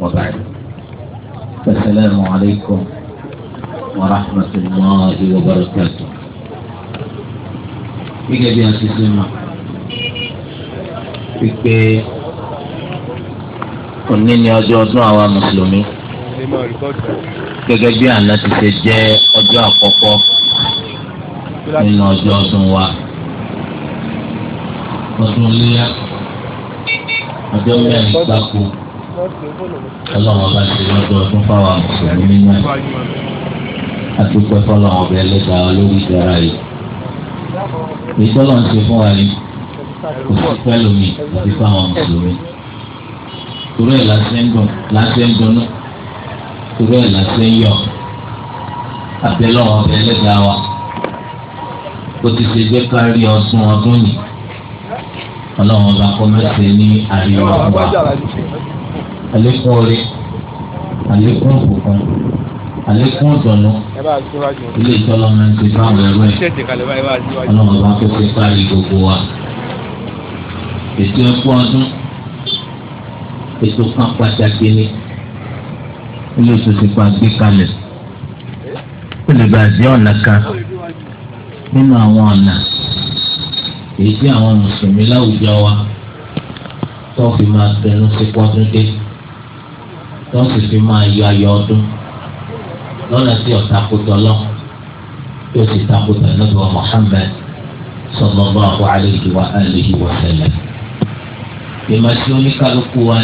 وبعد السلام عليكم ورحمة الله وبركاته gẹ́gẹ́ bí a ti ṣe mọ̀ wípé òní ni ọjọ́ ọdún àwa mùsùlùmí gẹ́gẹ́ bí àná ti ṣe jẹ́ ọjọ́ àkọ́kọ́ nínú ọjọ́ ọdún wa ọdún léyà ọjọ́ mẹ́rin gbáko ọlọ́run ọba ti lọ́dọọdún fáwọn mùsùlùmí nínú ẹ̀ àtúpẹ́ fọlọ́run ọbẹ̀ ẹlẹ́dàá olórí ìdára yìí èyí tọ́lọ́ ń ṣe fún wa yìí kò sí pẹ́lú mi àti fáwọn mùsùlùmí torí ẹ̀ láti ń dunnú torí ẹ̀ láti ń yọ̀ àbẹ́lọ́wọ́ ọbẹ̀ ẹlẹ́dàá wa kó ti ṣe jẹ́ ká rí ọdún ọdún yìí ọlọ́run ọba kọ́ mẹ́sẹ̀ ní àríwá wa àlékún orí àlékún òkùnkùn àlékún ìdùnnú ilé ìtọ́lọ́ máa ń ti fáwọn ẹ̀rọ ẹ̀ ọlọ́run bá kókó kárí gbogbo wa ètò ẹ̀kú ọdún ètò kan pàtàkì ni ilé ètò ti pa gbé kalẹ̀ ó lè bàjẹ́ ọ̀nà kan nínú àwọn ọ̀nà èyí tí àwọn mùsùlùmí láwùjọ wa tó fi máa tẹnu sí pọ́dún dé wọ́n sì fi máa yọ ayọ̀ ọdún lọ́nà tí ọ̀tá kó tọ́lọ́ yóò sì takò tẹ̀lẹ́bù Muhammad sallallahu alayhi wa alihi wa sallam. ìmọ̀ tí oníkálukú wa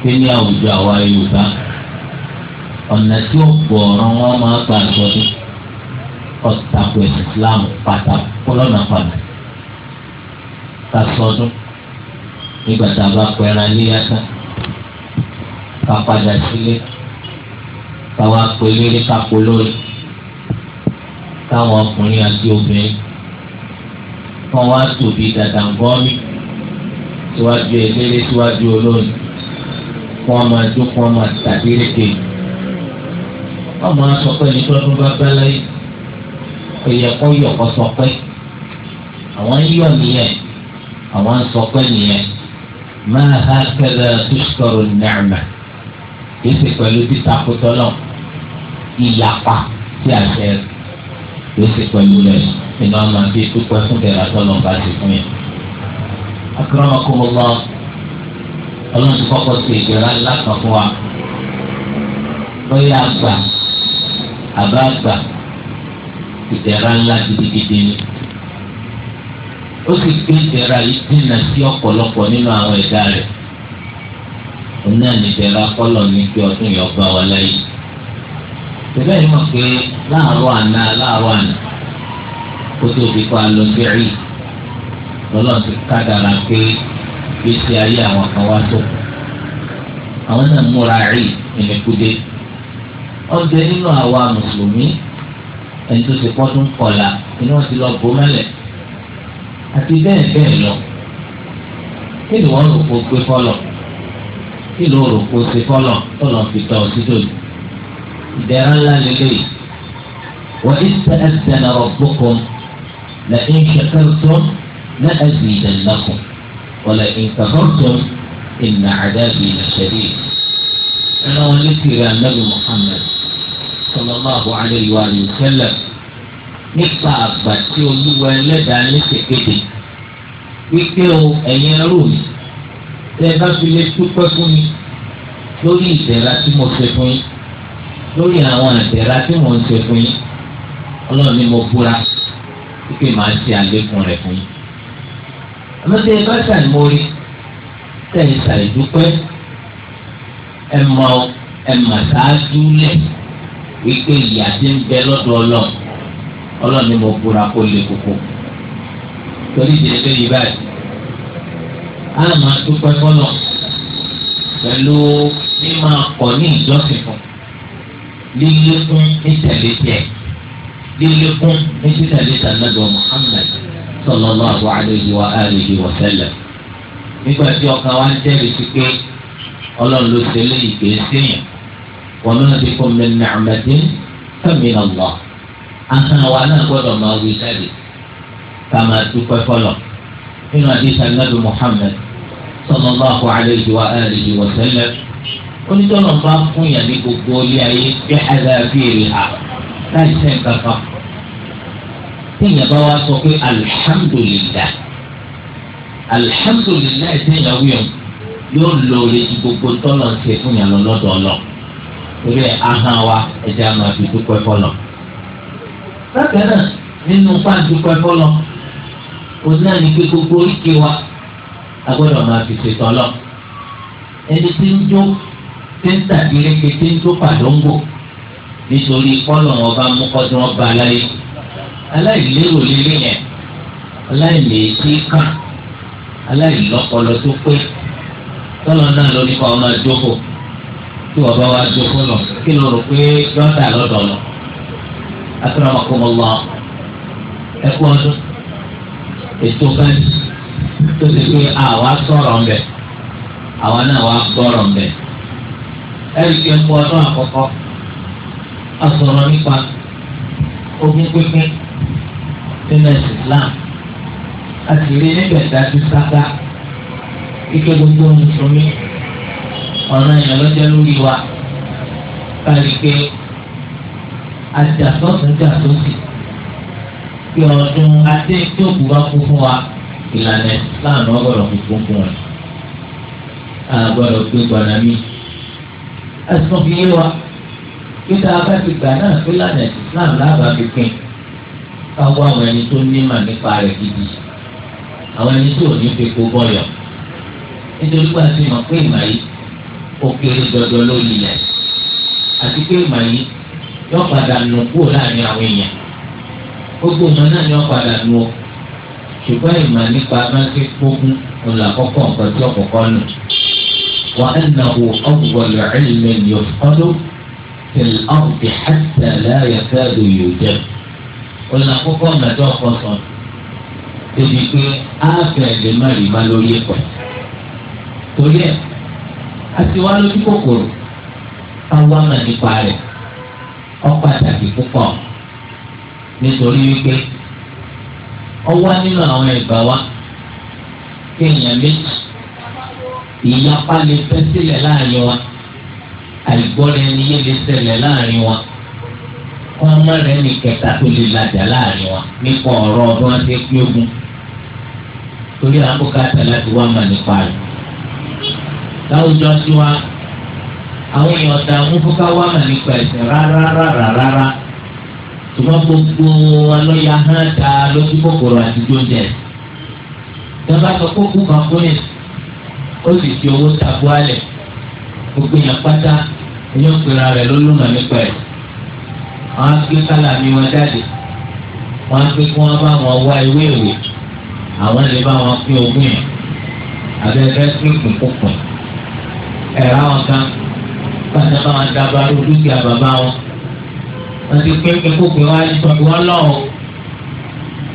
pé ní àwùjọ àwa Yorùbá ọ̀nà tí ó gbọ̀ọ̀rọ̀ wọn máa gbà sọdún ọ̀tàkùn Islam pàtàkì kọ́lọ́nà pàtàkì ká sọdún nígbà tá a bá pẹ́ran ní yàtọ̀ ká padà sílé káwa pélére ká polórí káwọn ọkùnrin àti obìnrin kọ́ wá tòbi dàdàngọ́mí síwájú eléré síwájú olóyìn kọ́ wọn máa dún kọ́ wọn máa tàbí rékè wọ́n máa sọ pé ní tọ́dún bá bá láyé ẹ̀yẹ kọ́ yọ̀ kọ́ sọ àwọn yíyọ̀ nìyẹn àwọn sọ nìyẹn máa ha kẹ́lẹ́ tó ṣùkọ́rọ̀ nàìjíríà kì í ṣe pẹ̀lú títakùtọ̀ náà ìyapa tí a ṣe kì í ṣe pẹ̀lú rẹ̀ iná máa fi dúpẹ́ fún kẹ̀kẹ́ àtọ́lọ́ bá ti fún yẹn. akọ́nàmọ́kọ́mọ́lá ọlọ́run ti kọ́kọ́ ṣe ìgbéra ńlá kan fún wa lórí àgbà àbá àgbà ìdẹ̀ra ńlá gidigidi ni ó sì gbé ìdẹ̀ra yìí dínà sí ọ̀pọ̀lọpọ̀ nínú àwọn ẹ̀dá rẹ̀ òun náà ní ìdẹ̀ra kọ́lọ̀ ní pé ọdún yìí ọba wa láyé tẹ́lẹ̀ yìí mọ̀ pé láàárọ̀ àná láàárọ̀ àná kó tó fi kọ́ alọ́gbẹ́rì lọ́lọ́run ti kádàrà pé gbèsè ayé àwọn kan wá tó àwọn náà múra rí ìnìkúdé ọbẹ̀ nínú àwa mùsùlùmí ẹni tó ti pọ́ tó ń kọ̀la inú wọn ti lọ bó mẹ́lẹ̀ àti bẹ́ẹ̀ bẹ́ẹ̀ lọ kí ni wọ́n rò kó gbé fọ́lọ̀ kí ló rò kó ṣe fọlọ̀ tọ̀lọ̀ fi tọ̀ sí tòlù. ìdẹ̀ra ńlá lélẹ̀ wọ́n ti sẹ́ ẹsẹ̀ náà rọ̀gbọ́kọ̀ lẹ́ ń ṣẹ̀kẹ́ tó lẹ́ ẹ̀sìn ìdẹ̀lẹ́kọ̀ wọ́lẹ̀ ń kàkọ́ tó ìnà àdáàbì ìlẹ̀ṣẹ̀dì. ẹ̀rọ wọn ní tìrẹ̀ anábì Muhammad sallallahu alayhi wa sallam nípa àgbà tí olúwa ẹlẹ́dàá tẹ ẹ bá fi lè dúpẹ́ fún mi lórí ìdẹ̀ra tí mo ṣe fún yín lórí àwọn ìdẹ̀ra tí mo ń ṣe fún yín ọlọ́run ni mo búra wípé màá ṣe àlékún rẹ̀ fún yín. àmọ́ tẹ ẹ bá ṣàìmórí tẹ ẹ ṣàìdúpẹ́ ẹ mọ ẹ mà ṣáájú lẹ̀ wípé ìyá ti ń bẹ lọ́dọ̀ ọlọ́run ọlọ́run ni mo búra kó lè koko torí ìdílé bẹ́ẹ̀ yí báyìí á máa dúpẹ́ fọlọ́ pẹ̀lú mímọ akọ ní ìjọsìn fún lílékún ní tẹ̀lé tiẹ̀ lílékún ní títẹ̀lé tànàdọ̀ Muhammad sallallahu alayhi wa alihi wa sallam nígbà tí ọkàn wa ń jẹ́rìí sí pé ọlọ́run ló ṣe lé ìgbé síyàn wa ma bikum min ni'matin famin Allah ahọ́n wa náà gbọ́dọ̀ máa wí jáde ká dúpẹ́ fọlọ́ nínú àdìsá nàbì Muhammad sallallahu alayhi wa alihi wa sallam onítọ̀nà bá fún yàn ní gbogbo ilé ayé bí aláàbíyèrè ha láì sẹ́ kankan téèyàn bá wá sọ pé alihamdulilayi alihamdulilayi téèyàn wíyàn yóò lóore ju gbogbo tọ́lọ̀ ṣe fún yàn lọ́dọ̀ ọ̀lọ́ torí ahọ́n wa ẹ̀jẹ̀ àmọ́ àti fọlọ́ bákan náà nínú pàǹdùpẹ́ fọlọ́ òun náà ní pé gbogbo oríkèé wa agbọ́dọ̀ máa fi ṣètò ọlọ́ ẹni tí ń jó tí ń tàbílẹ́kẹ tí ń jó pàdóńgò nítorí kọ́lọ̀ wọn bá mú kọ́dún ọba aláyé aláìlérò lílé yẹn aláìlèétí kàn aláìlọ́pọlọ tó pé tọ́lọ̀ náà ló ní kọ́ ọmọ jókòó tí wọ́n bá wá jókòó lọ kí ló rò pé dọ́tà lọ́dọ̀ lọ akérèmọ́kọ́mọ́ lọ ẹ̀kú ọdún ètò báyìí tó ti pé àwa sọ̀rọ̀ ńbẹ àwa náà wá gbọ́rọ̀ ńbẹ. ẹ̀ríkì ń bọ́ ọdún àkọ́kọ́ a sọ̀rọ̀ nípa ogún pínpín nínú ẹ̀sìn Islam a sì rí níbẹ̀ dájú sáká ike gbogbo mùsùlùmí ọ̀nà ìrànlọ́jẹ́ lórí wa kárí pé àjàsọ́sùn jà sósì kí ọdún adé tó kù bá kú fún wa ìlànà láàánú ọgbọ̀rọ̀ fífún fún wọn àgbọ̀rọ̀ pé gbọ̀nà mi. ẹ̀sùn fi yé wa kíkà bá ti gbà náà pé lànà Islam lábàá fi pín káwọ́ àwọn ẹni tó nímà nípa rẹ̀ gidi àwọn ẹni tó ní fipò bọ̀yọ̀ nítorí pé a ti mọ̀ pé ìmọ̀ yìí ó kéré dọdọ lórí ilẹ̀ àti pé ìmọ̀ yìí yọ padà nù kúrò láàrin àwọn èèyàn gbogbo ọmọ náà ni padà nù ọ́ ṣùgbọ́n ìmọ̀ nípa amáké fógún olùlàkọ́kọ́ nǹkan tí ọ̀kọ̀kọ́ nù. wà á nà wò ọ̀gbọ̀lù ẹ̀lẹ́mẹ̀ yóò fọ́dọ̀ tẹ̀lé ọ̀gbìn hàtà láyà káàdù yóò jẹ́. olùlàkọ́kọ́ mẹ́tọ́ ọkọ̀ sọ débi pé á bẹ̀rẹ̀ lè má rí má lórí ẹ̀kọ́. torí ẹ̀ a ti wá lójú kòkòrò ká wá mà nípa rẹ̀ ó púpọ̀ nítorí wípé ọwọ́ nínú àwọn ẹ̀gbà wa kéèyàn méjì ìyapa lè fẹ́ sílẹ̀ láàrin wa àìgbọ́ra ẹni yé lè ṣẹlẹ̀ láàrin wa wọn má rẹ̀ ní kẹta tó lè lajà láàrin wa nípa ọ̀rọ̀ ọdún àti ẹgbẹ́ ogun torí àbúkátà láti wá mà nípa rẹ̀ láwùjọ sí wa àwọn èèyàn dààmú fúnká wá mà nípa ẹ̀sìn rárá rárá rárá ṣùgbọ́n gbogbo ọlọ́yà hàn dá lójú kòkòrò àti jóúnjẹ. dábàá sọ pé kú kan fún yẹn ó sì fi owó tabú alẹ̀ gbogbo yẹn pátá ẹni òpinra rẹ̀ ló lùmọ̀ nípa ẹ̀. wọ́n á gbé kálàmì wọn jáde wọ́n á gbé kí wọ́n bá wọn wá ewé ìwé àwọn lè bá wọn pín ogún yẹn abẹ́fẹ́ pínkù kúkùn. ẹ̀rọ àwọn kan pàṣẹ bá wọn dábàá lójú kí a wọn wọ́n ti pé pé kókè wá sọ wọ́n lọ o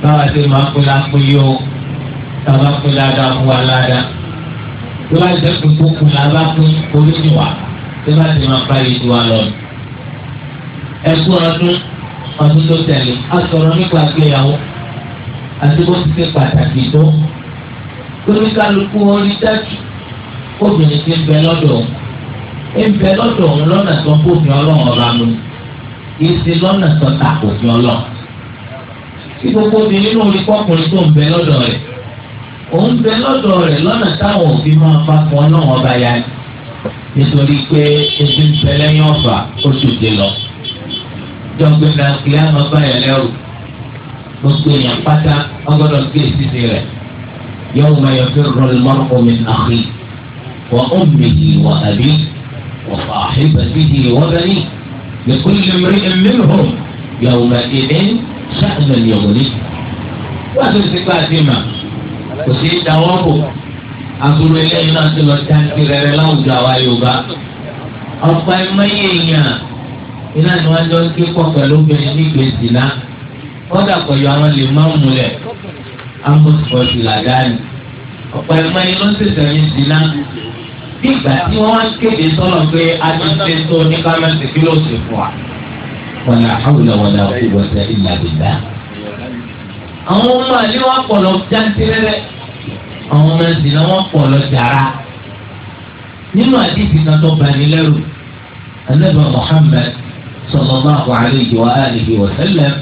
báwa ti máa pè lápòyè o bàbá pè ládàá fún wa ládàá tó bá jẹ́ pé kókè làbá pé oríṣi wa tó bá ti máa báyìí ju wa lọ. ẹ ọdún ọdún tó tẹ̀lé a sọ̀rọ̀ nípa àgbéyàwó àti bó ti ṣe pàtàkì tó lórí kálukú orí dájú obìnrin ti ń bẹ lọ́dọ̀ ń bẹ lọ́dọ̀ òun lọ́nà tó ń bòfin ọlọ́run ọba mu kì í ṣe lọ́nà tọ́ta òfin ọlọ́ kí gbogbo obìnrin náà rí kọkùnrin tó ń bẹ lọ́dọ̀ rẹ̀ òun bẹ lọ́dọ̀ rẹ̀ lọ́nà táwọn òfin máa fa fún ọ náà ọba ya nítorí pé ebi ń bẹ lẹ́yìn ọ̀fà oṣù dé lọ jọgbìn náà kí á máa bá yẹn lẹ́rù gbogbo èèyàn pátá ọgọ́dọ̀ gbé ìsísí rẹ̀ yóò máa yọ fún rọlmọ́rọ́ omi àhí wọ́n ó mèyí wọ́n àbí wọ́n fà áhí bàbí wọ́n bẹ́ẹ̀ لكل امرئ منهم يومئذ شأن يغنيه wọ́n ti pa àti mà kò sí dáwọ́ bò aburú eléyìí náà ti lọ dáńtì rẹ̀rẹ̀ láwùjọ àwa Yorùbá ọ̀pọ̀ ẹ̀mọ́yé èèyàn iná ni wọ́n jọ ń ké pọ̀ pẹ̀lú obìnrin nígbèsì náà kọ́dà pẹ̀lú àwọn lè má múlẹ̀ amúsùpọ̀sì làdáni ọ̀pọ̀ ẹ̀mọ́yé ló ń ṣèṣẹ̀ ní sí náà bí ìgbà tí wọ́n á kéde sọ́nà pé a ti ṣe tó ní kámẹ́sì kí ló sì fún wa. wàlá àwùlà wàlá òkú wọ̀sẹ̀ ìlà bìlà. àwọn ọmọ àlè wa pọ̀ lọ jántìrẹ́rẹ́ àwọn ọmọ ẹ̀sìn náà wọ́n pọ̀ lọ jàrá. nínú àdìsí kan tó bani lẹ́rù anábà Muhammad sallallahu alayhi wa alihi wa sallam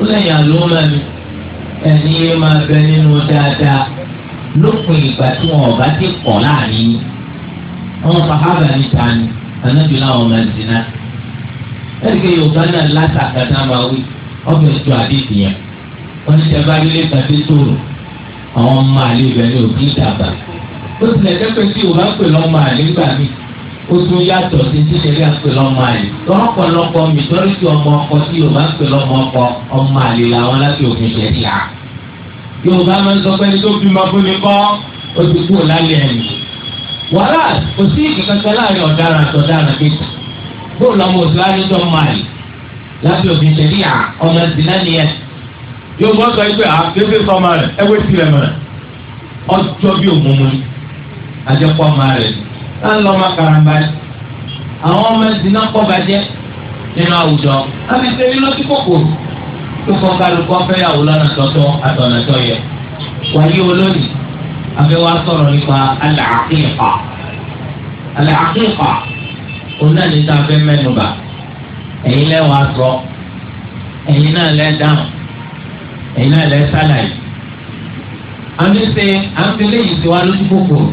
ó lẹ́yìn àlùmọ́ mi ẹni máa bẹ nínú dáadáa lópin ìgbà tí wọn ò bá ti pọ̀ láàrin yìí àwọn sàhábà ní tani ànábì láwọn máa ń zina ẹnìkan yorùbá náà látàkàtà máa wí ọbẹ̀ tó àdéhìí yẹn wọ́n ní sẹ́ bá délé kàdé tóòrò àwọn ọmọ àlè ibẹ̀ ní òbí dàgbà ó tilẹ̀ jẹ́ pé tí yorùbá pè lọ́mọ àlè gbà mí ó tún yàtọ̀ sí tíṣẹ̀rí àpè lọ́mọ àlè lọ́pọ̀lọpọ̀ mìtọ́rìtì ọmọ ọkọ tí yorùbá pè lọ́mọ ọkọ ọmọ àlè làwọn láti òfin ṣẹ̀ríà yorùbá máa ń sọ pé ẹni tó bímọ fún mi kọ́ ó ti kú lálẹ́ ẹ̀mí wàhálà kò sí ìkankan láàrin ọ̀daràn àtọ̀daràn kejì bóòlù ọmọ òsì láàrin tó ń máa yìí lábẹ́ òfin ṣẹ̀rí à ọmọ ìdílé nìyẹn yóò wọ́n sọ pé àkéwé fọmọ rẹ̀ ẹwé tirẹ̀ mọ̀ rẹ̀ ọjọ́ bí òmùmù ni àjẹpọ̀ ọmọ rẹ̀ náà ń lọ ọmọ karamba yìí àwọn ọmọ ìdílé kọ́ bàjẹ́ nínú àwùjọ àbí ṣe rí lọ́sí kòkòrò tó kọ́ kálukọ́ fẹ́yàwó lọ́nà tọ́tọ́ àtọ̀nà tọ́ yẹ wáyé olóyìí afẹ́ wa sọ̀rọ̀ nípa al-aqiqa al-aqiqa òun náà ní sáfẹ́ mẹ́nuba ẹ̀yin lẹ́wàá sọ ẹ̀yin náà lẹ́ dáhùn ẹ̀yin náà lẹ́ sálàyé àmísẹ àmísẹlẹ yìí ti wá lójú kòkòrò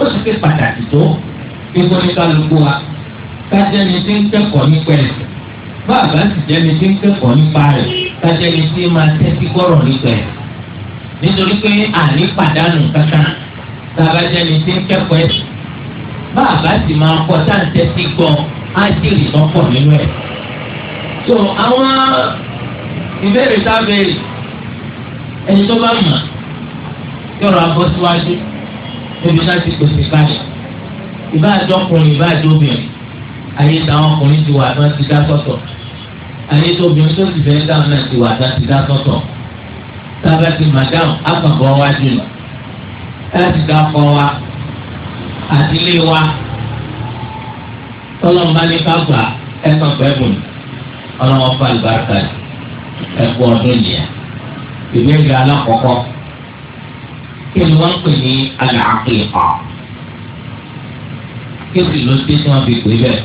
ó sì fi pàtàkì tó kíkó ní kálukú wa kájẹ́ ni tí ń kẹ́kọ̀ọ́ nípa ẹ̀ bá àbá sì jẹ́ ni tí ń kẹ́kọ̀ọ́ nípa rẹ̀ kájẹ́ ni tí máa tẹ́tí kọ́rọ̀ nípa ẹ̀ nítorí pé àní pàdánù kankan bàbá jẹni tí ń kẹ́kọ̀ọ́ ẹ̀ bàbá sì máa kọ́ táǹtẹ́ sí gbọ́ á sì rì sọ́pọ̀ nínú ẹ̀. so àwọn ìbéèrè sábẹ́rì ẹni tó bá mọ̀ yọrọ abọ́ síwájú níbi láti pèsè káyọ̀ ìbá àjọkùnrin ìbá àjọbìnrin ayé táwọn ọkùnrin ti wà náà ti dá sọ́tọ̀ ayé tóbi tó sì fẹ́ dáhùn náà ti wà náà ti dá sọ́tọ̀ tába ti madam akọ̀bọ̀ wa jù lọ láti dákọ wa àti ilé wa tọ́lọ́mọba ní bàbà ẹ̀kọ́ gbẹ́bùn ọlọ́mọ fún àlùbáríkà ẹ̀kọ́ ọdún nìyẹn ìbéèrè alákọ̀ọ́kọ́ kí ni wọ́n ń pè ní al-aqiqa kí ni ló dé tí wọ́n fi pè bẹ́ẹ̀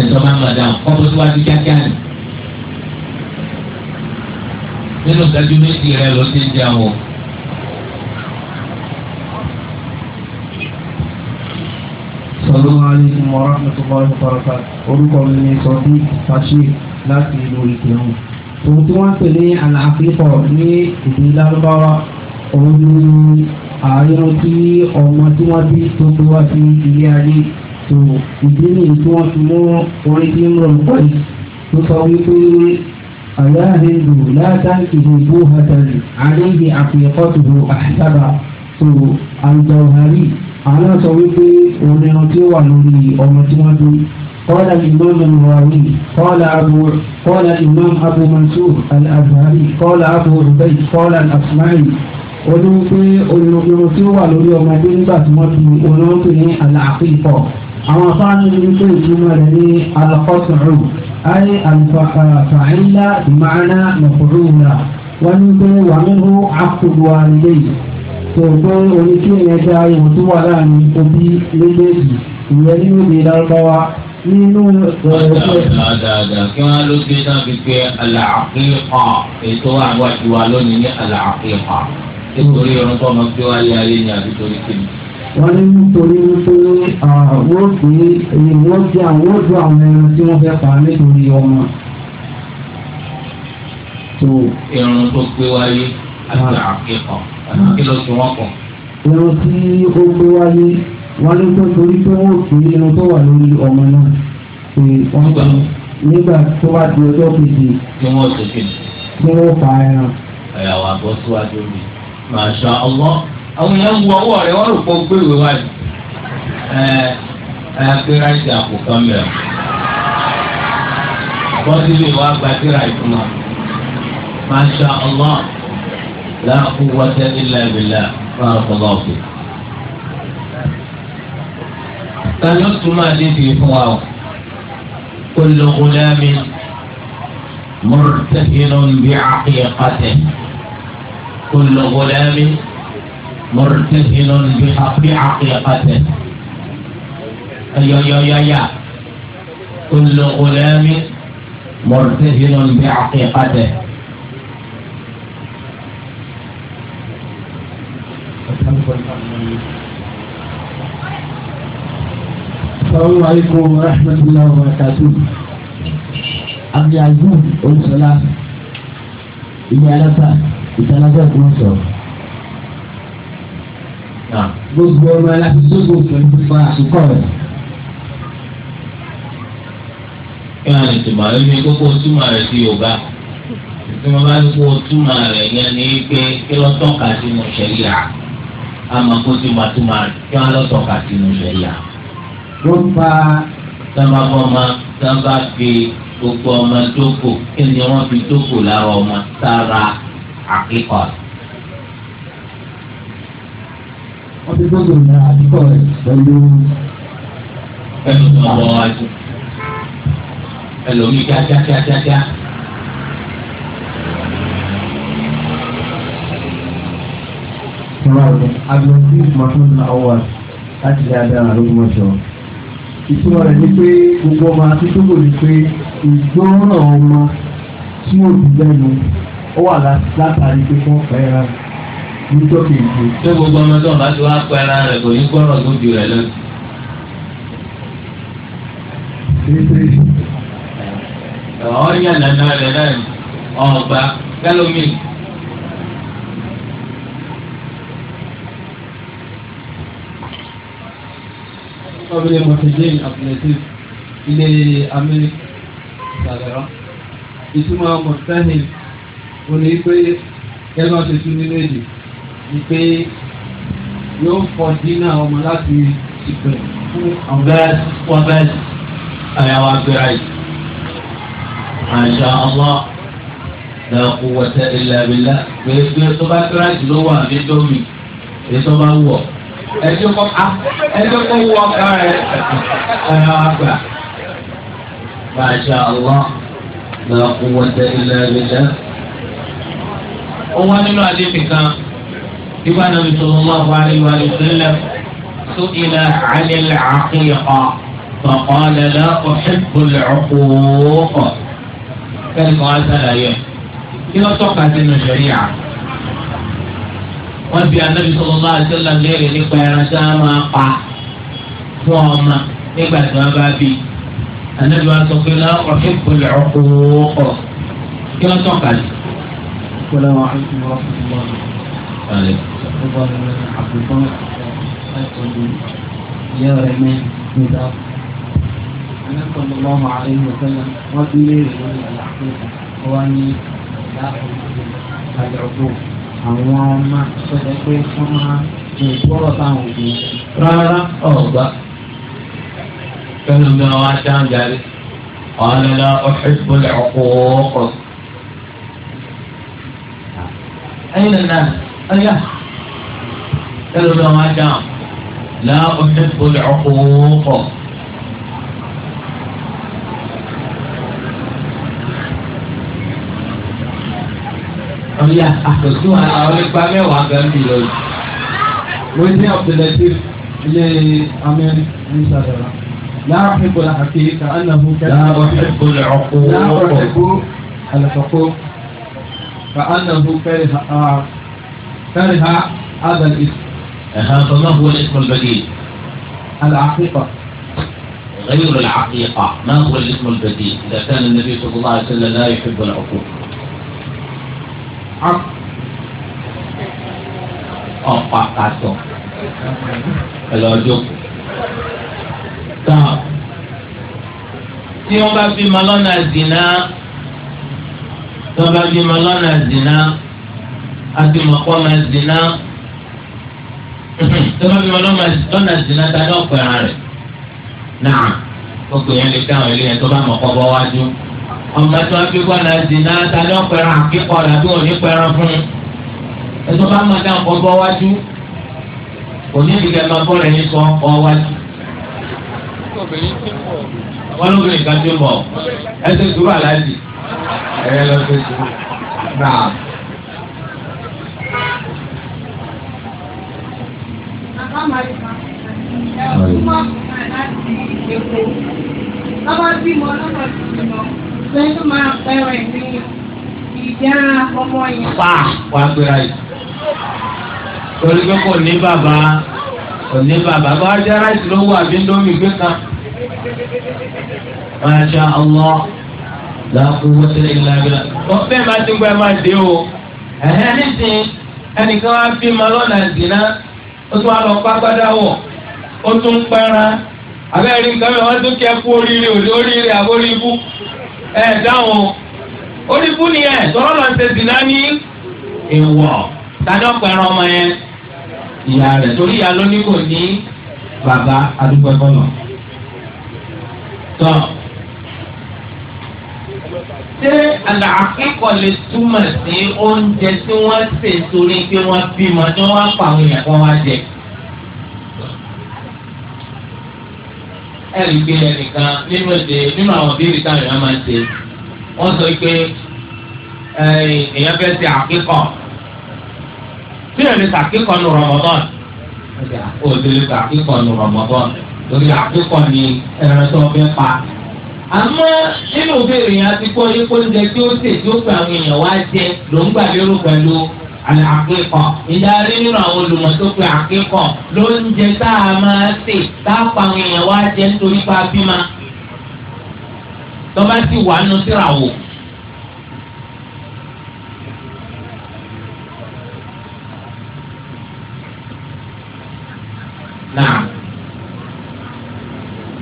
ẹ̀dọ́ máa madam kọ́ bó tí wọ́n ti kíákíá nìyẹn nínú ìdájú méjì rẹ ló ti ń jẹun o. Assalamu alaykum wa rahmatullahi wa barakatuh. orúkọ mi ni sọdí fashir láti ìlú ìkírun. ohun tí wọ́n ń pè ní àlàáfíìkọ̀ ní ìdí lárúbáwá òun ni ààrùn tí ọmọ tí wọ́n bí tó tó wá sí ilé ayé tó ìdí nìyí tí wọ́n fi mú orí tí ń rọ̀ nípa yìí tó sọ wípé فلا هندو لا تنكه بوهة عليه عقيقته أحسب الجوهري أنا صويبي ونعطي ولولي ومتمتي قال الإمام النووي قال أبو قال الإمام أبو منصور الأزهري قال أبو عبيد قال الأصمعي olùpẹ̀ olùyọ̀rọ̀ tí ó wà lórí ọmọdé nígbà tí wọ́n fi olóńpẹ̀ ní àlàáfíà pọ̀ àwọn afáàní ní pé ìtumọ̀ rẹ̀ ní alakọ́sùn rẹ̀ أي الفعيلة بمعنى مفعولة ونقول ومنه عقد الوالدين tòótọ́ oníkéyìn ẹja ihò tó wà láàrin òbí méjèèjì ìyẹn nínú ìdè lárúbáwá nínú ọ̀rọ̀ dáadáa kí wọ́n ló gbé náà fi pé àlàáfíà ètò àwọn àtiwá lónìí ní àlàáfíà nítorí ọ̀rọ̀ tó ọmọ gbé wáyé ayé ni àbí torí wọ́n ní nítorí pé wọ́n fi wọ́n fi àwọn ojú àwọn ẹran tí wọ́n fẹ́ pa nítorí ọmọ. irun tó gbé wáyé àti ah. àkíkọ̀ àti ló fi wọ́n kọ̀. irun tí ó gbé wáyé wọ́n ní tó torí pé wọ́n fi irun tó wà lórí ọmọ náà pé wọ́n gbà nígbà tó bá di ọjọ́ kejì. tí wọ́n ṣe kejì. tí wọ́n pa ẹran. ẹ̀yàwó àbọ̀ síwájú mi. màṣá ọlọ́ọ̀ àwọn èèyàn ń wọ ọwọ́ rẹ wọ́n rò pé ó gbé ìwé wá ní. ẹ ẹ kíráìsì àpò kan mẹ́rin bọ́sílì wa gba kíráìsì wọn. masha allah la quwwata illa billah barakallahu fi. ta ló túmọ̀ àdéhùn fún wa o. kullu ghulamin murtahinun bi'aqiqatihi kullu ghulamin. مرتهن بحق عقيقته أيا يا يا يا كل غلام مرتهن بعقيقته السلام عليكم ورحمة الله وبركاته أبي عزوز أول صلاة إني أنا إذا نزلت Ah. gbogbo ọmọ aláfi sógbó pẹ̀lú fa àsùkọ rẹ̀. kí wọ́n lè tìmọ̀ ẹ́ ní kókó túmọ̀ rẹ̀ sí yorùbá tí wọ́n bá ní kó túmọ̀ rẹ̀ yẹn ní pé kí lọ́ tọ́ka sínú ṣẹ̀ríà àmọ́ kó túmọ̀ túmọ̀ rẹ̀ kí wọ́n lọ́ tọ́ka sínú ṣẹ̀ríà. ló fa sábà fọmọ sábà fi gbogbo ọmọ dókò kí ni wọ́n fi dókò lára ọmọ sára àkíkọ̀ọ́. wọ́n ti gbọ́dọ̀ ní àdìkọ́ rẹ̀ pẹ̀lú. pẹ̀lú tó ń bọ̀ wájú ẹlòmí kíákíákíákíá. Agbọ̀nsí Mahmoud Awad láti dáadáa lógúnmọ̀ṣọ́. Ìtumọ̀ rẹ̀ ni pé gbogbo ọmọ akíkókò ni pé ìgbọ́ràn ọmọ tí yóò dùn lẹ́nu ó wà látàrí pé wọ́n fẹ́ ra rẹ̀ níjọ́ kejì. pé gbogbo ọmọ tó ń bá ti wá pẹ́ ara rẹ̀ kò ní gbọ́rọ̀ lójú rẹ̀ lọ. ọ̀ yàn nàná rẹ̀ náà ọ̀gbà gálómìn. ọ̀rẹ́ mọ̀tẹ́jẹ́yìn abdulaziz ilé amẹ́ríkà ìsàlẹ̀rọ. ìtumọ̀ mọ̀tẹ́hìn onígbé ẹgbẹ́ tuntun nínú èdè wípé yóò fọ dínà ọmọ láti ìpè fún àwọn. bẹ́ẹ̀ wọ́n bẹ́ẹ̀ àyàwó agbèrè yìí. Masha Allah la quwwata illa billah gbèsè tó bá kíra jù ló wà ní domi èso bá wọ̀ ẹjọ́ kọ́ a ẹjọ́ kọ́ wọ ọkà rẹ̀ ẹ̀rọ àgbà. Masha Allah la ó wá nínú àdébì kan. إذا النبي صلى الله عليه وآله وسلم سئل عن العقيقة فقال لا أحب العقوق كلمة الآية إذا توقعت من الشريعة وفي النبي صلى الله عليه وسلم غير لقيرة ما قع فهم إبعد ما بابي النبي صلى الله عليه وسلم لا أحب العقوق كلمة توقعت السلام عليكم ورحمة الله وبركاته يا رمان نداء أنا صلى الله عليه وسلم ودي ولي الأحقيقة وأني لا أحب هذا العقوق اللهم صدقه كما يقول تعالى رارا أوضا فهم من واشان ذلك قال لا أحب العقوق أين الناس قال لا ما جاء لا أحب العقوق قال لا أحب سوء أعرف بامي وأقام بلوي ويسي أبدالتيف اللي أمين نسادة لا أحب الحقيقة أنه لا أحب العقوق لا أحب العقوق فأنه كره أعرف آه. كره هذا الاسم هذا ما هو الاسم البديل؟ العقيقة غير العقيقة ما هو الاسم البديل إذا كان النبي صلى الله عليه وسلم لا يحب العقوق عق أقع قاتو العجوب tí wọ́n bá bímọ lọ́nà zina tí wọ́n bá bímọ zina àti mọ̀kọ́ máa zina tó bá bímọ lọ́nà zina ta ní ọ̀pẹ̀ ara rẹ̀ náà ó pè yẹn lè dá àwọn ilé yẹn tó bá mọ̀kọ́ bọ́ wájú ọmọ tó wá gbégbá náà zina ta ní ọ̀pẹ̀ ara àkíkọ̀ rẹ̀ àbí òní pẹ̀rọ fún un ẹ̀tọ́ bá máa dá ọkọ̀ bọ́ wájú òní ìdíkẹ́ máa bọ́ rẹ̀ yín sọ ọkọ̀ wájú. wọ́n lóbìnrin kan tó ń bọ̀ ẹsẹ̀ sùúrù aláàjì ẹ̀ lọ́sẹ̀ sùúrù náà. Lọ́wọ́ bímọ lọ́nà ìgbìmọ̀ fẹ́ tó máa fẹ́rẹ̀ ní ìyá ọmọ yẹn. Fà wá gbéra yìí. Torí pé kò ní bàbá kò ní bàbá bá jẹ́ ráìsì ló wà bí lómi gbé kan. Masha Allah la quwwata illa billah. Wọ́n fẹ́ máa ti gbọ́ ẹ máa dé o. Ẹ̀hẹ́ nísìnyí ẹnìkan wá bímọ lọ́nà ìdìnnà ó tún wá lọ pápádá wọ̀ ó tún ń pẹ́ran abẹ́rẹ́ nǹkan mi wọ́n tún kẹ́ kú oríire òde oríire àbórí ibú dáhùn orí ni ẹ̀ tọ́lọ́ lọ ṣe sì náà ní ìwọ̀ tani ọ̀pẹ̀rẹ̀ ọmọ yẹn ìyá rẹ̀ torí ìyá lóní ní bàbá àdúgbò ẹ̀kọ́ lọ. tọ́ ṣé àlàáfíkọ̀ lè túmọ̀ sí oúnjẹ tí wọ́n sè torí pé wọ́n bímọ tí wọ́n pa àwọn èèyàn kan wá jẹ? ẹ̀rí pé ẹnìkan nínú èdè nínú àwọn bíbí táwọn èèyàn máa ń ṣe wọ́n sọ pé èèyàn fẹ́ ṣe àkíkọ̀ tí èèyàn lè ṣàkíkọ̀ nù Ramadan ó lè ṣàkíkọ̀ nù Ramadan lórí àkíkọ̀ ni ẹran tó fẹ́ pa àmọ́ nínú ìbéèrè yẹn a ti kọ́ yín kó ń jẹ kí ó sè tí ó pe àwọn èèyàn wá jẹ ló ń gbà lérò pẹ̀lú àkíkọ̀ ìjà rí nínú àwọn olùmọ̀ tó pe àkíkọ̀ ló ń jẹ tá a máa sè tá a pa àwọn èèyàn wá jẹ nítorí pa bímọ tọ́ba sì wà nù síra wò. náà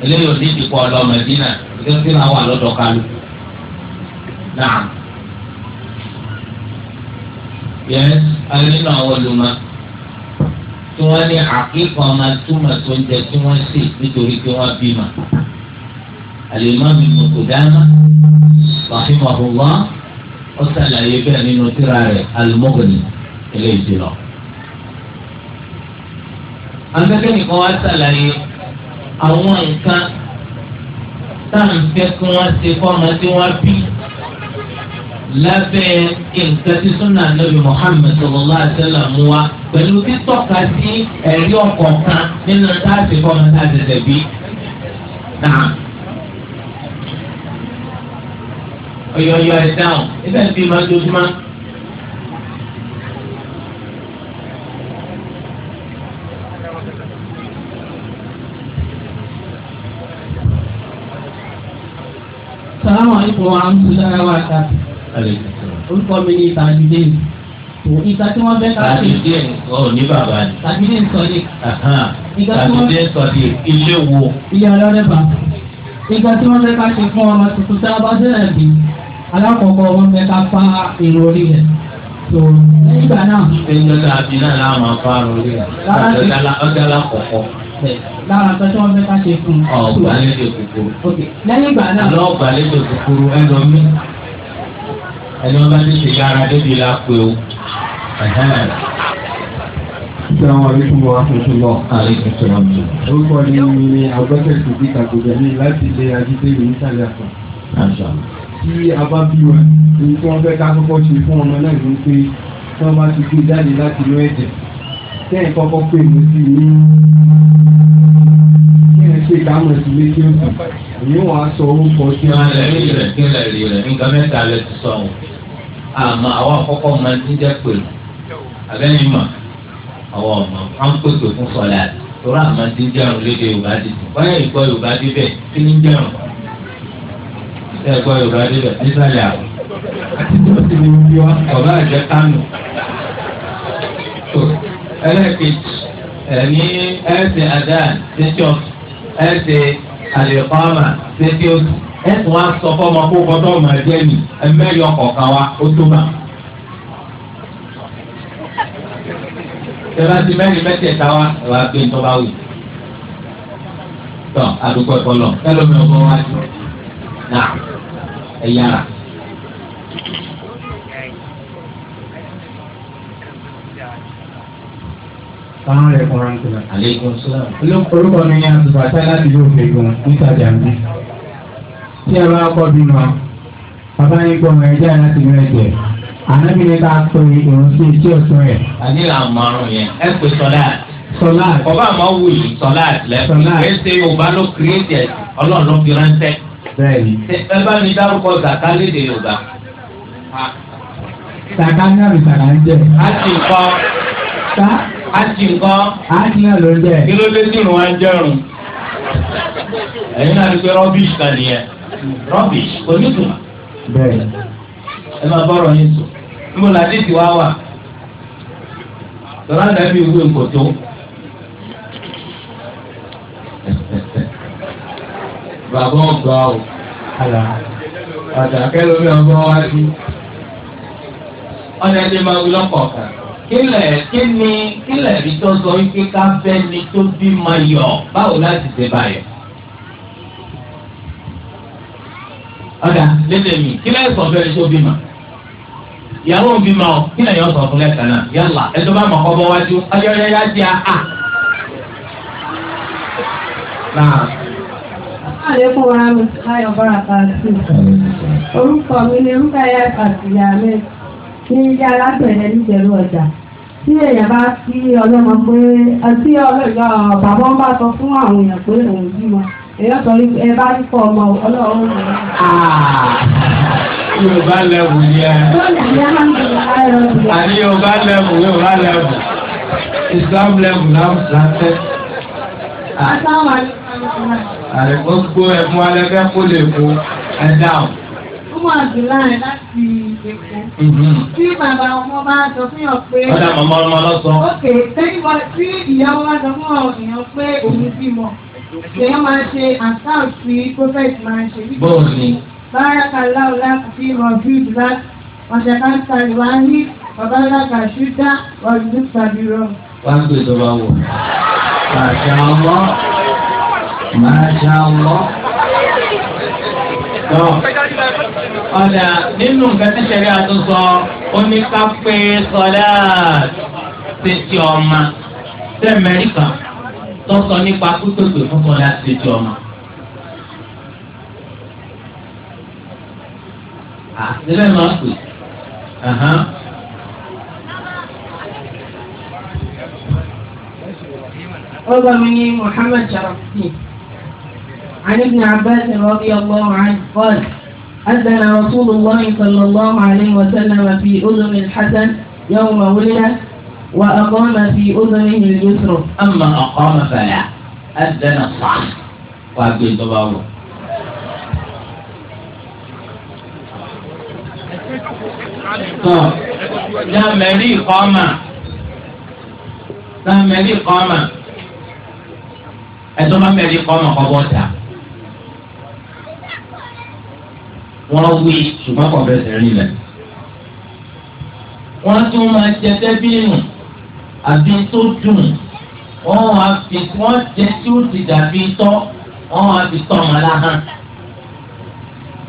eléyìí ò ní ìdìpọ̀ ọlọ́mọdé náà ìṣẹ́ńtì náà wà lọ́dọ̀ kálukú náà yẹn alínú àwọn olùmọ̀ tí wọ́n ní àkíkọ̀ máa túmọ̀ tó ń jẹ tí wọ́n sì nítorí pé wọ́n bímọ. Al-Imam Ibn Qudamah rahimahullah ó ṣàlàyé bẹ́ẹ̀ nínú tírà rẹ̀ al eléyìí ti lọ. akẹ́kẹ́ nìkan wá ṣàlàyé àwọn nǹkan tá à ń fẹ́ kí wọ́n ṣe fọ́ọ̀mù tí wọ́n bí lábẹ́ nǹkan tí súnà nàbì Muhammad sallallahu alaihi wasallam mú wa pẹ̀lú títọ́ka sí ẹ̀rí ọ̀kọ̀ọ̀kan nínú táàsì fọ́ọ̀mù tá a tẹ̀tẹ̀ bí. ọ̀yọ̀yọ̀ ẹ̀ dáhùn ibẹ̀ ń bí máa dojúmọ́. wa ń tu lára wa ta orúkọ mi ni tàbídé tó ìgbà tí wọ́n fẹ́ ká lè. tàbídé nǹkan ò ní bàbá ni. tàbídé nǹkan ni. tàbídé nǹkan ni ilé wo. ilé ọlọ́dẹ̀bà ìgbà tí wọ́n fẹ́ ká ṣe fún ọmọ tuntun tá a bá sẹ́yìn bí alákọ̀ọ́kọ́ wọ́n fẹ́ ká fa irun orí rẹ̀ tó nígbà náà. ṣé ń dọ́ta àbí náà láwọn máa fa irun orí rẹ̀ ọ̀dọ́ta lákọ̀ọ́kọ́ lára nǹkan tí wọ́n fẹ́ ká ṣe fún un. ọ̀gbà lẹ́jọ́ kúkúrú. lẹ́yìn ìgbà náà. àlọ́ ọ̀gbà kúkúrú ẹnu mi ẹni wọn bá ti ṣe yára débi la pé o. Assalamu alaikum warahmatullahi wabarakatuh. Orúkọ ni mi ni Abubakar Sidi Kakoja ní láti ilé Ajídéèrè ní Sàlẹ̀ Tí a bá bí wa, ohun tí wọ́n fẹ́ ká kọ́kọ́ ṣe fún ọmọ náà ló ń pé tí wọ́n bá ti gbé jáde láti inú ẹ̀jẹ̀ kẹ́yìn kọ́kọ́ pé mo sí ní kẹ́yìn pé kámọ̀ sí létí òkú èyí wọn á sọ orúkọ sí ọmọ rẹ̀. kí lè kí lè rí rẹ̀ nǹkan mẹ́ta lè ti sọ wọn àmọ́ àwọn àkọ́kọ́ máa ti jẹ́ pé abẹ́yìn mà àwọn ọmọ à pèsè fún sọlá torí àmọ́ ti jẹun lédè Yorùbá dìbò báyà ìgbọ́ Yorùbá dìbẹ̀ kí ni jẹun ẹ̀gbọ́ Yorùbá dìbẹ̀ nísàlẹ̀ àwọn àti tó ti ní bí wọn àjẹ kánò ẹlẹ́ẹ̀kejì ẹ̀ní ẹ̀ẹ́sì adan títí ọ̀tún ẹ̀ẹ́sì àlèkọ́mà títí ọ̀tún ẹ̀ẹ́sì wọn sọ fọmọ kó kọ́tọ́ ọmọ ẹ̀jẹ̀ mi ẹ̀mẹ́yọ kọ̀ọ̀kan wa ó tó bá. tẹ́lá ti mẹ́rin mẹ́tẹ̀ẹ̀ta wa wà á gbé ní tọ́ba wù. tọ́ àdúgbò ẹ̀kọ́ lọ kẹ́lómi ọgbọ́n wájú náà ẹ̀yára. Sáwọn rẹ̀ kọ́ra ń tura. Àlékún sílẹ̀. Olórúkọ mi ni Àtùbàtà láti yóò fi gun nítajà mi. Tí a bá kọ́ bímọ, bàbá yín gbọ́ ọmọ ẹja láti inú ẹ̀jẹ̀. Ànábì ni ká pe ìrun sí etí ọ̀tún rẹ̀. Àní là ń márùn yẹn. Ẹ pè sọ́lá. Sọ́lá. Bàbá àmọ́ wù yìí sọ́lá lẹ́fù. Sọ́lá. Kì í ṣe Yorùbá ló kírètì ẹ̀sìn. Ọlọ́run ló fi ránṣẹ́. Bẹ́ẹ̀ni. Ẹ bá mi dárúkọ Zàká lédè Yorùbá. Zàká ní àbí àti nǹkan. àti náà ló ń jẹ. kí ló wa ń náà rubbish kan nìyẹn rubbish kò ní tùmọ̀. bẹ́ẹ̀ ẹ máa bọ́rọ̀ yín sùn. níbo la dé ti wá wà. tọ́lá dàbí ìwé nkòtó. bàbá ọgbà o. àdàkẹ́ lómi ọgbà wá sí. ọ̀nà ẹni máa wí kílẹ̀ kí ni kílẹ̀ rí tó sọ wípé ká fẹ́ ni tó bí máa yọ báwo láti ṣe báyọ̀. ọ̀dà lédè mi kílẹ̀ sọ fẹ́ tó bí ma ìyàwó bí ma ọ kílẹ̀ yọ sọ fún lẹ́sẹ̀ náà yálà ẹjọ́ bá mọ̀ kọ́ bọ́ wájú ọjọ́ yá sí a. Àlékún wa mi, Ayọ̀ Bọ́ra Pàṣẹ. Orúkọ mi ni Rúkàyà Pàṣẹ Yàmẹ́ ní yàrá pẹ̀lẹ́ nígbẹ̀rú ọjà tí èèyàn bá sí ọlọ́mọ pé tí bàbá ń bá sọ fún àwọn èèyàn pé òun bímọ èèyàn sọ ní ẹ bá rí fọ ọmọ ọlọ́run. Ah, Yorùbá lẹ́wù yẹn. Àní Yorùbá lẹ́wù Yorùbá lẹ́wù. Islam lẹ́wù náà ń sàtẹ́. Ah, Àrẹ gbogbo ẹ̀fún alẹ́ fẹ́ kó lè mú ẹ dáhùn mọ̀ jù láàrin láti Èkó. Mhm. Tí bàbá ọmọ bá sọ fún yàn pé. Ọ̀dà màmá ọmọ lọ́sàn. Ok, tẹ́lifọ tí ìyàwó bá sọ fún ọ̀yàn pé òun bímọ. Èèyàn máa ṣe àtàwọn tí prophet máa ń ṣe. Bọ́ọ̀lì. Báyọ̀ kan láwùlá kò fi hàn bíúdù láti ọ̀sẹ̀ kan sàlẹ̀ wá ní bàbá alága ṣúdá ọ̀dún tàbí rọ. Wá ń pè tó bá wọ̀. ọmọ. Màṣá ọmọ ọ̀dà nínú nǹkan tí sẹ́rí àtúnṣọ oníkápẹ́ sọlá ṣèṣì ọ̀ma sẹ́mẹ́ríkà tó sọ nípa pípèpè fún sọlá ṣèṣì ọ̀ma. àtìlẹ́ máa pè ọba mi ni Muhammad Sharafuddin عن ابن عباس رضي الله عنه قال أذن رسول الله صلى الله عليه وسلم في أذن الحسن يوم ولد وأقام في أذنه اليسر أما أقام فلا أذن الصح وعبد الضباب لا مالي قام لا مالي قام أنتم مالي قام قبوتها wọ́n wí ṣùgbọ́n kò fẹsẹ̀ rìn lẹ̀. wọ́n tún máa jẹ tẹ́bíìnù àbí tó dùn wọ́n wá fi wọ́n jẹ tí ó ti dàbí tọ́ wọ́n wá fi tọ́ ọmọ láhàn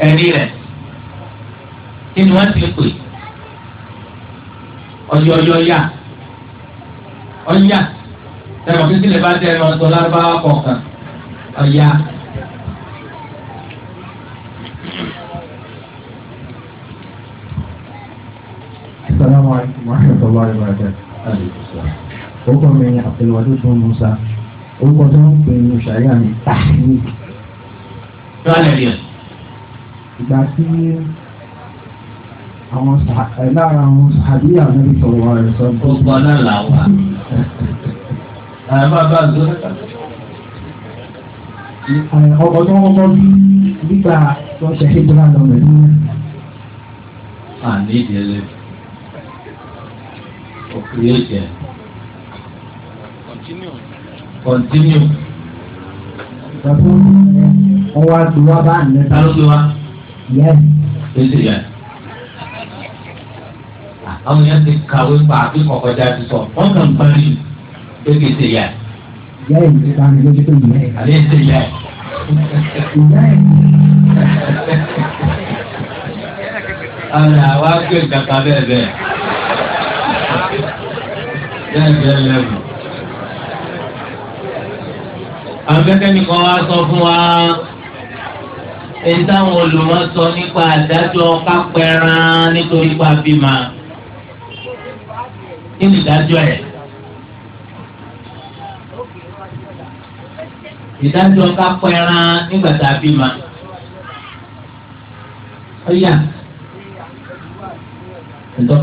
ẹ̀rí rẹ̀ kí ni wọ́n ti pè ọyọ ọyọ yá ọyá ẹ̀rọ kí sílẹ̀ bá tẹ ẹ̀rọ sọ lárúbáwá kọ̀ọ̀kan ọ̀yá. Assalamu alaikum warahmatullahi wabarakatuh. Orúkọ mi ni Abdulwadud fún Musa. Orúkọ tó ń pè ní Ṣàríà ni Tahmid. Ìgbà tí àwọn lára àwọn sàbí ànábi sọ̀rọ̀ wa rẹ̀ sọ. Gbogbo náà là wà. Àyàbá bá a zọ́rọ̀ kà. Ọkọ̀ tó ń kọ́ or create them. Continue. Continue. Ìjọba wọn wá ju wá bá àná. Ta ló gbé wá? Yẹ́n. Bẹ́sẹ̀ yẹn. Àwọn yẹn ti kàwé pa àbí kọ̀kọ́já ti sọ. Wọ́n kàn bá rí bẹ́sẹ̀ yẹn. Yẹ́n ti ta ni lójú tó yẹ. Àlẹ́ ti yẹ. Yẹ́n. Àwọn àwa gbé ìjàkà bẹ́ẹ̀ bẹ́ẹ̀ lẹ́gbẹ̀ẹ́ lẹ́wù. àgbẹ̀kẹ́ nìkan wá sọ fún wa èyí táwọn olùmọ̀ sọ nípa àdájọ́ kápẹ́rán nítorí pa bímọ kí ni ìdájọ́ ẹ̀. ìdájọ́ kápẹ́rán nígbà tá a bímọ. ó yà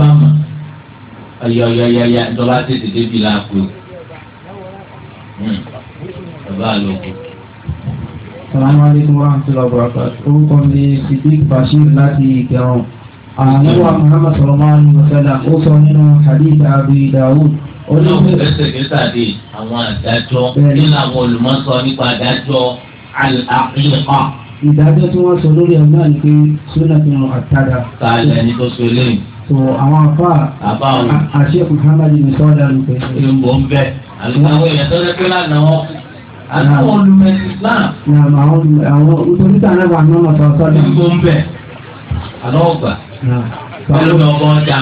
bá mọ̀ ọyọyọyọyọ ìjọba tètè débi láàpò ọba àlòkù. Salaamu alaikum wa rahmatullahi wa barakatuh. Orúkọ mi ni Sidik Bashir láti Ìkẹrùn. Àlẹ́wà Muhammad Salman Musala ó sọ nínú Hadith Abi Dawud. Olóògbé Ẹsẹ̀kẹ́sàdé àwọn àdájọ́ nínú àwọn olùmọ̀sọ nípa àdájọ́ Al-Aqiqah. Ìdájọ́ tí wọ́n sọ lórí ẹ̀ náà ni pé Súnà fi hàn àtàdá. Káàlẹ̀ ni tó so lẹ́yìn so àwọn afa àṣẹ muhammadu ní sọ́dà ló pé. ìbò ń bẹ àlùkò èèyàn tó lè pé lánàá wọn àtàwọn olùmẹsì islam. àwọn àwọn nítorí tí àwọn àwọn ọmọ tó sọ́dà. ìbò ń bẹ àlọ́ ọgbà pẹ̀lú mi ọmọ ọjà.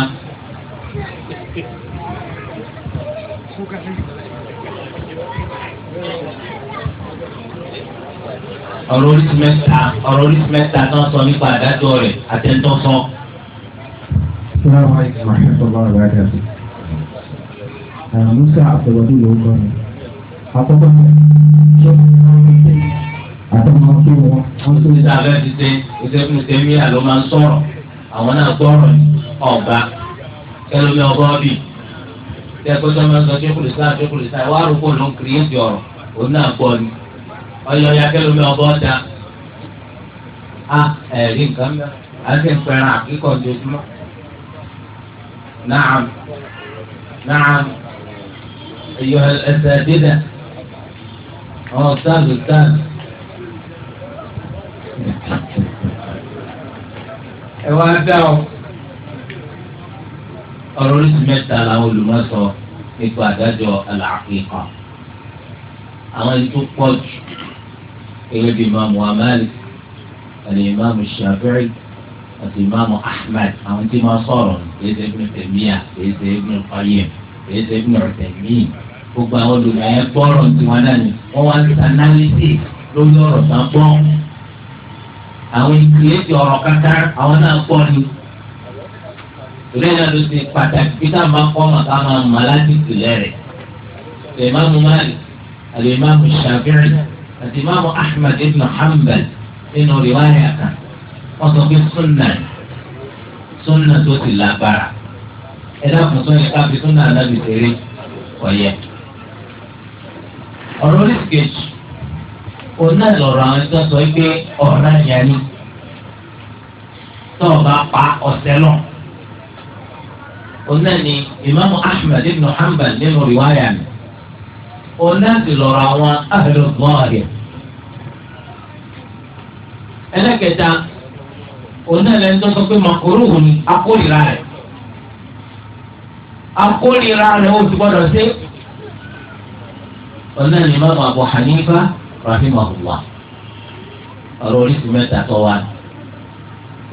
ọ̀rọ̀ oríṣi mẹ́ta ọ̀rọ̀ oríṣi mẹ́ta náà sọ nípa àdájọ́ rẹ̀ àtẹ̀ńtọ́sọ́. Assalamu alaikum warahmatullahi wabarakatuh. Uh, Musa Àfọwọ́dé ló kọ́ mi. Àkọ́kọ́ ti ṣe ìṣẹ́kùn tèmíyà ló máa ń sọ̀rọ̀. Àwọn náà gbọ́rọ̀ ọ̀gá. Kẹ́lómi ọgbà ọ̀bì. Tẹ́kọ̀ tó máa ń sọ ṣékùlù sáà ṣékùlù sáà ló ń kiri ọ̀rọ̀. Òun náà gbọ́ ni. Ọyọ ya kẹ́lómi ọgbà ọ̀dà. A ah, ẹ̀rí nǹkan mẹ́rin. À ń ń pẹran àkíkọ̀ ojoojúmọ́. نعم نعم أيها الأساتذة أه أستاذ أستاذ ẹ wá dá ọ ọ̀rọ̀ oríṣi mẹ́ta làwọn olùmọ̀sọ nípa àdájọ́ àlàáfíà àwọn ẹni tó pọ̀ jù gẹ́gẹ́ bíi imaamu amali àti imaamu shafi'i. àti imaamu ahmed àwọn tí ma sọ̀rọ̀ èsè ibn tèmíà èsè ibn qayyim èsè ibn tèmíì gbogbo àwọn olùmọ̀ẹ́ gbọ́rọ̀ tiwọn náà ni wọ́n wá ní analysis lórí ọ̀rọ̀ tán gbọ́ àwọn ìkìlẹ̀tì ọ̀rọ̀ kátá àwọn náà gbọ́ ni ìrẹ́ náà ló ti pàtàkì bí ká máa kọ́ màkà máa mọ̀ láti ìtìlẹ̀ mali àti ìmáàmù shafi'i àti ìmáàmù ahmed ibn hanbal nínú riwaya kan wọ́n sọ pé súnà súnà tó ti lágbára ẹ dákun tó yẹ ká fi súnà anábì tẹ̀lé ọ̀yẹ́. ọ̀rọ̀ orí kejì òun náà lọ̀rọ̀ àwọn ẹjọ́ sọ pé ọ̀rá yẹn ni tọ́ọ̀ bá pa ọ̀sẹ̀ lọ. òun náà ni ìmáàmù Ahmad ibn Hanbal nínú rìwáyà mi òun náà sì lọ̀rọ̀ àwọn ahlu dhahir. ẹlẹ́kẹta òun náà lẹni tó sọ pé màkúrú ni akórira rẹ̀ akórira rẹ̀ ó ti gbọ́dọ̀ ṣe òun náà ni mọ́mọ́ Abu Hanifa rahimahullah ọ̀rọ̀ oríṣi mẹ́ta tó wà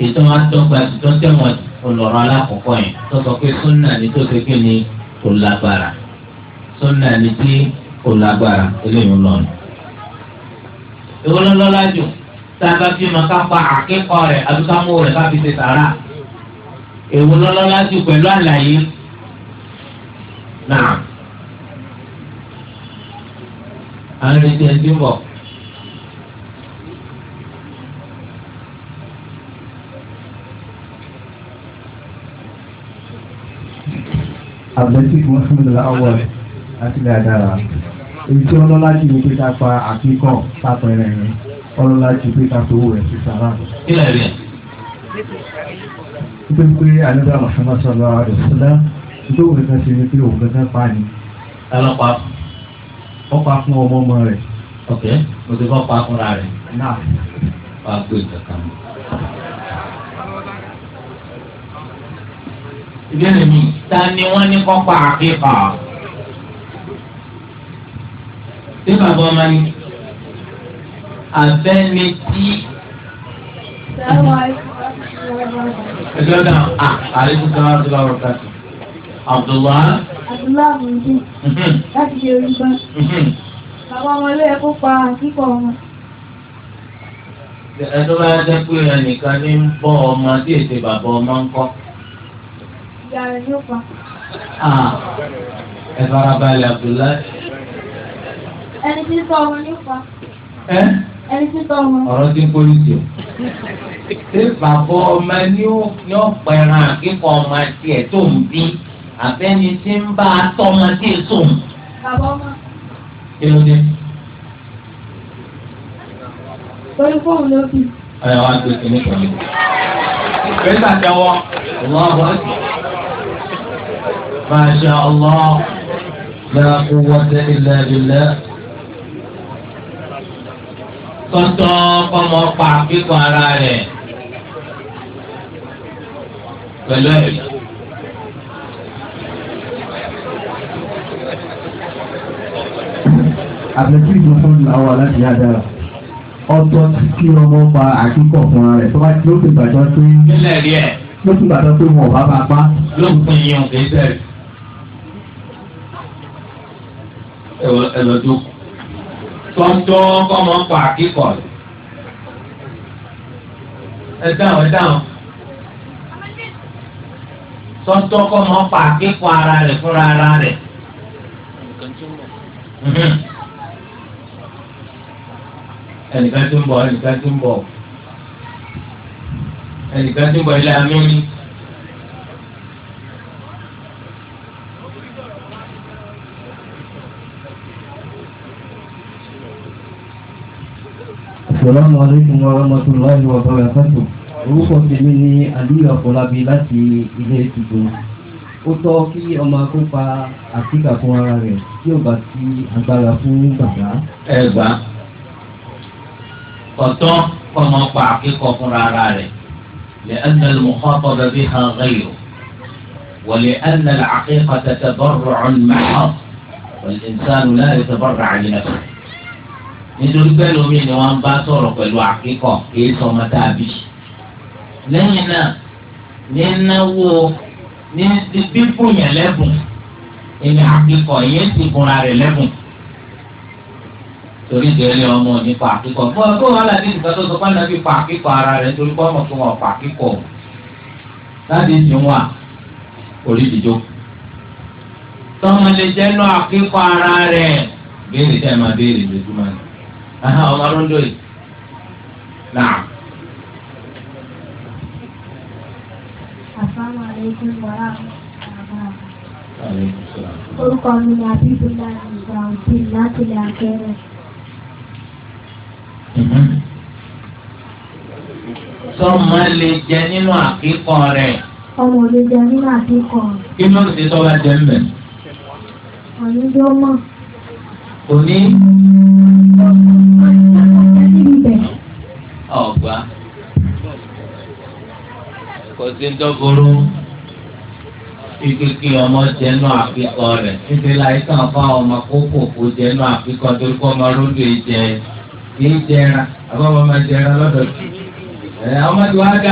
ètò wa dọ́gba tó tẹ̀wọ̀n olùrọ̀ alákọ̀ọ́kọ́ yẹn tó sọ pé sunna ni tó ṣe kí ni kò lágbára sunna ni tí kò lágbára eléyìí ń lọ ni. ìwọ́n lọ́lá tábà bímọ ká pa àkẹ́kọ̀ọ́ rẹ̀ àdúgbò rẹ̀ ká fi ṣe sàrà èwo lọ́lọ́lá jù pẹ̀lú àlàyé náà à ń retí ẹni tí ń bọ̀. àbẹ̀tí mohammed lawal àti dáadáa èyí tí ọlọ́lá jù ní pé ká pa àkíkọ̀ pápẹ́rẹ́ yẹn ọ̀rọ̀ láti pé ká tó rẹ̀ sí sàrà. kílẹ̀ rẹ̀. pé pé alẹ́dàá Muhammad sallallahu alaihi wasallam ìdóhùn nìkan ṣe ni pé òun gẹ́gẹ́ pa ni. ẹlọ́pàá. ó pa fún ọmọ ọmọ rẹ̀. ok mo ti kọ́ pa fúnra rẹ̀. náà wàá gbé kankan. ìbéèrè mi ta ni wọ́n ní kọ́ pa àkíkà? ṣé bàbá ọmọ ni? abẹ́ni tí. ẹjọ́ náà à àlejò kan wá sí báwọn ká sí. Abdullah. Abdullah Abdulji. Mhm. láti ṣe orí gan. Mhm. àwọn ọmọ ilé ẹ̀kọ́ pa kíkọ́ wọn. ẹni bá jẹ́ pé ẹnìkan ní ń bọ́ ọmọ tí èsì bàbá ọmọ ń kọ́. ìyá rẹ̀ ló pa. ẹ farabalẹ̀ Abdullah. ẹni tí ń bọ́ ọmọ ló pa. ẹ ẹni tí tọ́ ọmọ. ọ̀rọ̀ tí ń polisi o. ṣé bàbá ọmọ ni ó pẹ̀ràn àkíkọ̀ ọmọ tiẹ̀ tó ń bí àbẹ́ni tí ń bá a tọ́ ọmọ tí ì sùn. bàbá ọmọ. kí ló dé. torí fóònù ló fi. ọ̀rẹ́ wa tó ti ní pẹ̀lú. ìgbésà tẹ́wọ́ ọlọ́wọ́ máa ṣe ọlọ́ la quwwata illa billah kọ́tọ́ kọ́mọ pa kíkan ara rẹ̀ pẹ̀lú ẹ̀rí. àbẹ̀tí ìdókòwò làwọn aláṣẹ àdára ọ̀tọ̀ kí ọmọ pa àkíkọ̀ fúnra rẹ̀ tó bá tí ó ti gbàjọ́ pé. nílẹ̀ rí ẹ̀. ló ti gbàjọ́ pé wọn ò bá bá pa. lóògùn yìí ò kì í ẹ̀rọ ẹ̀rọ tó kù tọ́ńtọ́ kọ́mọ ń pa àkíkọ̀ rẹ̀. ẹ dáhùn ẹ dáhùn. tọ́ńtọ́ kọ́mọ ń pa àkíkọ̀ ara rẹ̀ fúnra ara rẹ̀. Mhm. ẹnìkan tó ń bọ̀ ẹnìkan tó ń bọ̀ ẹnìkan tó ń bọ̀ ilé amíní. السلام عليكم ورحمة الله وبركاته روحك مني أليا قولا بلاتي إليه تدوم أتوكي أما كوبا أتيكا قوارا كيو باتي أتالا فون تدا إذا أتو فما قاكيكا قوارا لأن المخاطبة بها غير ولأن العقيقة تتبرع محض والإنسان لا يتبرع لنفسه nítorí pé lómi ni wọ́n bá sọ̀rọ̀ pẹ̀lú àkíkọ̀ kìí sọmọ dàbí. lẹ́yìn náà nínáwó ní bíbùn yẹn lẹ́bùn ìní àkíkọ̀ yẹn ti gunra rẹ̀ lẹ́bùn torí ìdílé ọmọ nípa àkíkọ̀ fún ọgbọ́n wọn láti nìkan tó sọ fún àbí pa àkíkọ̀ ara rẹ̀ torí pé ọmọ fún wọn pa àkíkọ̀ láti ti wà orí ìdíjọ. tọ́mọ lè jẹ́ lọ àkíkọ̀ ara rẹ̀ béèrè tẹ́ máa béèrè lójúmọ́ ni ọmọ arúndó yìí náà. asalaamualeykum wa rahmatulahi orúkọ mi ni abibulayi ibrahim láti ilẹ̀ akẹ́rẹ́. Mhm. sọ́mọ lè jẹ nínú àkíkọ rẹ̀. ọmọ lè jẹ nínú àkíkọ. kí ló ń ṣe sọ́wọ́ jẹ́ ń bẹ̀. ọ̀nìjọ́ mọ̀. òní. ọ̀gbá kò sí ikeke ọmọ jẹnu àfikọ rẹ títí láì tàn fún ọmọ kókò Ndị jẹnu àfikọ tó kọ́ ọmọ lódò ìjẹ kì í máa jẹra lọ́dọ̀ tì dàgbà tó àkíkọ ti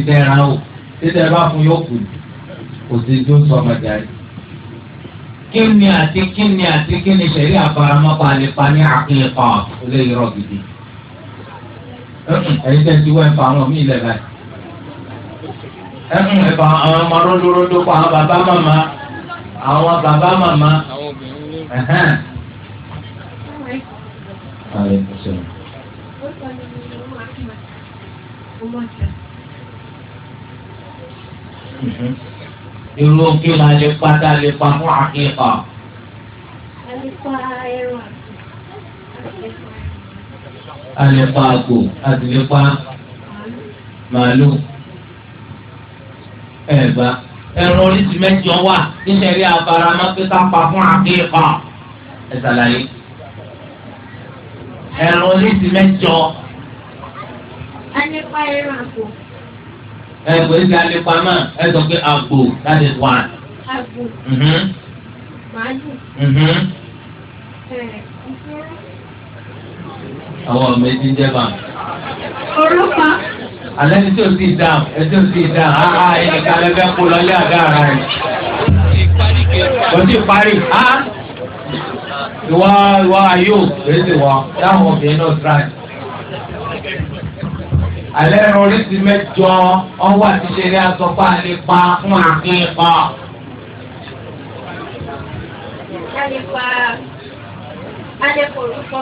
ń o bá fún tó kíni àti kíni àti kíni sẹ̀rí àfaramọ́kọ àlepa ní àkìlẹ̀kọ́ ilé irọ́ gidi. ẹ̀yin tẹ́ ti wá ẹ̀fọ́ àwọn míì lẹ̀ báyìí. ẹ̀fọ́ ẹ̀fọ́ àwọn ọmọ ròdòròdò kọ́ àwọn bàbá màmá àwọn bàbá màmá. Mm-hmm irú kí la lè padà lè pa fún àkíkà. a lè pa àgbò a sì lè pa màálù ẹ̀bà ẹran oríṣi mẹ́jọ wà nítorí abarama pé ká pa ẹ ṣàlàyé ẹran oríṣi mẹ́jọ. a lè pa ẹran àgbò ẹ kò ní ti alẹ́ pamọ́ ẹ sọ pé that is one. agbo mm-hmm. màálù. Mm-hmm. àwọn méjì ń jẹba. ọlọ́pàá. alẹ́ ní tí o sì dá ẹ tí o sì dá áá ah, ah, ẹnìkan ẹ fẹ́ kó lọlé àga ara rẹ̀. kò sí parí á. Ah. ìwọ ìwọ ayò kò sí wọ táwọn obìnrin náà tíráì alẹ́ ẹran oríṣi mẹ́jọ ọwọ́ àti ṣeré asọ́pá nípa fún àkínpa. Alepa Alepa orúkọ.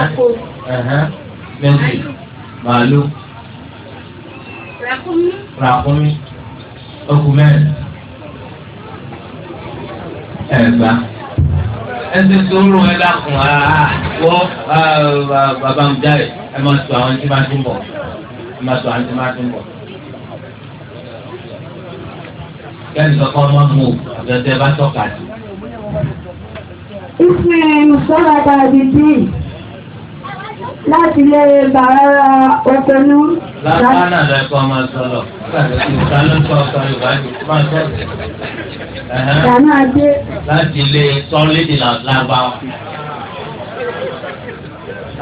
Àpò. Méjì. Màálù. Ràkúnmí. Ràkúnmí. Okùn mẹ́rin. Ẹ̀gbá. Ẹ ti sọ̀rọ̀ ẹ dákun wọ́n bàbá ń jáde ẹ máa sọ àwọn tí máa ti ń bọ̀ ẹ máa sọ àwọn tí máa ti ń bọ̀. kẹ́ni sọ fún ọmọ mu ọ̀dọ̀dẹ bá tọ́ka sí. ìfẹ́ ìṣọ́ra tàbí tí láti lè bàárà òpinnu. lápá náà lọ ẹ̀kọ́ máa sọ lọ ìgbà ló sọ sọ ìgbà máa sọ. Láti lè sọ lédè làbá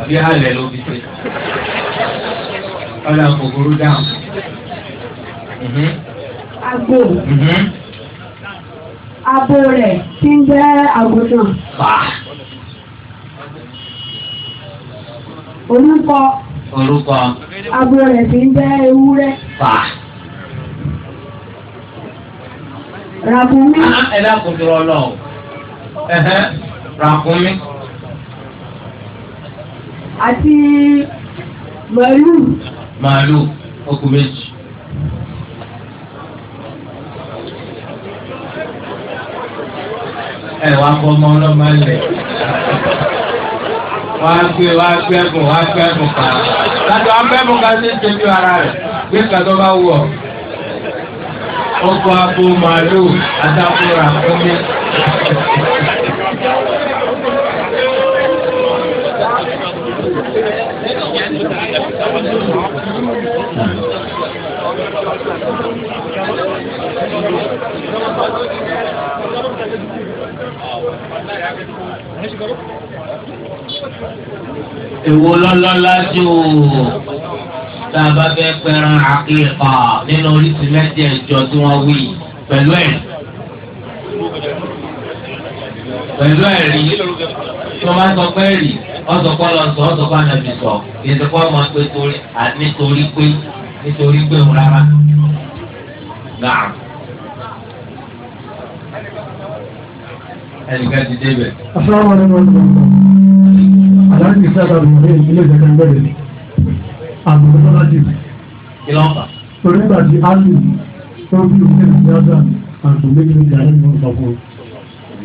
àbí àlẹ́ ló fi ṣe. ọ̀là kòkòrò dáhùn. agbo mm-hmm. abo mm-hmm. rẹ̀ ti ń jẹ́ àgbo náà. orúkọ orúkọ abo rẹ̀ ti ń jẹ́ ewúrẹ́. ràkúnmí. Ah, ẹ dákun tó rọ lọ ràkúnmí àti màálù. màálù okùn méjì. ẹ wá bọ́ ọmọ ọlọ́mọ lẹ̀ wá gbé wá gbé ẹ̀bùn wá gbé ẹ̀bùn kan láti wá gbé ẹ̀bùn kan sí ìtẹ́jú ara rẹ̀ gbé kàtó bá wù ọ́ ọkọ̀ abo màálù àtàkùrà omi. èwo lọ́lọ́lá jù tá a bá fẹ́ pẹran àkìkà nínú oríṣi mẹ́tẹ̀ẹ̀jọ tí wọ́n wí pẹ̀lú ẹ̀ pẹ̀lú ẹ̀rí tó bá sọ pé ẹ̀rí ọ̀sọ̀kọ́ lọ sọ ọ̀sọ̀kọ́ ànàbì sọ ìdìkọ́ ọmọ pé nítorí pé nítorí pé òun rárá. ẹnìkan ti débẹ̀. asalaamu alaykum wa rahmatulah alaani saka lóore ilé ìjọba ìbẹ̀rẹ̀ ni àgbẹ̀rẹ̀ lọ́la jù. kí ló ń fà. torí nígbà tí a lù tó bí òun ní ìyáàdà àti méjì méjì ayé ni wọ́n sọ fún un.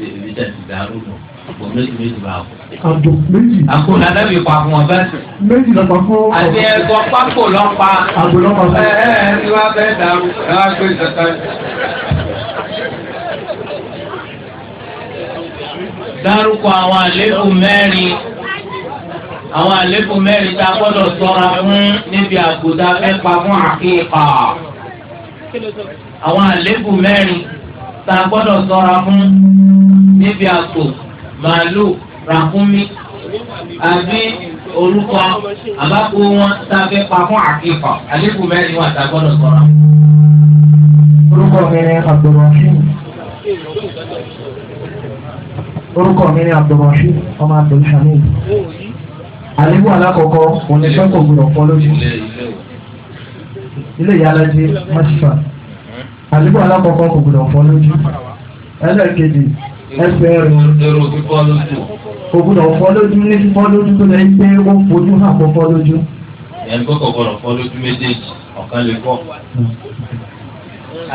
ibi tẹ̀ ti dàrú nù àpò méjì méjì bá a kù. àpò méjì. àpò nàdá mi pa fún wọn bẹ́ẹ̀. méjì lọ́pàá fún. àti ẹ̀kọ́ pápò lọ́pàá. àpò lọ́pàá fún. ẹ ẹ ẹ ní wàá bẹ́ẹ̀ dàrú ẹ wá gbé ìjọba. dárúkọ àwọn àléébù mẹ́rin àwọn àléébù mẹ́rin tá a gbọ́dọ̀ ṣọ́ra fún níbi àgùdá ẹ̀pà fún àkíkà àwọn àléébù mẹ́rin tá a gbọ́dọ̀ ṣọ́ra fún níbi àpò màálù ràkúnmí àbí orúkọ àbáko wọn tá a fẹ́ pa fún àkíkà àléébù mẹ́rin wà tá gbọ́dọ̀ ṣọ́ra orúkọ mi ni Abdulrahim orúkọ mi ni abdulrasheed ọmọ abdulhamid àlébù alákọ̀ọ́kọ́ onífẹ́ kò gbọdọ̀ fọ́ lójú ilé ìyálẹ́jì mọ́tífà àlébù alákọ̀ọ́kọ́ kò gbọdọ̀ fọ́ lójú ẹlẹ́ẹ̀kejì ẹsẹ̀ rẹ̀ kò gbọdọ̀ fọ́ lójú ní fọ́ lójú tó lẹ́yìn pé ó fojú hàn kó fọ́ lójú. ẹni kò gbọdọ̀ fọ́ lójú méjèèjì ọ̀kan lè kọ́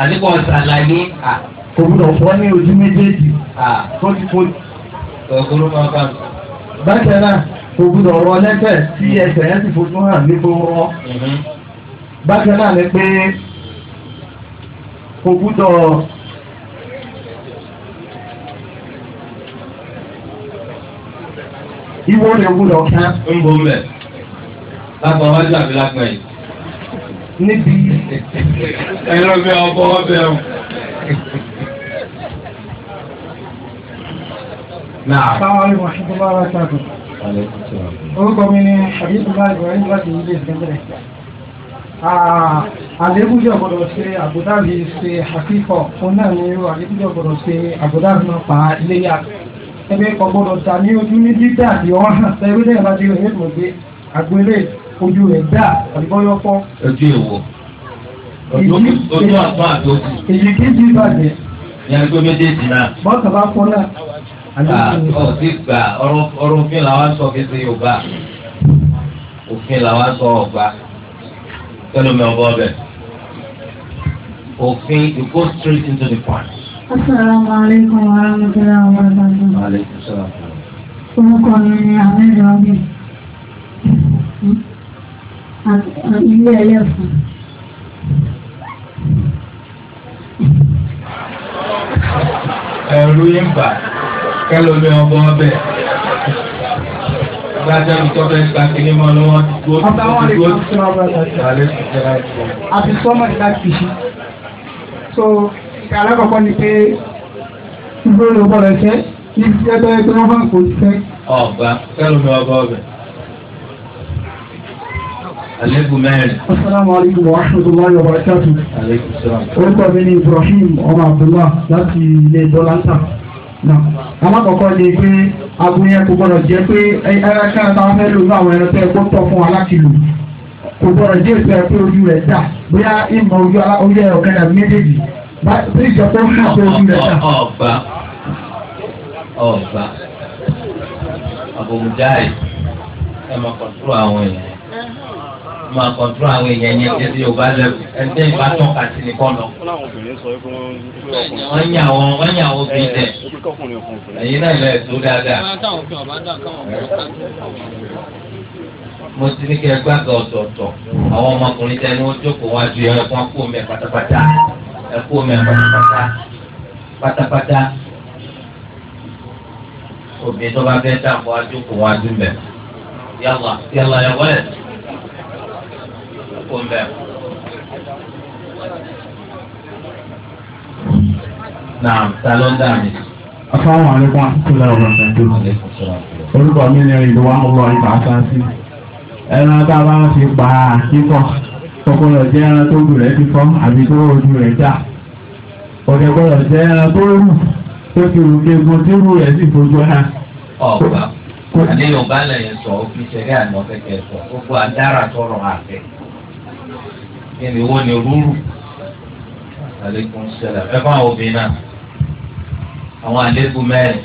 àdìpọ̀ ṣàlàyé. kò gbọdọ̀ fọ́ ní ojú méjèèjì ògúrú máa bá mi. bákan náà kò gbúdọ̀ rọ lẹ́sẹ̀ tí ẹsẹ̀ yẹn sì fojú hàn ní gbogbo wọn. Mm-hmm. bákan náà ni pé kò gbúdọ̀ ìwọ rẹ̀ gbúdọ̀ kán. ń bọ̀ mẹ́ lápá wájú àbí lápá yìí. níbi. ẹ lọ bẹ ọkọ ọbẹ Náà. Àlébújọ́ gbọ́dọ̀ ṣe àbúdáàbí ṣe àkíkọ̀ fún náà ní irú àlébújọ́ gbọ́dọ̀ ṣe àbúdáàbí náà pa iléyà. Ẹgbẹ́ kan gbọ́dọ̀ ta ní ojú ní dídá àti ọ̀hún hàn sẹ́yìn lẹ́yìn bá ti rẹ̀ mọ̀ pé àgbélé ojú rẹ̀ dá àbíbọ́yọ́ Ojú èwo? ọtí gbà ọ̀rọ̀ òfin làwọn sọ fi ṣe yorùbá òfin làwọn sọ ọgbà kẹlẹ mi ọgbọ ọbẹ òfin you go straight into the point. asalaamualeykum wa rahmatulahi wa barakatuh. wa salaam. orúkọ mi ni ahmed rabi hmm? ilé ẹlẹ́fọ̀n. ẹ̀rù yín bà kẹlòmí ọmọ ọbẹ̀ gbájá mi tó fẹ́ gba kínní mọ́ ni wọ́n ti dúró ti dúró ti dúró. àti sọ́mọ̀ láti ṣe so alákọ̀ọ́kọ́ ni pé ìgbóhùn ọgbọ́dọ̀ ṣe ní ẹgbẹ́ ẹgbẹ́ wọn bá ń kó ṣe. ọba kẹlòmí ọba ọbẹ̀. Aleykum mẹ́rin. wa rahmatulahi wa barakatu. Aleykum Orúkọ mi ni Ibrahim ọmọ Abdullah láti ilé Bọ́láńtà alákọ̀ọ́kọ́ ni pé agbo yẹn kò gbọ́dọ̀ jẹ́ pé ẹ̀ẹ́dẹ́gbẹ̀rún táwọn fẹ́ lò ní àwọn ẹran tó yẹ kó tọ́ fún wa láti lò kò gbọ́dọ̀ jẹ́ ìfẹ́ pé ojú rẹ̀ dà bóyá ìmọ̀ ojú ojú ẹ̀rọ kan àbí méjèèjì bá tó ìjọ pé ó hàn pé ojú rẹ̀ dà. ọba ọba àbòmùdáì ẹ máa kọ̀ọ̀tù àwọn èèyàn máa kọ̀ntró àwọn èèyàn ní ẹ̀jẹ̀ tí yorùbá lẹ ẹ̀jẹ̀ yorùbá tán kà sí nìkan lọ. wọ́n yà wọ́n wọ́n yà wọ́n bí dẹ̀. ẹ̀yin náà lẹ̀ tó dáadáa. mo ti ní kí ẹ gbàgbọ́ ọ̀tọ̀ọ̀tọ̀ àwọn ọmọkùnrin tẹ ni wọ́n jókòó wájú ẹ fún akó pátápátá ẹ kó pátápátá pátápátá obìnrin tó bá fẹ́ dàpọ̀ wájú kò wájú mẹ́ yálà yálà ẹ wọ́lẹ̀. na ń bẹ̀. náà ta ló ń dà wa rahmatulahi orúkọ mi ni ìdúwà ọlọ ìgbà sáàsì ẹran tá a bá fi pa ẹran tó rẹ̀ àbí tó ojú rẹ̀ já ẹran tó rù tó rù tí rù rẹ̀ sì fojú hàn. àdéhùn sọ ṣẹ̀rí kẹ̀kẹ́ kíni wo ni rúurú aleykum sẹlẹ ẹ àwọn obìnrin náà àwọn àléébù mẹ́rin.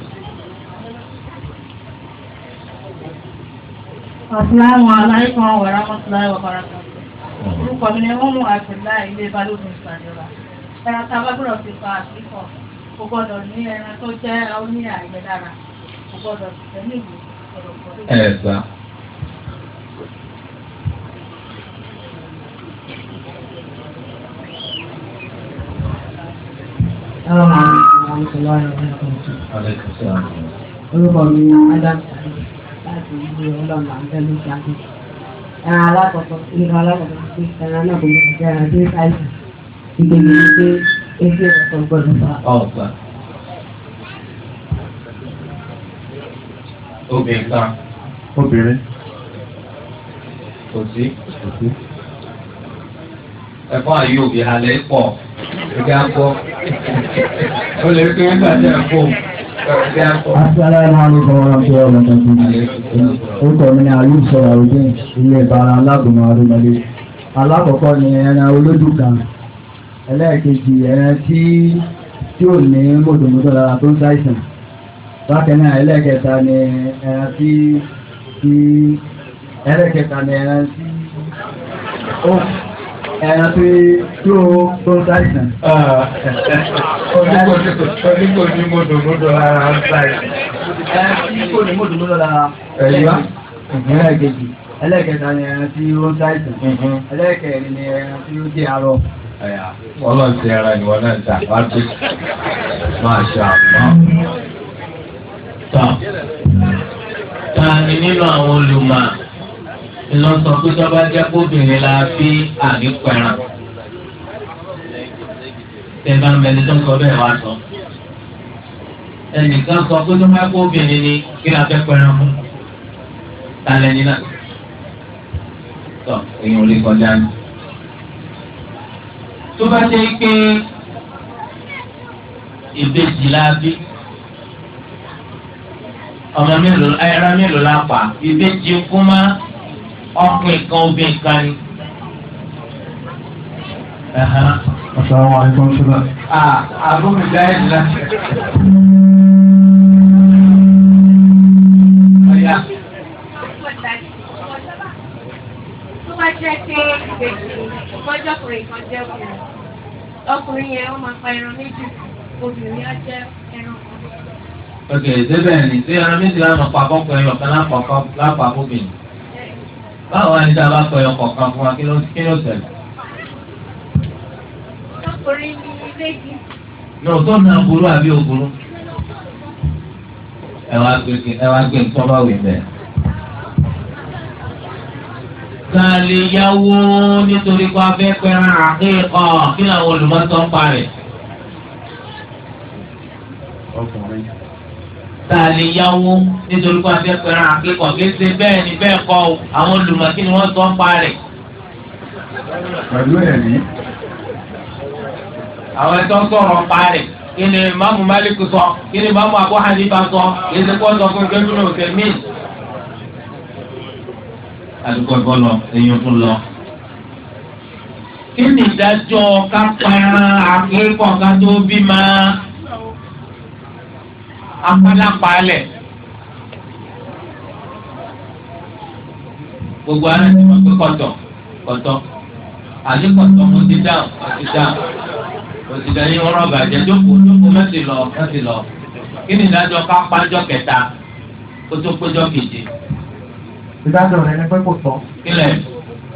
asalaamu alaykum wa rahmatulahi wa barakatuh. orúkọ mi ni wọ́n mú ilé balógun ìsàjọba ẹran tá a bá gbọ́dọ̀ ti fa àtìkọ kò gbọ́dọ̀ ní ẹran tó Assalamu alaikum warahmatullahi wabarakatuh. Waalaikumsalam. Orúkọ mi Adam Sani láti ìlú Ọlọ́run Àbẹ́lú Sani. Ẹran alákọ̀ọ́kọ́ ìran alákọ̀ọ́kọ́ ti pé ẹran náà kò ní ìjẹ́ ẹran dé sáìsì. Ìgbèlè ni pé efi ọ̀sọ̀ gbọ́dọ̀ bá. Ọ̀gbà. Obìnrin kan. Obìnrin. Kò sí. Kò sí. Ẹ̀fọ́ àyè òbí halẹ̀ pọ̀. ẹ̀gá akọ ó lè fi orúkọ mi ni ilé ìbára alágùnmọ̀ alákọ̀ọ́kọ́ ni ẹlẹ́ẹ̀kejì tí tí ò ní mọ̀tòmọ́tò lára tó ń bákan náà ẹlẹ́ẹ̀kẹta ni tí ẹlẹ́ẹ̀kẹta ni tí ó. ẹ̀rọ pé tó tó ṣàìsàn. oníkò ní mòdò mòdò lára ń ṣàìsàn. oníkò ní mòdò mòdò lára ẹlẹ́ẹ̀kejì ẹlẹ́ẹ̀kẹta ni ẹran tí ó ń ṣàìsàn ẹlẹ́ẹ̀kẹrin ni ẹran tí ó jẹ́ arọ. ọlọ́run ti ara ìwọ náà ta pàtó máa ṣe àpá. ta ni nínú àwọn olùmọ̀ ńlọ sọ pé tọ́ba jẹ́ kóbìnrin la fi àmì pẹ̀ràn tẹ bá mẹni tó ń sọ bẹ́ẹ̀ wá sọ ẹnìkan sọ pé tó máa kóbìnrin ni kí la fẹ́ pẹ̀ràn fún ta lẹni náà tọ èèyàn ò lè kọjá ni tó bá jẹ́ pé ìbejì la bí ọmọ mélòó ẹran mélòó la pa ìbejì kú máa ọkùnrin kan obìnrin kan ni. asalaamu alaykum sula. àbúrò dáhẹ́ ní láti. tó bá jẹ́ pé ìbejì ìkọjọ́ ọkùnrin kan jẹ́ obìnrin ọkùnrin yẹn ó máa pa ẹran méjì obìnrin á jẹ́ ẹran kan. ok débẹ̀ ni tí ẹran méjì láwọn pa fọ́kùnrin ọ̀kan lápapọ̀ lápapọ̀ obìnrin báwo wá ní sábà pẹ̀lú kọ̀ọ̀kan fún wa kí ló kí ló tẹ̀lé. ọkùnrin ni méjì. náà tó na burú àbí òburú. ẹ wá gbé ẹ wá gbé nǹkan bá wì bẹ́ẹ̀. Sàlì yáwó nítorí pé afẹ́ pẹ̀rẹ̀ àkéèkọ́ kí làwọn olùmọ̀tọ́ ń parẹ̀. ọkùnrin tá a lè yáwó nítorí pé a fẹ́ pẹ̀rọ àkẹ́kọ̀ọ́ kí n ṣe bẹ́ẹ̀ ni bẹ́ẹ̀ kọ́ o àwọn olùmọ̀kí ni wọ́n sọ ń pa rẹ̀. pẹ̀lú ẹ̀rí. àwọn ẹ̀tọ́ ń sọ̀rọ̀ pa rẹ̀ kí ni mamu Malik sọ kí ni mamu Abu Hanifa sọ kí ni kò sọ fún gbẹ́dúró òkè mí. àdúgbò ẹ̀kọ́ lọ ẹ̀yìn fún lọ. kí ni ìdájọ́ kápá àkẹ́kọ̀ọ́ ká tó bí máa apálápalẹ̀. gbogbo ara ti mọ̀ pé kọ̀tọ̀ kọ̀tọ̀ àti kọ̀tọ̀ mo ti dáhùn mo ti dáhùn mo ti dáhùn yín rọ́ọ̀bà jẹ́ jókòó jókòó mẹ́sì lọ mẹ́sì lọ kí ni ìdájọ́ ká pàjọ́ kẹta kó tó péjọ́ keje. ìdájọ́ rẹ̀ ni pé kò tọ́. kílẹ̀.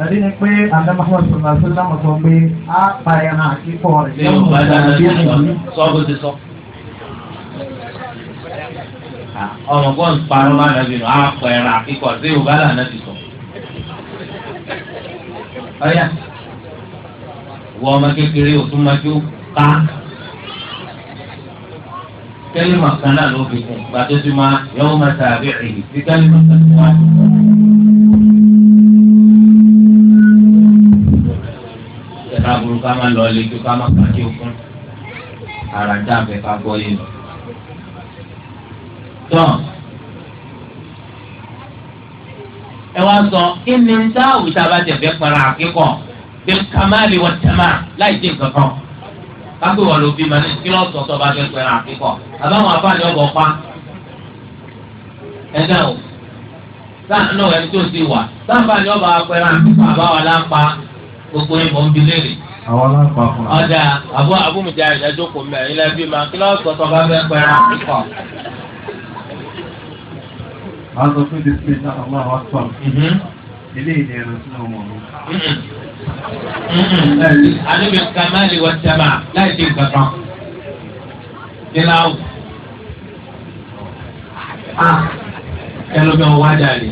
ẹ̀rí ni pé àdá mahamad sọ̀rọ̀ àti sọ́dọ̀ pé á pa ẹran àti pọ̀ rẹ̀. ṣé o bá dáná sọ bó ti sọ ọmọ kọ́ ń parọ́ má nàbí nù àpò ẹ̀rọ àkíkọ̀ sí yorùbá là nàbí sọ. ọ̀yà wọ ọmọ kékeré òtún máa tó ká kẹ́límà kan náà ló fi kún gbàtó tí máa yọ̀wọ́ máa tàbí èyí sí kẹ́límà kan tó wá. ìjọba burúkú a máa lọ ilé tó ká máa pàdé òkun àràǹdà àbẹ̀ká gbọ́ yìí lọ. tán ẹ wá sọ kí ni ń tá àwùjọ bá tẹ̀ fẹ́ pẹ̀lú àkíkọ̀ bí kàmáàlì wọ́n tẹ̀ máa láì nǹkan kan kápẹ́ wọn ló ma ní kí lọ́sọ̀ tó bá fẹ́ pẹ̀lú àkíkọ̀ àbáwọn afáàní ọ̀bọ̀ pa o sáànù ẹni tó ti wà sáànù ọba pẹ̀lú àkíkọ̀ àbáwọn lápá gbogbo yín mọ̀ léèrè. àwọn lápá fún wa. ọjà àbúmùjà ìdájọ́ kò ma kí lọ́sọ̀ tó bá máa sọ pé bísí ní àwọn àwọn àtọ́ ilé ìdí ẹran sínú ọmọ mi. àníbi kàmáàlì wọ jama láì dé kankan níláwù ẹlòmí ọwọ́ àjàlè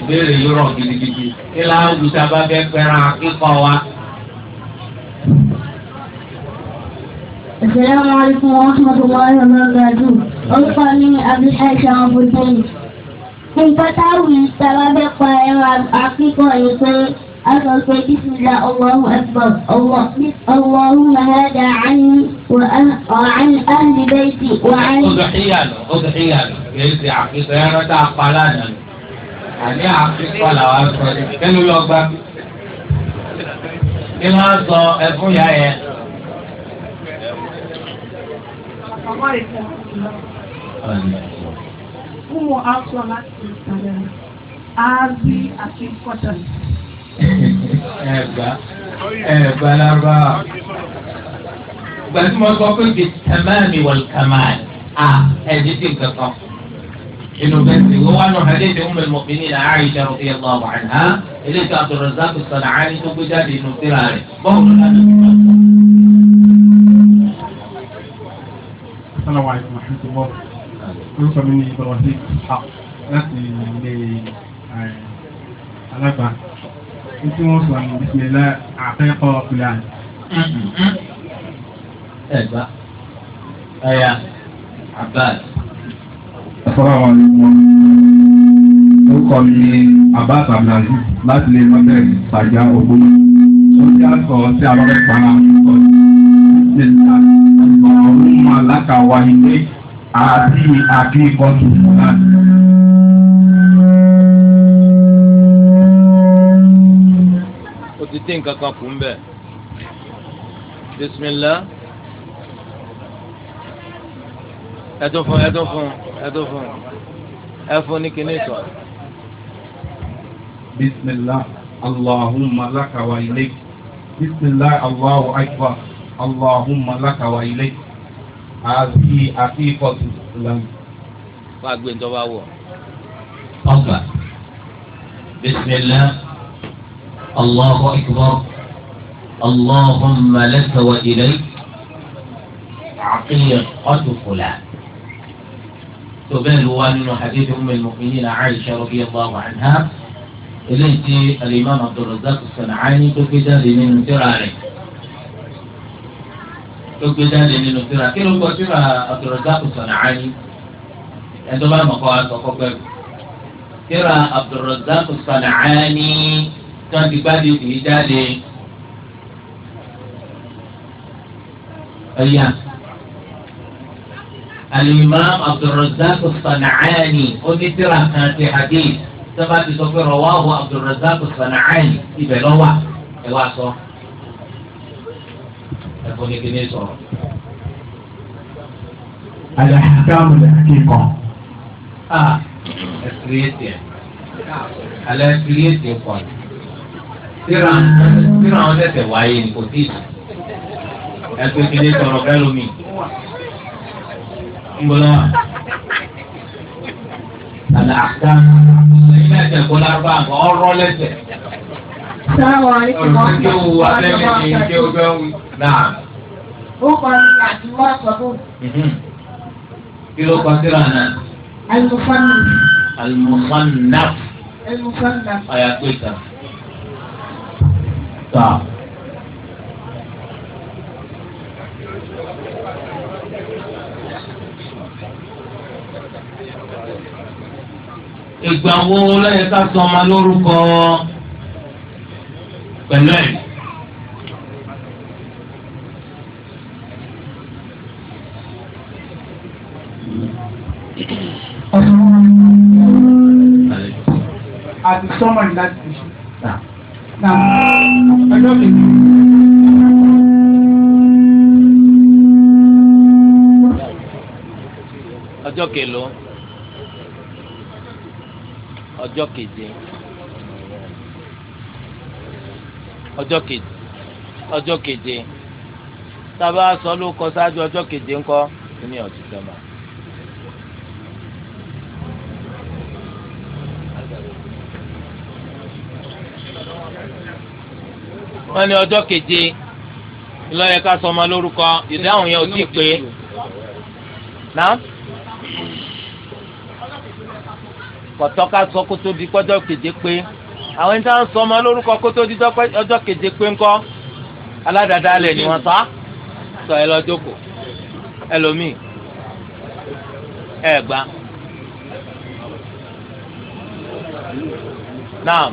ìbéèrè yìí rọ̀ gidigidi níláwù sábà fẹ́ pẹ́ràn wa. السلام عليكم ورحمة الله وبركاته. أوصاني أبي حاتم أبو الفتح بالسبب الطائر والحقيق ويصير أخذ بسم الله الله أكبر الله اللهم هذا عني وعن أهل بيتي وعن أضحيان أضحيان يلتي عقيدة أنا تعقلان يعني عقيدة لا أصلا كانوا يوقف kí ló ń sọ ẹfún ya أم أسلمت السلام أبي أكيد قتل ẹ̀bá ẹ̀bá lára gbàtí mo sọ pé bi tamami wal kamal a ẹ̀jẹ̀ ti kankan inú bẹ́sẹ̀ wọ́n wà nù hadith umm al-mu'minin Aisha radiyallahu anha eléyìí Abdurrazzaq as-San'ani tó gbé jáde inú síra rẹ̀ bọ́ọ̀ ló lánà tó lọ. Assalamu alaikum warahmatullahi orúkọ mi ni Ibrahim Ishaq láti ilé alágbà tí wọ́n sọ ní bisimilá àfẹ́kọ̀ fúlàní. ẹ̀gbá abad Abbas. Assalamu alaikum. orúkọ mi ni Abbas Abdulaziz láti ilé mọ́tẹ́rì Sàjà Ògbómọ̀. ó ti àsọ sí abọ́kẹ́ pàrọ̀ àkókò ní ìta alákàwá ilé àti àkíkọ́tù fúnra. ó ti dín nǹkan kan kù ń bẹ̀. bisimilá. ẹ tó fún ẹ tó fún ẹ tó fún ẹ fún ní kíní sọ. bisimilá allahumma laka wa ilayk bisimilá allahu akbar allahumma laka wa ilayk àti àti ìkọ̀tù lọ́nà. wàá gbé ntọ́ bá wọ̀. ọgbà bisimilá allahu akbar allahumma laka wa ilay aqiqatu fulan. tó bẹ́ẹ̀ ló wá nínú hadith umm al-mu'minin aisha radiyallahu anha eléyìí tí alimami abdulrazak sanani tó fi jáde nínú tírà rẹ̀. ló gbé jáde nínú tírà kí ló kọ tírà Abdulrazak San'ani ẹjọ́ bá mọ̀ kọ́ aṣọ kọ́kọ́ ẹ̀ tírà Abdulrazak San'ani tí wọ́n ti gbádé kì í jáde ẹ̀yà. الإمام عبد الرزاق الصنعاني ونترى كانت حديث ثبت رواه عبد الرزاق الصنعاني إذا لوا إواسو ẹ̀fọ́ ní kíní sọ̀rọ̀. àlẹ́ àdáhùn lè kíkọ. ẹ kírètì ẹ àlẹ́ kírètì pọ̀ ní. síra àwọn tẹ̀sẹ̀ wáyé ní kò tíì ẹgbẹ́ kíní sọ̀rọ̀ bẹ́ẹ̀ lómi. ń bọ́ lọ́wọ́ àlẹ́ àdáhùn lẹ́yìn ẹ̀sẹ̀ kó lárúbá àgbọ̀ ọ̀rọ̀ lẹ́sẹ̀. sáwọn àríkì kan. olùkọ́ tí ó wù wá lẹ́yìn ní ìdí Náà. Ó kọ ìrìn àti wá sọ́dọ̀. Kí ló kọ síra náà? Al-Mufannaf. Al-Mufannaf. Al-Mufannaf. Ọ̀yà pé ìtàn. Tọ́. ìgbà wo ló ká sọ ọmọ lórúkọ pẹ̀lú ẹ̀. àti sọ́mọ̀ ní láti fi ọjọ́ kejì. ọjọ́ kelo ọjọ́ keje ọjọ́ keje ọjọ́ keje tábà sọ ló kọ sáájú ọjọ́ keje ńkọ́ ní wọ́n ní ọjọ́ keje lọ́yẹ ká sọ ọmọ lórúkọ ìdáhùn yẹn ò tí ì pé náà kọ̀tọ́ ká sọ kó di pọ́jọ́ keje pé àwọn ẹni tí wọ́n sọ ọmọ lórúkọ kó tó di ọjọ́ keje pé ńkọ́ aládàáda lẹ̀ ni wọn sá sọ ẹ lọ́jọ́ kò ẹlòmíì ẹ gbà. Naam.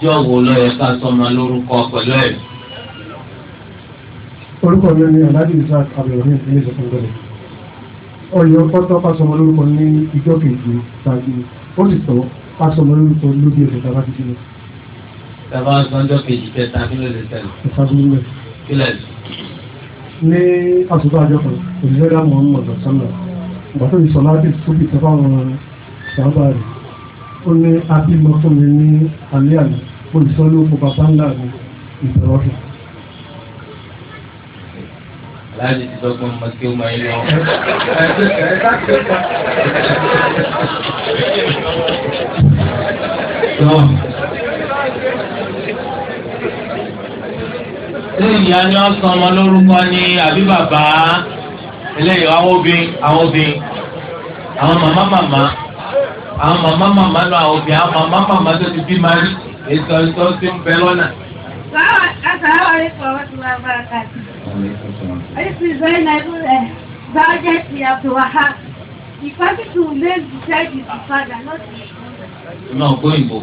ìjọ wo ló yẹ ká sọmọ lórúkọ pẹ̀lú ẹ̀. orúkọ mi ni alhaji isaac abdulrahman ìpínlẹ̀ ìsọ̀kọ̀gbẹ̀rẹ̀ ọ̀yọ́ pátá pásọmọ lórúkọ ní ìjọ kejì tàbí ó sì tọ́ pásọmọ lórúkọ lóbi ẹ̀sẹ̀ tàbá ti sílẹ̀. tàbá sọ́njọ́ kejì kẹta kí ló lè tẹ̀lé. ìfàgbọ́n kílẹ̀. ní àtúntò àjọ kan òṣìṣẹ́ dáhùn ọmọ ọ̀dọ̀ sọ́nà ìgbà tó ìsọ̀lá dé sókè tẹ́fà wọn sábà rẹ̀ ó ní abímọ fún mi ní alẹ́ àná olùsọ́lé oko bàbá ńlá mi ìbẹ̀rọ̀ rẹ̀. aláàjì ti dọ́gbọ́n mọ kí ó máa yọ. ṣé ìyá ni wọ́n sọ ọmọ lórúkọ ni àbí bàbá eléyìí àwọn obìnrin àwọn obìnrin àwọn màmá màmá àwọn màmá màmá lọ àwọn obìnrin àwọn màmá màmá tó ti bí máa rí ètò ìtọ́ tí ń bẹ lọ́nà. Assalamu alaikum warahmatullahi wabarakatuh. This is very nice biology Abdul Wahab. The person to make the child is the father, not the son. Náà kó ìbò.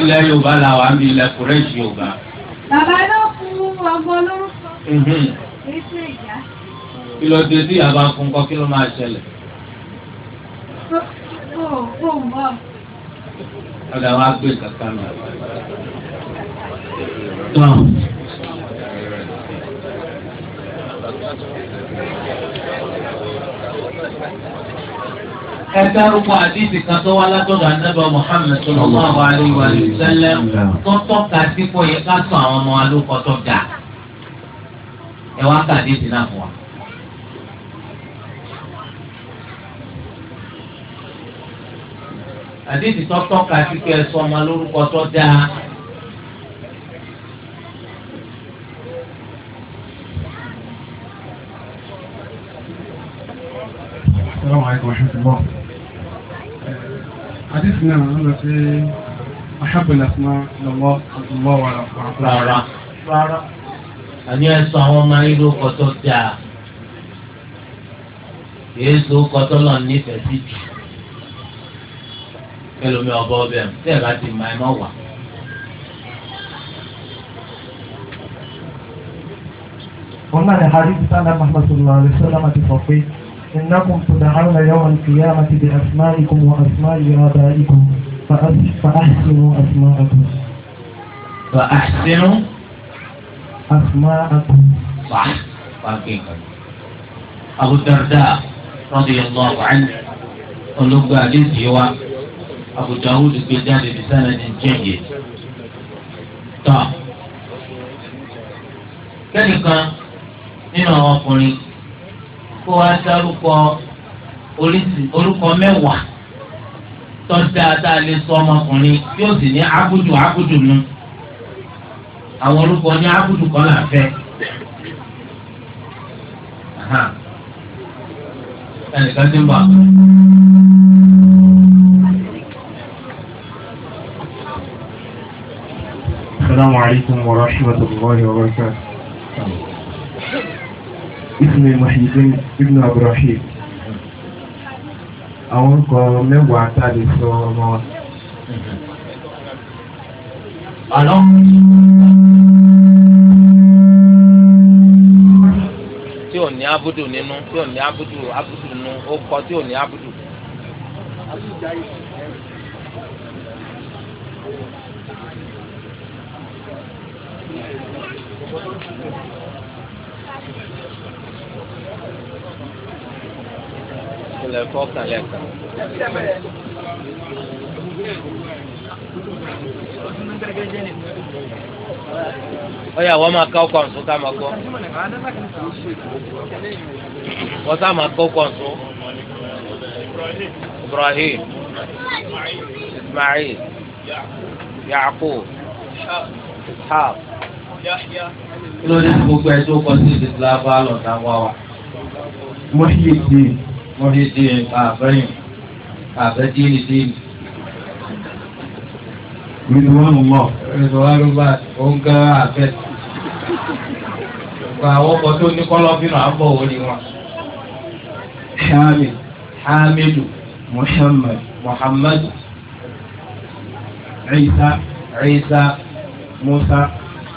Ilẹ̀ Yorùbá la wà ní ilẹ̀ Kùrẹ́ṣì Yorùbá. Bàbá náà fún ọmọ olórúkọ. Kì í ṣe ìyá. Kí ló dé tí ìyá bá fún kọ́ kí ló máa ṣẹlẹ̀? Ó ń bọ̀ ọ̀dà wa gbé kàkà mi. tán. ẹ dárúkọ àdìsí kan tó wá látọ̀dọ̀ anábọ̀ Muhammad sallallahu alaihi wa sallam tó tọ́ka sí kó yẹ ká sọ àwọn ọmọ alókọ̀tọ̀ dà ẹ wá kàdìsí náà fún wa. àdéhìí tọ́tọ́ ka sí pé ẹ̀sọ́ ọmọ lórúkọ tó dáa. Assalamu alaikum warahmatullah. Àdéhìí náà ń lọ sí ahabul asma lọ́wọ́ àdúgbò wà rárá. Rárá. Àbí ẹ̀sọ́ àwọn ọmọ yìí lórúkọ tó dáa. Èyí sọ kọ́tọ́ lọ nífẹ̀ẹ́ sí jù. ẹlòmí ọba ọbẹ̀ tẹ́ ẹ bá ti mọ ẹ má wà. wọ́n náà ní hadith sanna mahmudullah alayhi sallam ti sọ pé إنكم تدعون يوم القيامة بأسمائكم وأسماء آبائكم فأحسنوا أسماءكم. فأحسنوا أسماءكم. صح حقيقة أبو الدرداء رضي الله عنه olùgbà àdéhùn wa Abu Dawud gbé jáde ní sanadin jẹ̀yẹ̀ tọ́ kẹ́nìkan nínú àwọn ọkùnrin kó wá dárúkọ orúkọ mẹ́wàá tọ́jà tá a lè sọ ọmọkùnrin yóò sì ní abudu abudu nu àwọn orúkọ ní abudu kan là fẹ́ ẹnìkan ti ń bọ̀ àpẹẹrẹ. السلام عليكم ورحمة الله وبركاته اسمي محي الدين ابن عبد الرحيم àwọn kan mẹ́wàá tá a lè sọ ọmọ wa. àlọ́. tí ò ní abudu nínú tí ò ní abudu abudu nínú ó kọ tí ò ní abudu. abudu jáde. ilẹ̀ fọ́ọ̀kan lẹ́ka. ọyà wọ́n máa kọ́ kọ̀ǹsùn ká máa gbọ́ wọ́n sá máa kọ́ kọ̀ǹsùn Ibrahim Ismail Yaakub Ishaq kí ló dé tí gbogbo ẹ tó kọ sí ìdílé lábá lọ́dà wá wa. Muhyiddin Muhyiddin àbẹ́yìn àbẹ́dínì dínì. Ridwan Allah. Ridwan Allah ó ń gán àbẹ́. Gba àwọn ọkọ̀ tó ní kọ́lọ́bìnrin àbọ̀ orí wọn. Hamid Hamidu Muhammad Muhammad Isa Isa Musa.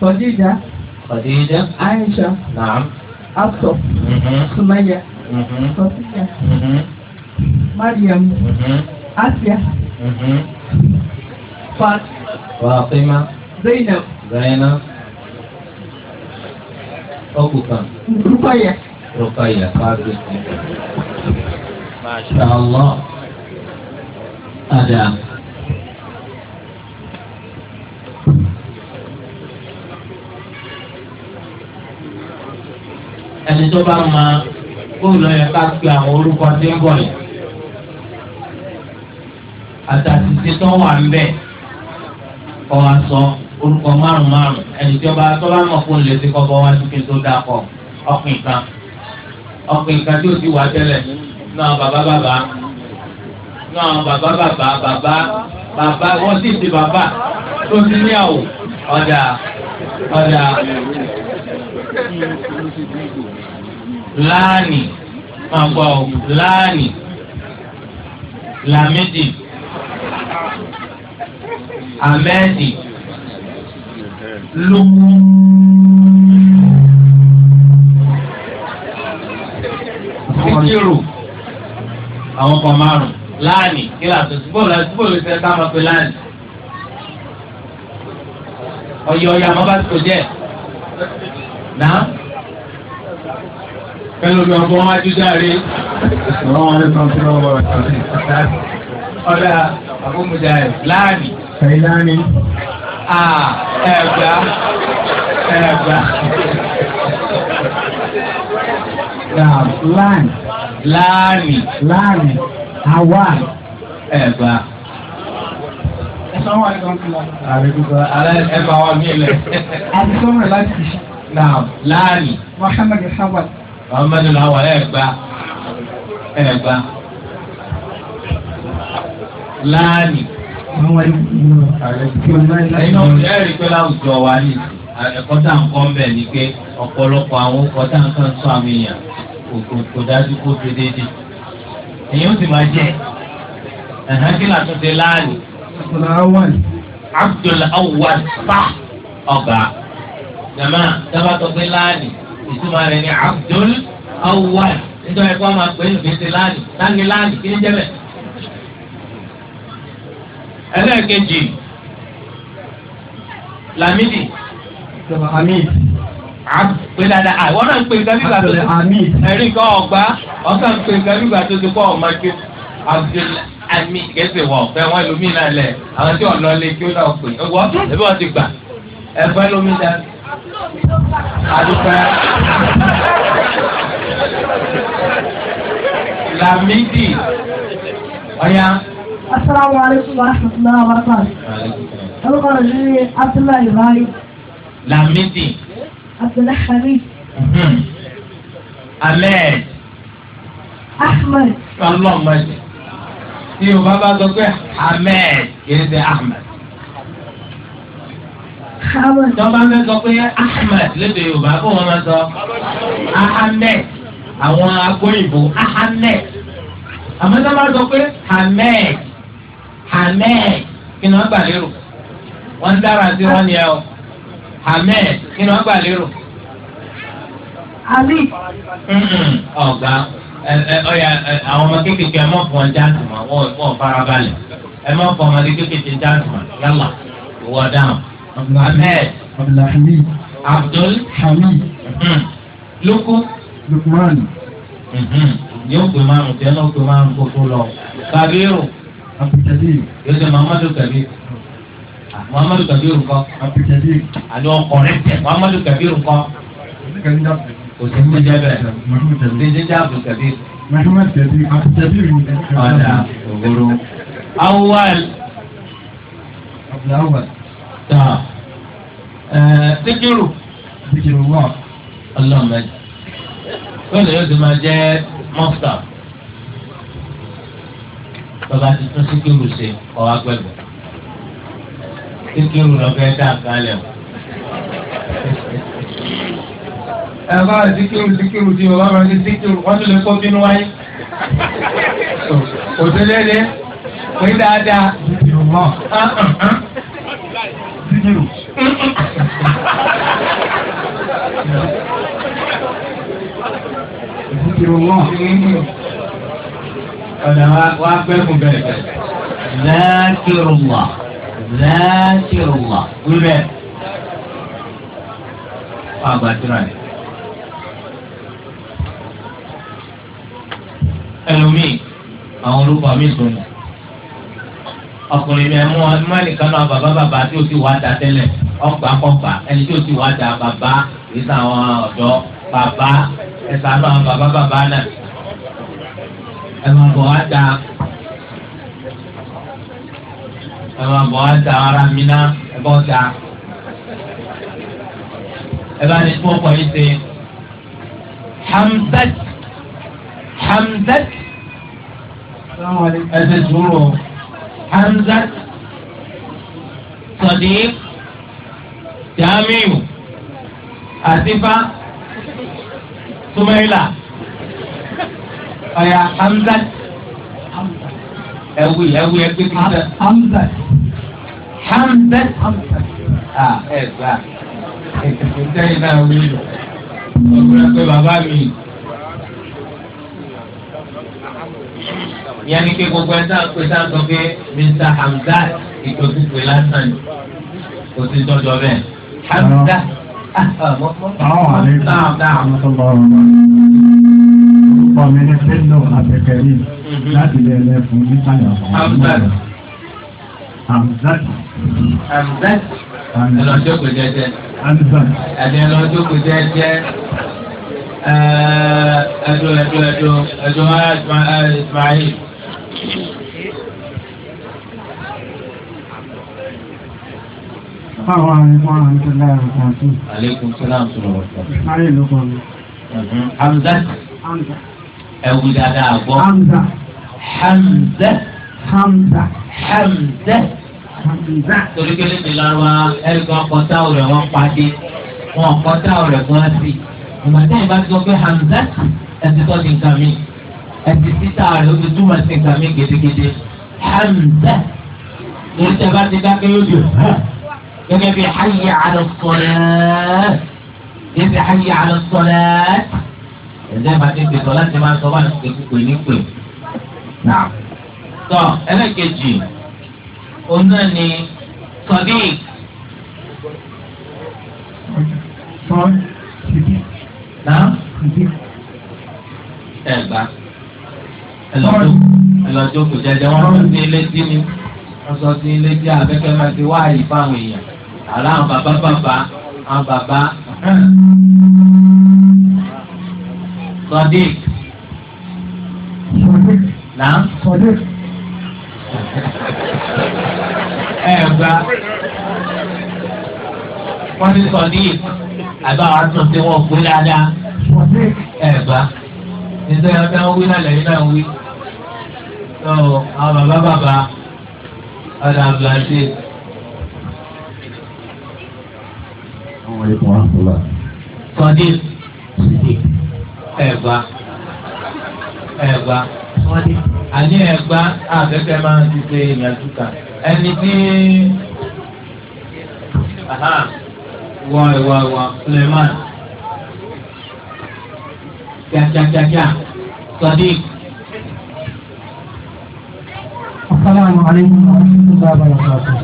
خديجة خديجة عائشة نعم أبطو سمية خديجة مريم أسيا فاطمة زينب زينب أبوكم رقية رقية فاطمة ما شاء الله ada ẹni tó bá mọ bóòlù yẹn ká pe àwọn orúkọ tí ń bọ̀ yìí àtàtìsí tó wà ń bẹ̀ kọ́ wa sọ orúkọ márùn márùn ẹni tó bá tó bá mọ̀ kó lè ti kọ́ bọ́ wá sí kí n tó dáa kọ́ ọkùnrin kan ọkùnrin kan tí ó ti wà tẹ́lẹ̀ náà bàbá bàbá náà bàbá bàbá bàbá bàbá wọ́n sì ti bàbá tó ti níyàwó ọ̀dà ọ̀dà láàní máa gbọ́ ọ láàní làmídì àmẹ́dì lówó. Fikiru àwọn kan márùn láàní kíláàsì bọ́ọ̀lù àti bọ́ọ̀lù ìṣẹ́ ká máa pe láàní. Ọ̀yọ̀ ọ̀yọ̀ àmọ́ bá ti kò jẹ́ náà pẹ̀lú mi ọgbọ́n wá jíjáre. Àwọn ọmọdé kan tí wọ́n bọ̀rọ̀ sí. Ọ̀dà àbúmọ̀jà ẹ̀ láàánì. Ẹ̀yin láàánì. À ẹ̀gbá ẹ̀gbá. Láàánì. Láàánì. Láàánì. Àwa. Ẹ̀gbá. Ẹ sọ́wọ́n àti kan fún wa. Àrẹ ẹ̀bà wa mí lẹ̀. Àti sọ́wọ́n láti naam láàrin. Muhammad Hawal. Muhammad Hawal ẹ gba ẹ gba láàrin. ẹyin ọ̀sẹ̀ ẹ̀ rí pé láwùjọ wa ní ẹ̀kọ́ tá à ń kọ́ mbẹ̀ ni pé ọ̀pọ̀lọpọ̀ àwọn ọkọ̀ tá à ń kàn sọ àwọn èèyàn kò kò dájú kó ṣe déédéé. èyí ó sì máa jẹ ẹ̀hán kí là tún ṣe láàrin. Abdul Awwal Abdul Awwal jama dábàtọ̀ pé láàánì ìtumọ̀ rẹ̀ ni abdul awwal nítorí ẹ̀kọ́ máa pè é nùgbèsè láàánì láàánì láàánì kí ni jẹ́ bẹ́ẹ̀. ẹlẹ́ẹ̀kejì lamidi hamid pé dáadáa àwọn ah, náà ń pè nǹkan bíbà tó ti ẹ̀rí kan ọ̀gbá ọ̀kan ń pè nǹkan bíbà tó ti kọ́ ọ̀ma kí abdul ami kẹsì wọ ọfẹ wọn lómi náà lẹ àwọn tí ọlọlẹ kí ó náà pè é wọ ẹbí wọn ti gbà ẹfẹ lómi dáa àdúpẹ́ làmídì ọ̀yá. asalaamu alaykum wa rahmatulah wa barakatuh. olùkọ́ rẹ̀ ní abdullahi ibrahim. làmídì. abdullahi hamid. Mhm. ahmed. ahmed. ọlọ́mọdé tí o bá bá sọ pé ahmed kì í ahmed tọ́ba ń sọ pé ahmed lédè yorùbá kó wọn máa sọ ahmed àwọn agbóyìnbó ahmed àmọ́ tọ́ba ń sọ pé ahmed ahmed kí ni wọ́n gbà lérò wọ́n dára sí wọn ni ẹ o ahmed kí ni wọ́n gbà lérò. ali. ọ̀gá ọ̀yà àwọn ọmọ kékeré ẹ̀ mọ̀ fún wọn jáde mọ́ wọn ò fara balẹ̀ ẹ̀ mọ̀ fún ọmọ kékeré jáde mọ́ yálà ìwọ dáhùn. Ahmed Abdulhamid Abdul Hamid Loko hmm. Lukman hmm. yóò pè márùn tẹ náà pè márùn kókó lọ Kabiru Abdulkadir yóò ṣe Muhammadu Kabiru ah, Muhammadu Kabiru kọ Abdulkadir àti ọkùnrin tẹ Muhammadu Kabiru kọ kò sí ní jẹbẹ kò sí ní jẹ Abdulkadir. Muhammad Kabiru Abdulkadir ni ẹ. ọ̀dà òwúrò awal. Sikiru. Sikiru wọ̀. Ọlọ́mọdé. Bẹ́ẹ̀ni yóò ti máa jẹ́ mọ́fútà. Bàbá ti tún Sikiru ṣe ọ̀ agbẹ̀gbẹ̀. Sikiru lọ fẹ́ dá àkálẹ̀ o. Ẹ bá Sikiru Sikiru ti bàbá máa ní Sikiru wọ́n tún lè kó bínú wáyé. Òtún lé lé. Pé dáadáa. Sikiru wọ̀ síjìrù. ìdíkìrò wọn ọ̀dà wa gbẹ́kùn bẹ́ẹ̀ bẹ́ẹ̀. Zákìrùwà Zákìrùwà wíwẹ̀ àgbàdúrà yìí. ẹlòmíì àwọn olùkọ́ mi sọ̀rọ̀ ọkùnrin mi ẹmu ẹmọ́nìkan náà bàbá bàbá tí o ti wá da tẹ́lẹ̀ ọgbà kọgbà ẹni tí o ti wá da bàbá yìí sàwọn ọ̀dọ́ bàbá ẹ̀sà náà bàbá bàbá náà ẹ̀ma bọ̀ wá da ẹ̀ma bọ̀ wá da ara mi náà ẹ̀bọ̀ da ẹ̀bá ni tí wọ́n kọ́ yìí ṣe Hamzat Hamzat ẹ̀sẹ̀ sùúrù hamzat sadiq jamiu asifa sumaila ọ̀yà hamzat ẹ̀wù ẹ̀wù ẹgbẹ́ kìí sẹ́. hamzat hamzat hamzat ah ẹ̀ gbà ètùtù sẹ́yìn náà wí lọ. ọ̀gbìn ẹgbẹ́ bàbá mi. ìyá ni pé gbogbo ẹni tá a pè tá a sọ pé Mr Hamzat ìtòsípè lásán ni kò sí tọ́jú ọbẹ̀ Hamzat. Ah, ah, Àwọn àlejò ọmọ mi ní pẹ́lú àtẹ̀kẹ́rì láti lè lẹ fún nípàyà ọ̀hún. Hamzat. Hamzat. Ẹlọ́jọ́ kò jẹ́jẹ́. Hamzat. Ẹlọ́jọ́ kò jẹ́jẹ́ ẹdun ẹdun ẹdun ẹdun ismail Àwọn àrẹ̀kọ́ àrùn tó láàrín kan tó. Àlékún tó láàrín tó lọ wọ̀tọ̀. Ayé ló kọ́ mi. Mhm. Hamza. Hamza. Ẹ̀wù dáadáa gbọ́. Hamza. Hamza. Hamza. Hamza. Hamza. Torí pé níbi lárúbá ẹ̀ríkọ́ ọkọ̀tà rẹ̀ wọ́n pàdé. Wọ́n ọkọ̀tà rẹ̀ gan sí. Ìgbà tí ìbá ti sọ pé Hamza ẹ̀sìn tó ti ń kà ẹtì títà rẹ̀ ó ti túmọ̀ sí nǹkan mi gidigidi hamza lórí tẹ bá ti dákẹ́ yóò di gẹ́gẹ́ bí hayya ala salat yẹ́sẹ̀ hayya ala salat ẹ̀jẹ̀ bá ti tẹ̀sọ̀ láti máa sọ wọn pé pé ní pé náà tọ́ ẹlẹ́kẹ̀jì òun ni sadiq. Sọ́ọ́ ṣìbí. Ẹ gbà ẹlọjọ kò jẹjẹ wọn rán sí létí ni wọn sọ sí létí abẹkẹ máa ti wá àyè fáwọn èèyàn àlọ àwọn bàbá bàbá àwọn bàbá sọdík nà sọdík ẹ gba wọn ti sọdík àbá wa tún ti wọn gbé dáadáa ẹ gba nítorí wọn fẹ́ wí náà lẹ́yìn náà wí tó àwọn bàbá bàbá ọ̀dà àbúlàṣe. kọ́ndí ẹ̀gbá ẹ̀gbá àní ẹ̀gbá àfẹ́fẹ́ máa ń ṣe ìyànjú kan ẹni tí wọ ìwà ìwà Suleiman kíákíákíá sọdíkì. السلام عليكم ورحمة الله وبركاته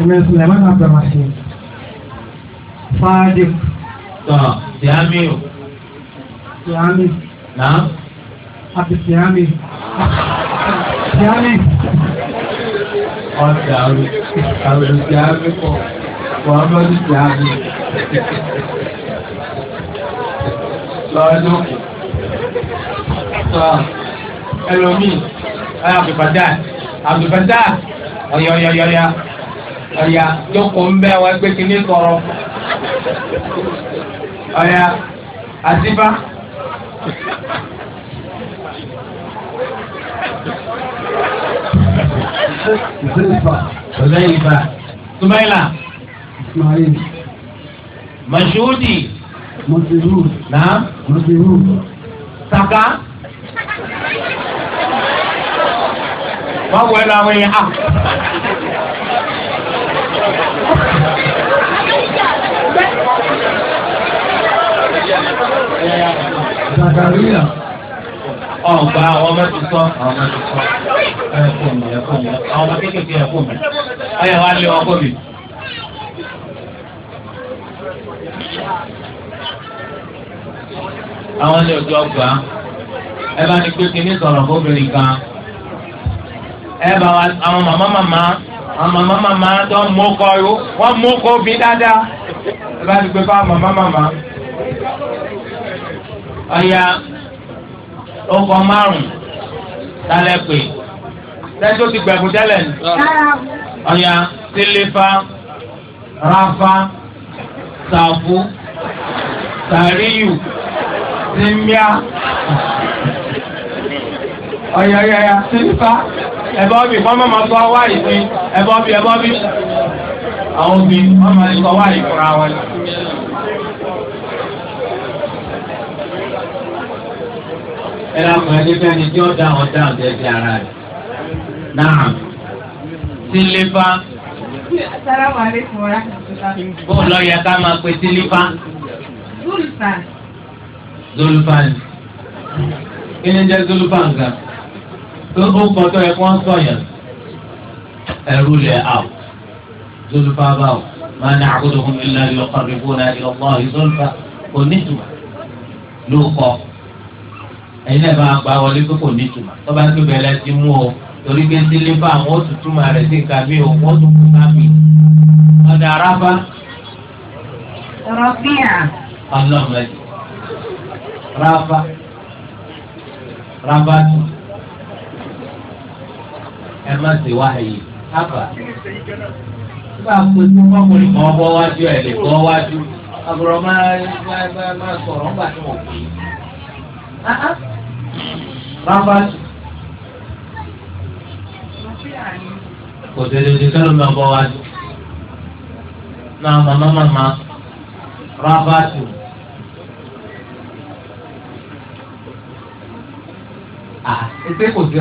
إمام سليمان عبد الرحيم صادق اه سيامي سيامي نعم عبد السيامي سيامي ọjà àròjì àmìkọ muhammadu jami lọ́dún ẹlòmíì. Ah, abdulfatah abdulfatah ọ̀yọ̀yọ̀yọ̀yà ọ̀yà jókòó ń bẹ́ wọn gbé kínní kọ̀rọ̀ ọ̀yà àtibá. Ọ̀lẹ́yìnba. Tumaila. Ismail. Mashudi. Mọ̀sirú. Náà. Mọ̀sirú. Saka má wọ ẹnu àwọn èèyàn á. ọgbà àwọn ọmọ ti sọ àwọn ọmọ ti sọ ẹkọ mi ẹkọ mi àwọn ọmọ kékeré ẹkọ mi ọyẹ wa lé ọkọ mi. àwọn ilé ọjọ́ gbà ẹ bá ní pé kí ní sọ̀rọ̀ fóbìnrin kan ẹ bá wa àwọn màmá màmá àwọn màmá màmá tó ń mú kọ yó wọ́n mú kọ bí dáadáa ẹ bá ti pé fún àwọn màmá màmá. ọ̀ya ọkọ̀ márùn-ún tálẹ̀ pé tẹ́tí ó ti gbẹ̀gùn tẹ́lẹ̀ ní. ọ̀ya sílífà ráfà sàfù sàríyù símíà. ọ̀yọ̀yọ̀yà sílífà ẹ̀bọ́ bí ma máa sọ wá ìdí ẹ̀bọ́ bí ẹ̀bọ́ bí àwọn òbí wọ́n máa sọ wá ìfura wọn. ẹ lákùn ẹ nífẹ̀ẹ́ ni tí ó dá ọzọ dáhùn tẹ́ sí ara rẹ̀ náà sílífà. ká máa pe sílífà. kí ni jẹ́ gan-an? tó ó kọ tó yẹ kó ń sọyàn ẹrú lẹ àwọ zolfa báwò máa ní àkóso fún mi láti ọkọ rẹ fún náà ìlọkọ ìzolfa kò nítumọ̀ ló kọ ẹyin náà máa gbà wọlé pé kò nítumọ̀ tó bá tó bẹ̀rẹ̀ ti mú o torí pé sílífà àwọn òtútù máa rẹ̀ sí nǹkan mi ò wọ́n tún kú ká mi ọ̀dà arábá. rọ́bíà. ọlọ́mọdé rábá rábá tún. ẹ má ṣe wáyé ábà nígbà pẹ̀lú ọkùnrin kan bọ́ wájú ẹ̀ lè bọ́ wájú àbúrò máa sọ̀rọ̀ ńgbà tí pè é. kò tẹ̀lé ní kẹ́lọ́ mi wájú náà màmá màmá kò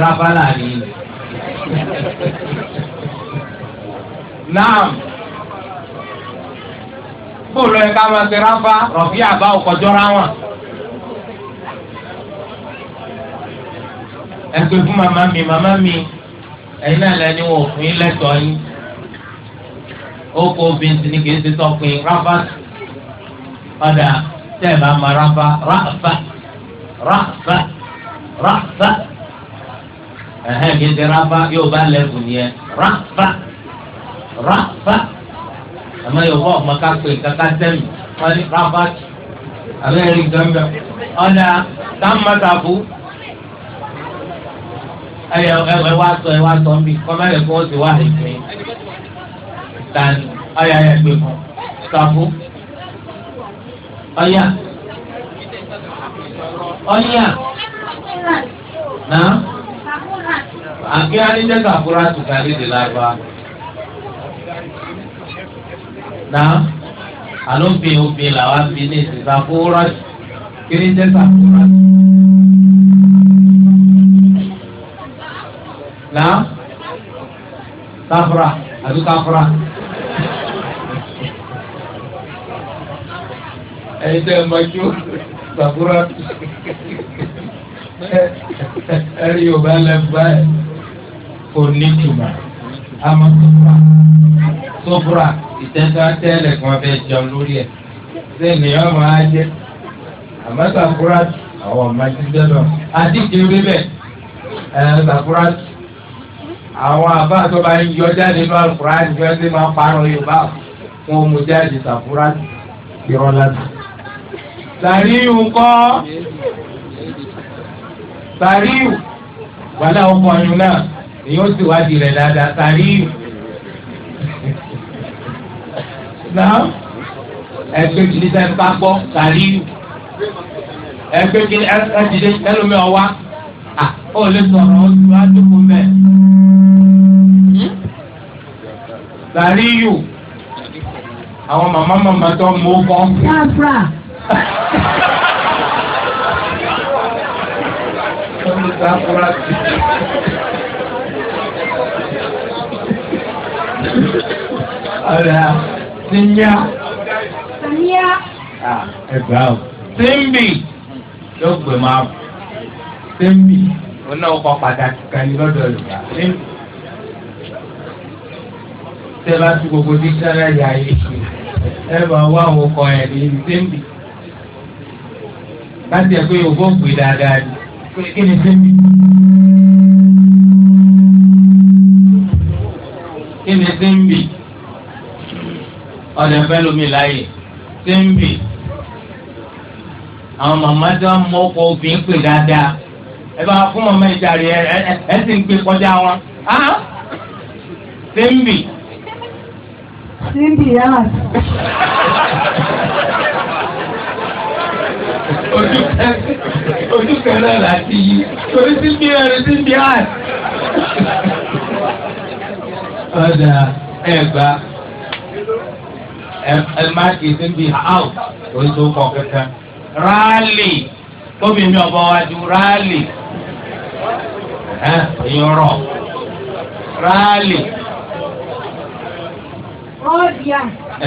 rábà láàrin ilẹ̀. naam bóòlù ẹ̀ka máa ṣe ráfá rọ̀bí àbá ọkọ̀jọ́ra wọn. ẹ pé fún màmá mi màmá mi ẹ̀yin náà lẹ́ni wọ̀ fún yín lẹ́tọ̀ọ́ yín oko obìnrin ni kì í tọpin ma ẹ̀hẹ́n kì í ṣe yóò bá lẹ́kùn yẹn rábà rábà àmọ́ yóò bá ọ̀pọ̀ ká pè kàkà sẹ́mi wọ́n ní rábà àmọ́ ẹ̀rí gbẹ̀mbẹ̀ ọ̀nà sọ sọ tani fún àkè àríjẹ́ka àfúrá tùkà di lágbá. Nà àlóbìn obìn làwa fi ní ìsìnká fúrá kiri jẹ́ka àfúrá. Nà káfúrá àbí káfúrá. Ẹyin tẹ́ ẹ máa jó kàfúrá. Ẹ̀rí Yorùbá lẹ́nu báyìí onítùmọ̀ amọ̀tòfà sóbúra ìtẹ́tọ́ àtẹ́lẹ̀ kan fẹ́ jẹun lórí ẹ̀ ṣé ènìyàn máa jẹ́ àmọ́ sàkúrà àwọn ọmọ ti dẹ́nu àdíje rí bẹ́ẹ̀ ẹ̀ sàkúrà àwọn àbá tó bá ń yọ jáde ní àlùkùrá ni wọ́n ti máa parọ́ yorùbá wọn mú jáde sàkúrà irọ́ láti. sàríyù kọ́ sàríyù wàlẹ́ ọkọ̀ ọ̀yùn náà èyí ó sì wádìí rẹ̀ dáadáa sàríù. náà ẹgbẹ́ kìíní sẹ́ni bá gbọ́ sàríù. ẹgbẹ́ kìíní ẹ̀ẹ́dìdé ẹlòmí ọ̀wá. ó lè sọ̀rọ̀ ó sì wá dúkú mẹ́. sàríù àwọn màmá màmá tó mú kọ́. yàrá. Thank you. ọ̀rẹ́ à ti ń yá. Sàmíyá. Ẹgbẹ́ àwọn. Sẹ́ńbì yóò gbé máa bù. Sẹ́ńbì oná ọkọ̀ pàtàkì kan ní lọ́dọ̀ Yorùbá. Sẹ́ńbì. Tẹ́ bá tún gbogbo dísẹ́rẹ́ yà yé ṣe. Ẹ máa wá àwọn ọkọ̀ yẹn ní sẹ́ńbì. Láti ẹ̀ pé yóò fọ́ gbé dáadáa ni. Kí ni sẹ́ńbì? kí ni símbì ọ̀dẹ̀ fẹ́ lómi láàyè símbì àwọn màmá tí wọ́n mọ ọkọ̀ obìnrin pè dáadáa ẹ bá fún màmá ìjàre ẹ ẹ sì ń gbé kọjá wọn símbì. símbì yàrá. ojú kan náà láti yí torí símbì náà ni símbì hàn ọ̀dà ẹ̀gbá ẹ̀máàkì ti ń bi out lórí tó kọ̀ kankan rálì tóbi mi ọ̀bọ̀ wájú rálì ẹ̀yìn rọ̀ rálì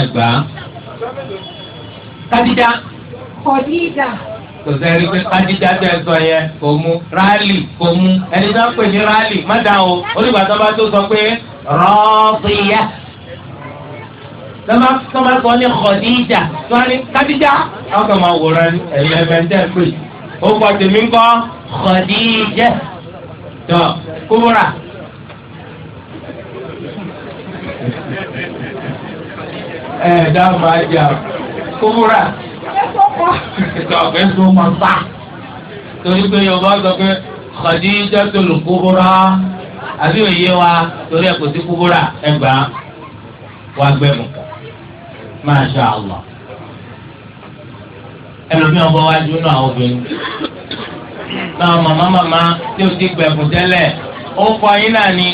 ẹ̀gbá kádídá kọ̀dídà kò sẹ́rí pé kájíjá tẹ̀ sọ yẹn kò mú rálì kò mú ẹni tó ń pè ní rálì má dá o olùgbàdàn bá tó sọ pé rọ́ọ̀fìyà tọ́mà sọ ní Khadija tọ́mà ní Khadija àwọn kan máa wòran ẹ̀yìn ẹ̀fẹ̀ntẹ́ pé ó kọ́ tèmi ń kọ́ Khadija tọ́ kúbúrà. ẹ dáhùn máa jà kúbúrà tọ́ ọ̀gbẹ́ tó máa bá torí pé Yorùbá sọ pé Khadija tó lù kúbúrà àbí òye wa torí ẹ̀ kò sí kúbúrà ẹgbà wa gbẹ̀mù Masha Allah ẹlòmíràn bọ́ wájú náà àwọn obìnrin náà màmá màmá tí ó ti gbẹ̀kùn tẹ́lẹ̀ ó kọ yín náà ni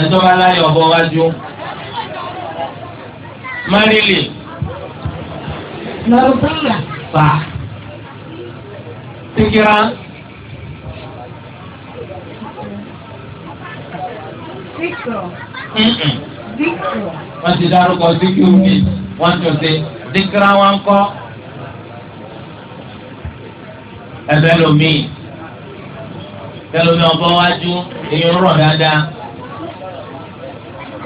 ẹjọ́ bá láyé ọ̀bọ wájú mọ́rìlì lọ́rùbáyà fà tìkìrà. wọ́n ti dárúkọ zikiru mi wọ́n tún ṣe zikira wọn kọ́ ẹ̀bẹ̀ lomi ẹlòmí ọbọ wájú èyí ń rọ dáadáa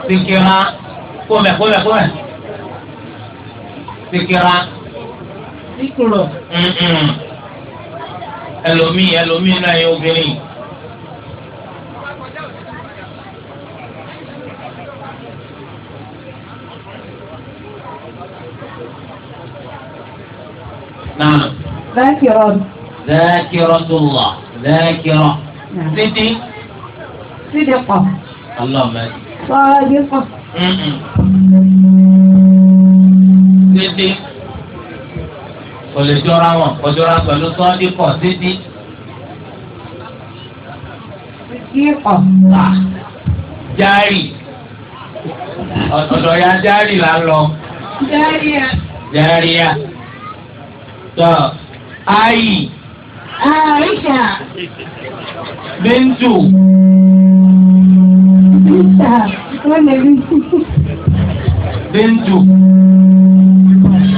zikira kómẹ kómẹ kómẹ zikira zikurọ ẹlòmí ẹlòmí náà yẹ obìnrin. نعم ذاكرة ذاكرة الله ذاكرة صدق صدقة اللهم صادقة صدق kò lè jọra wọn kò jọra pẹ̀lú sọ́ọ́díkọ̀ títí. Sídìkọ̀. Járì ọ̀dọ̀ ya járì là ń lọ. Járíà. Járíà tọ́ ayi. Aisha. Bintu. Bintu.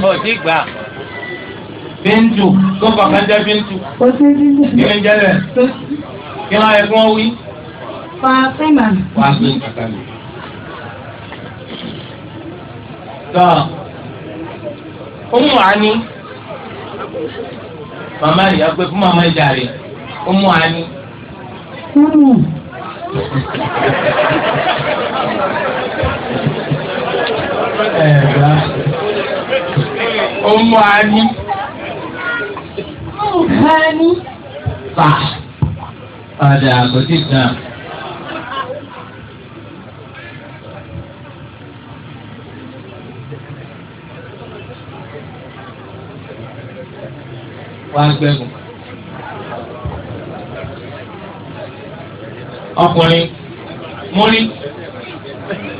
Ọ̀ ti gbà. Bintu. Gọ́pà kan jẹ́ Bintu. Kò sí Bintu. Kí ni jẹ́ rẹ̀? Kí ni ayẹ fún ọ wí? Fàtímà. Fàtímà kàkàlì. Tọ́. Ó mú àní màmá rẹ̀ ọgbẹ́ fún màmá ìjà rẹ̀ ó mú ani ó mú ani ó mú ani fà padà àgọ́tì náà. bá ń gbẹ́gùn. ọkùnrin múrí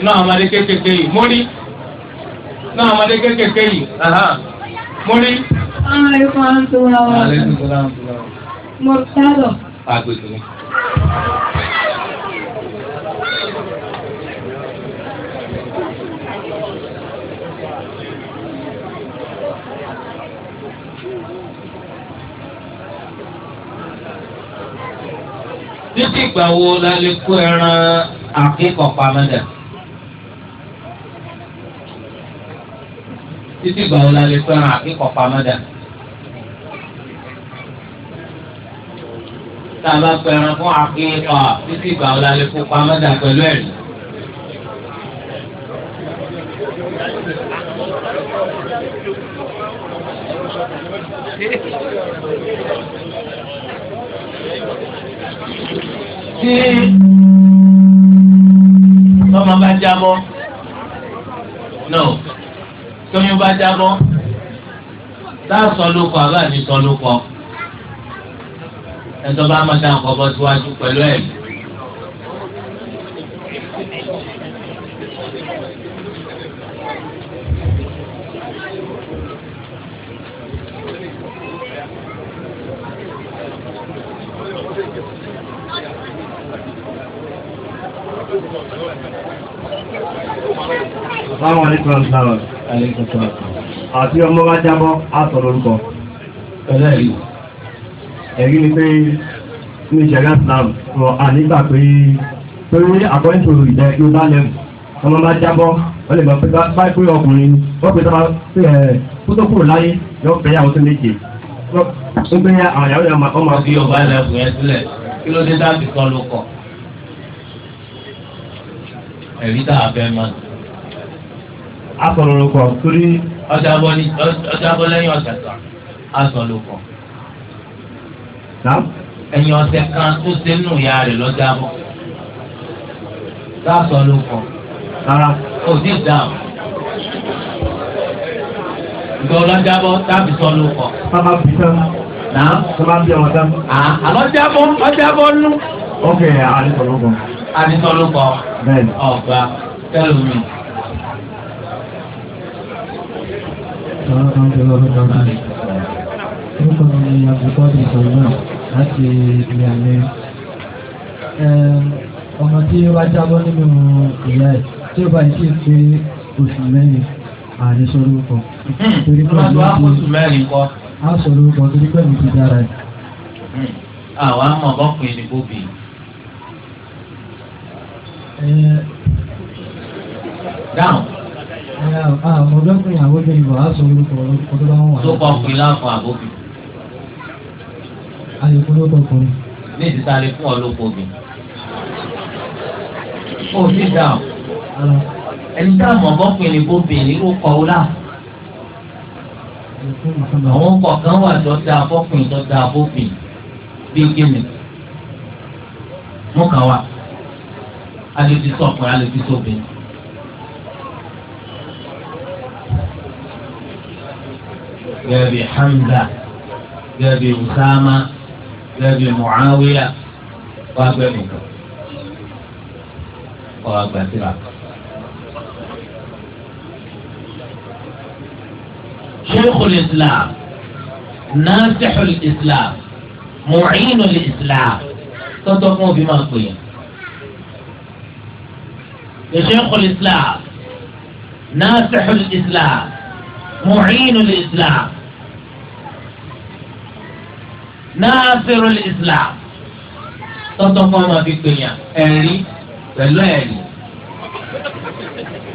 náà ọmọdé kékeré yìí múrí náà ọmọdé kékeré yìí múrí. àwọn ẹ̀kọ́ àwọn tó wà wá. mo tẹ́lọ̀. àgbègbè. títí ìgbà wo la lè kó ẹran àkíkọ̀ pamẹ́dà? títí ìgbà wo la lè kó ẹran àkíkọ̀ pamẹ́dà? tá a bá kó ẹran fún àkíkọ̀ títí ìgbà wo la lè kó pamẹ́dà pẹ̀lú ẹ̀rí? Thank you. tí ọmọ bá jábọ́ no tóyún bá jábọ́ sáàsọ ló kọ àbá ní sọ ló kọ ẹ̀tọ́ bá máa dá nǹkan bọ́ síwájú pẹ̀lú ẹ̀mí. alaikum salaam alaikum salaam àti ọmọ bá jábọ́ àtọ̀rọ̀ orúkọ ẹlẹ́rìí ẹ̀rí ni pé ní ìṣẹ̀lẹ̀ islam sọ ànígbà pé torí according to ìjẹ́ yorùbá level ọmọ bá jábọ́ wọ́n lè mọ̀ pé báyìí pé ọkùnrin wọ́n pè sábà pé ẹ̀ kó tó kúrò láyé yọ fẹ́ yàwó tó méje wọ́n gbé àwọn ìyàwó yẹn ọmọ. bí yorùbá level yẹn sílẹ̀ kí ló dé dáàbì kan ló akọlọlọpọ torí ọjà bọ lẹ́yìn ọ̀sẹ̀ kan asọlọpọ ẹ̀yìn ọsẹ kan tó ṣe nù ya rẹ lọjà bọ sásọlọpọ rárá ó sì dáhùn ìgbà ọlọ́jà bọ tábì sọlọpọ. sábà bí sá náà sábà bí ọ̀sán. àlọ́jà bọ ọjà bọ nù. ok àdìsọlọpọ. àdìsọlọpọ. bẹ́ẹ̀ni. ọgbà tẹlifù mi. àwọn kan jọ ọdún kan bí tí ó jábọ́ nínú ìyá ẹ̀ tí ó bá yìí pé oṣù mẹ́rin ààrẹ sọ̀rọ̀ torí pé oṣù mẹ́rin kọ́ á sọ̀rọ̀ torí pé ti dára ẹ̀. àwa mọ̀ bọ́kùnrin ni bóbi. dáhùn. àmọ̀dọ́gbìn àwọ̀dọ̀ ìbò aṣọ orúkọ orúkọ tó bá ń wà. tó kọ fún ilá fún àbókì. àyẹ̀kọ́ ló kọ fún mi. ní ìdíta lè fún ọ ló kọ mi. ó sì dáhùn. ẹni tá a mọ̀ bọ́pìn ni bóbìn ni ó kọ́ ọ lá. àwọn kọ̀ọ̀kan wà tó da bọ́pìn tó da bóbìn bí kíni. mú kàn wá. a lè fi sọ̀kùnrin a lè fi sọ̀bìnrin. يا أبي حمزة يا أبي أسامة يا أبي معاوية wọ́n á شيخ الإسلام ناصح الإسلام معين الإسلام تطقمو بما يا شيخ الإسلام ناصح الإسلام معين الإسلام nasirul islam tọ́tọ́ kọ́ ọmọ fi pè yàn ẹ̀rí pẹ̀lú ẹ̀rí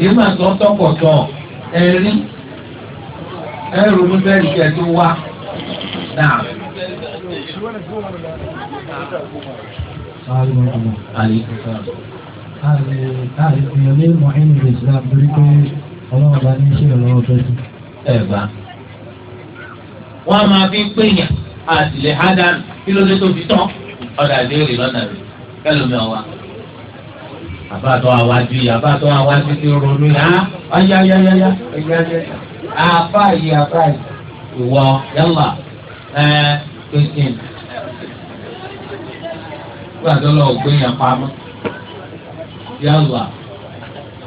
yìí máa sọ tọkọ̀tọ̀ ẹ̀rí bẹ́ẹ̀rì kẹ́ tó wá náà. àtìlẹ̀ hádàn kí ló dé tó tán ọ̀dà ìbéèrè lọ́nà rẹ̀ kẹlòmí ọ̀wà. àbátọ̀ àwájú yìí ti ronú ya ayayayaya ayáyáyá àbá yìí àbá ẹ kékin gbàdọ́ lọ gbé yẹn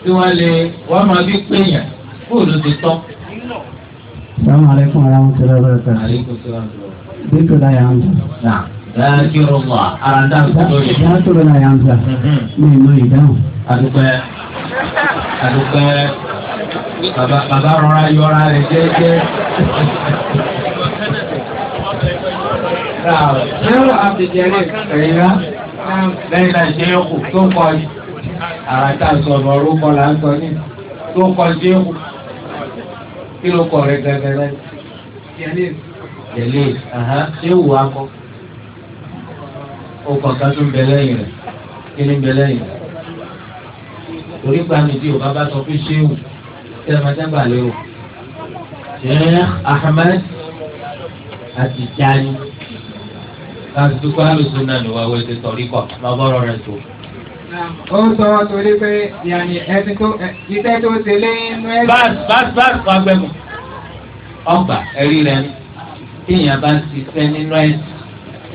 tí wọ́n fóònù ti ذكر لا ينسى نعم ذاكر الله أرادان ذاكر لا ينسى من ما يدعو adúpẹ́ adúpẹ́ baba baba rọra yọra rẹ jẹ́jẹ́. Ṣéwò Abdìjẹ́rì Ẹ̀yìnlá lẹ́yìn náà ṣe é kù tó kọ àràtà sọ̀rọ̀ orúkọ là ń sọ ní tó kọ ṣe é kù kí ló kọ rẹ gẹ́gẹ́ rẹ tẹ̀lé ṣé wù á kọ́ ọkọ̀ kan tó ń bẹ lẹ́yìn rẹ̀ kí ni bẹ lẹ́yìn rẹ̀ torí gbàmí tí o bá bá sọ pé ṣé wù kí ẹ máa dábàá lérò ṣé Ahmed àti Tijani láti dúpọ́ àlùsùn náà ni wàá wẹ́ẹ́dẹ́ torí kọ́ máa bọ́rọ̀ rẹ̀ tó ó sọ torí pé yàní ẹni tó iṣẹ́ tó ṣe lé inú ẹ̀. báàsì báàsì báàsì kan gbẹ̀mù. ọgbà ẹ̀rí rẹ̀ ni téèyàn bá ń ṣiṣẹ́ nínú ẹ̀sìn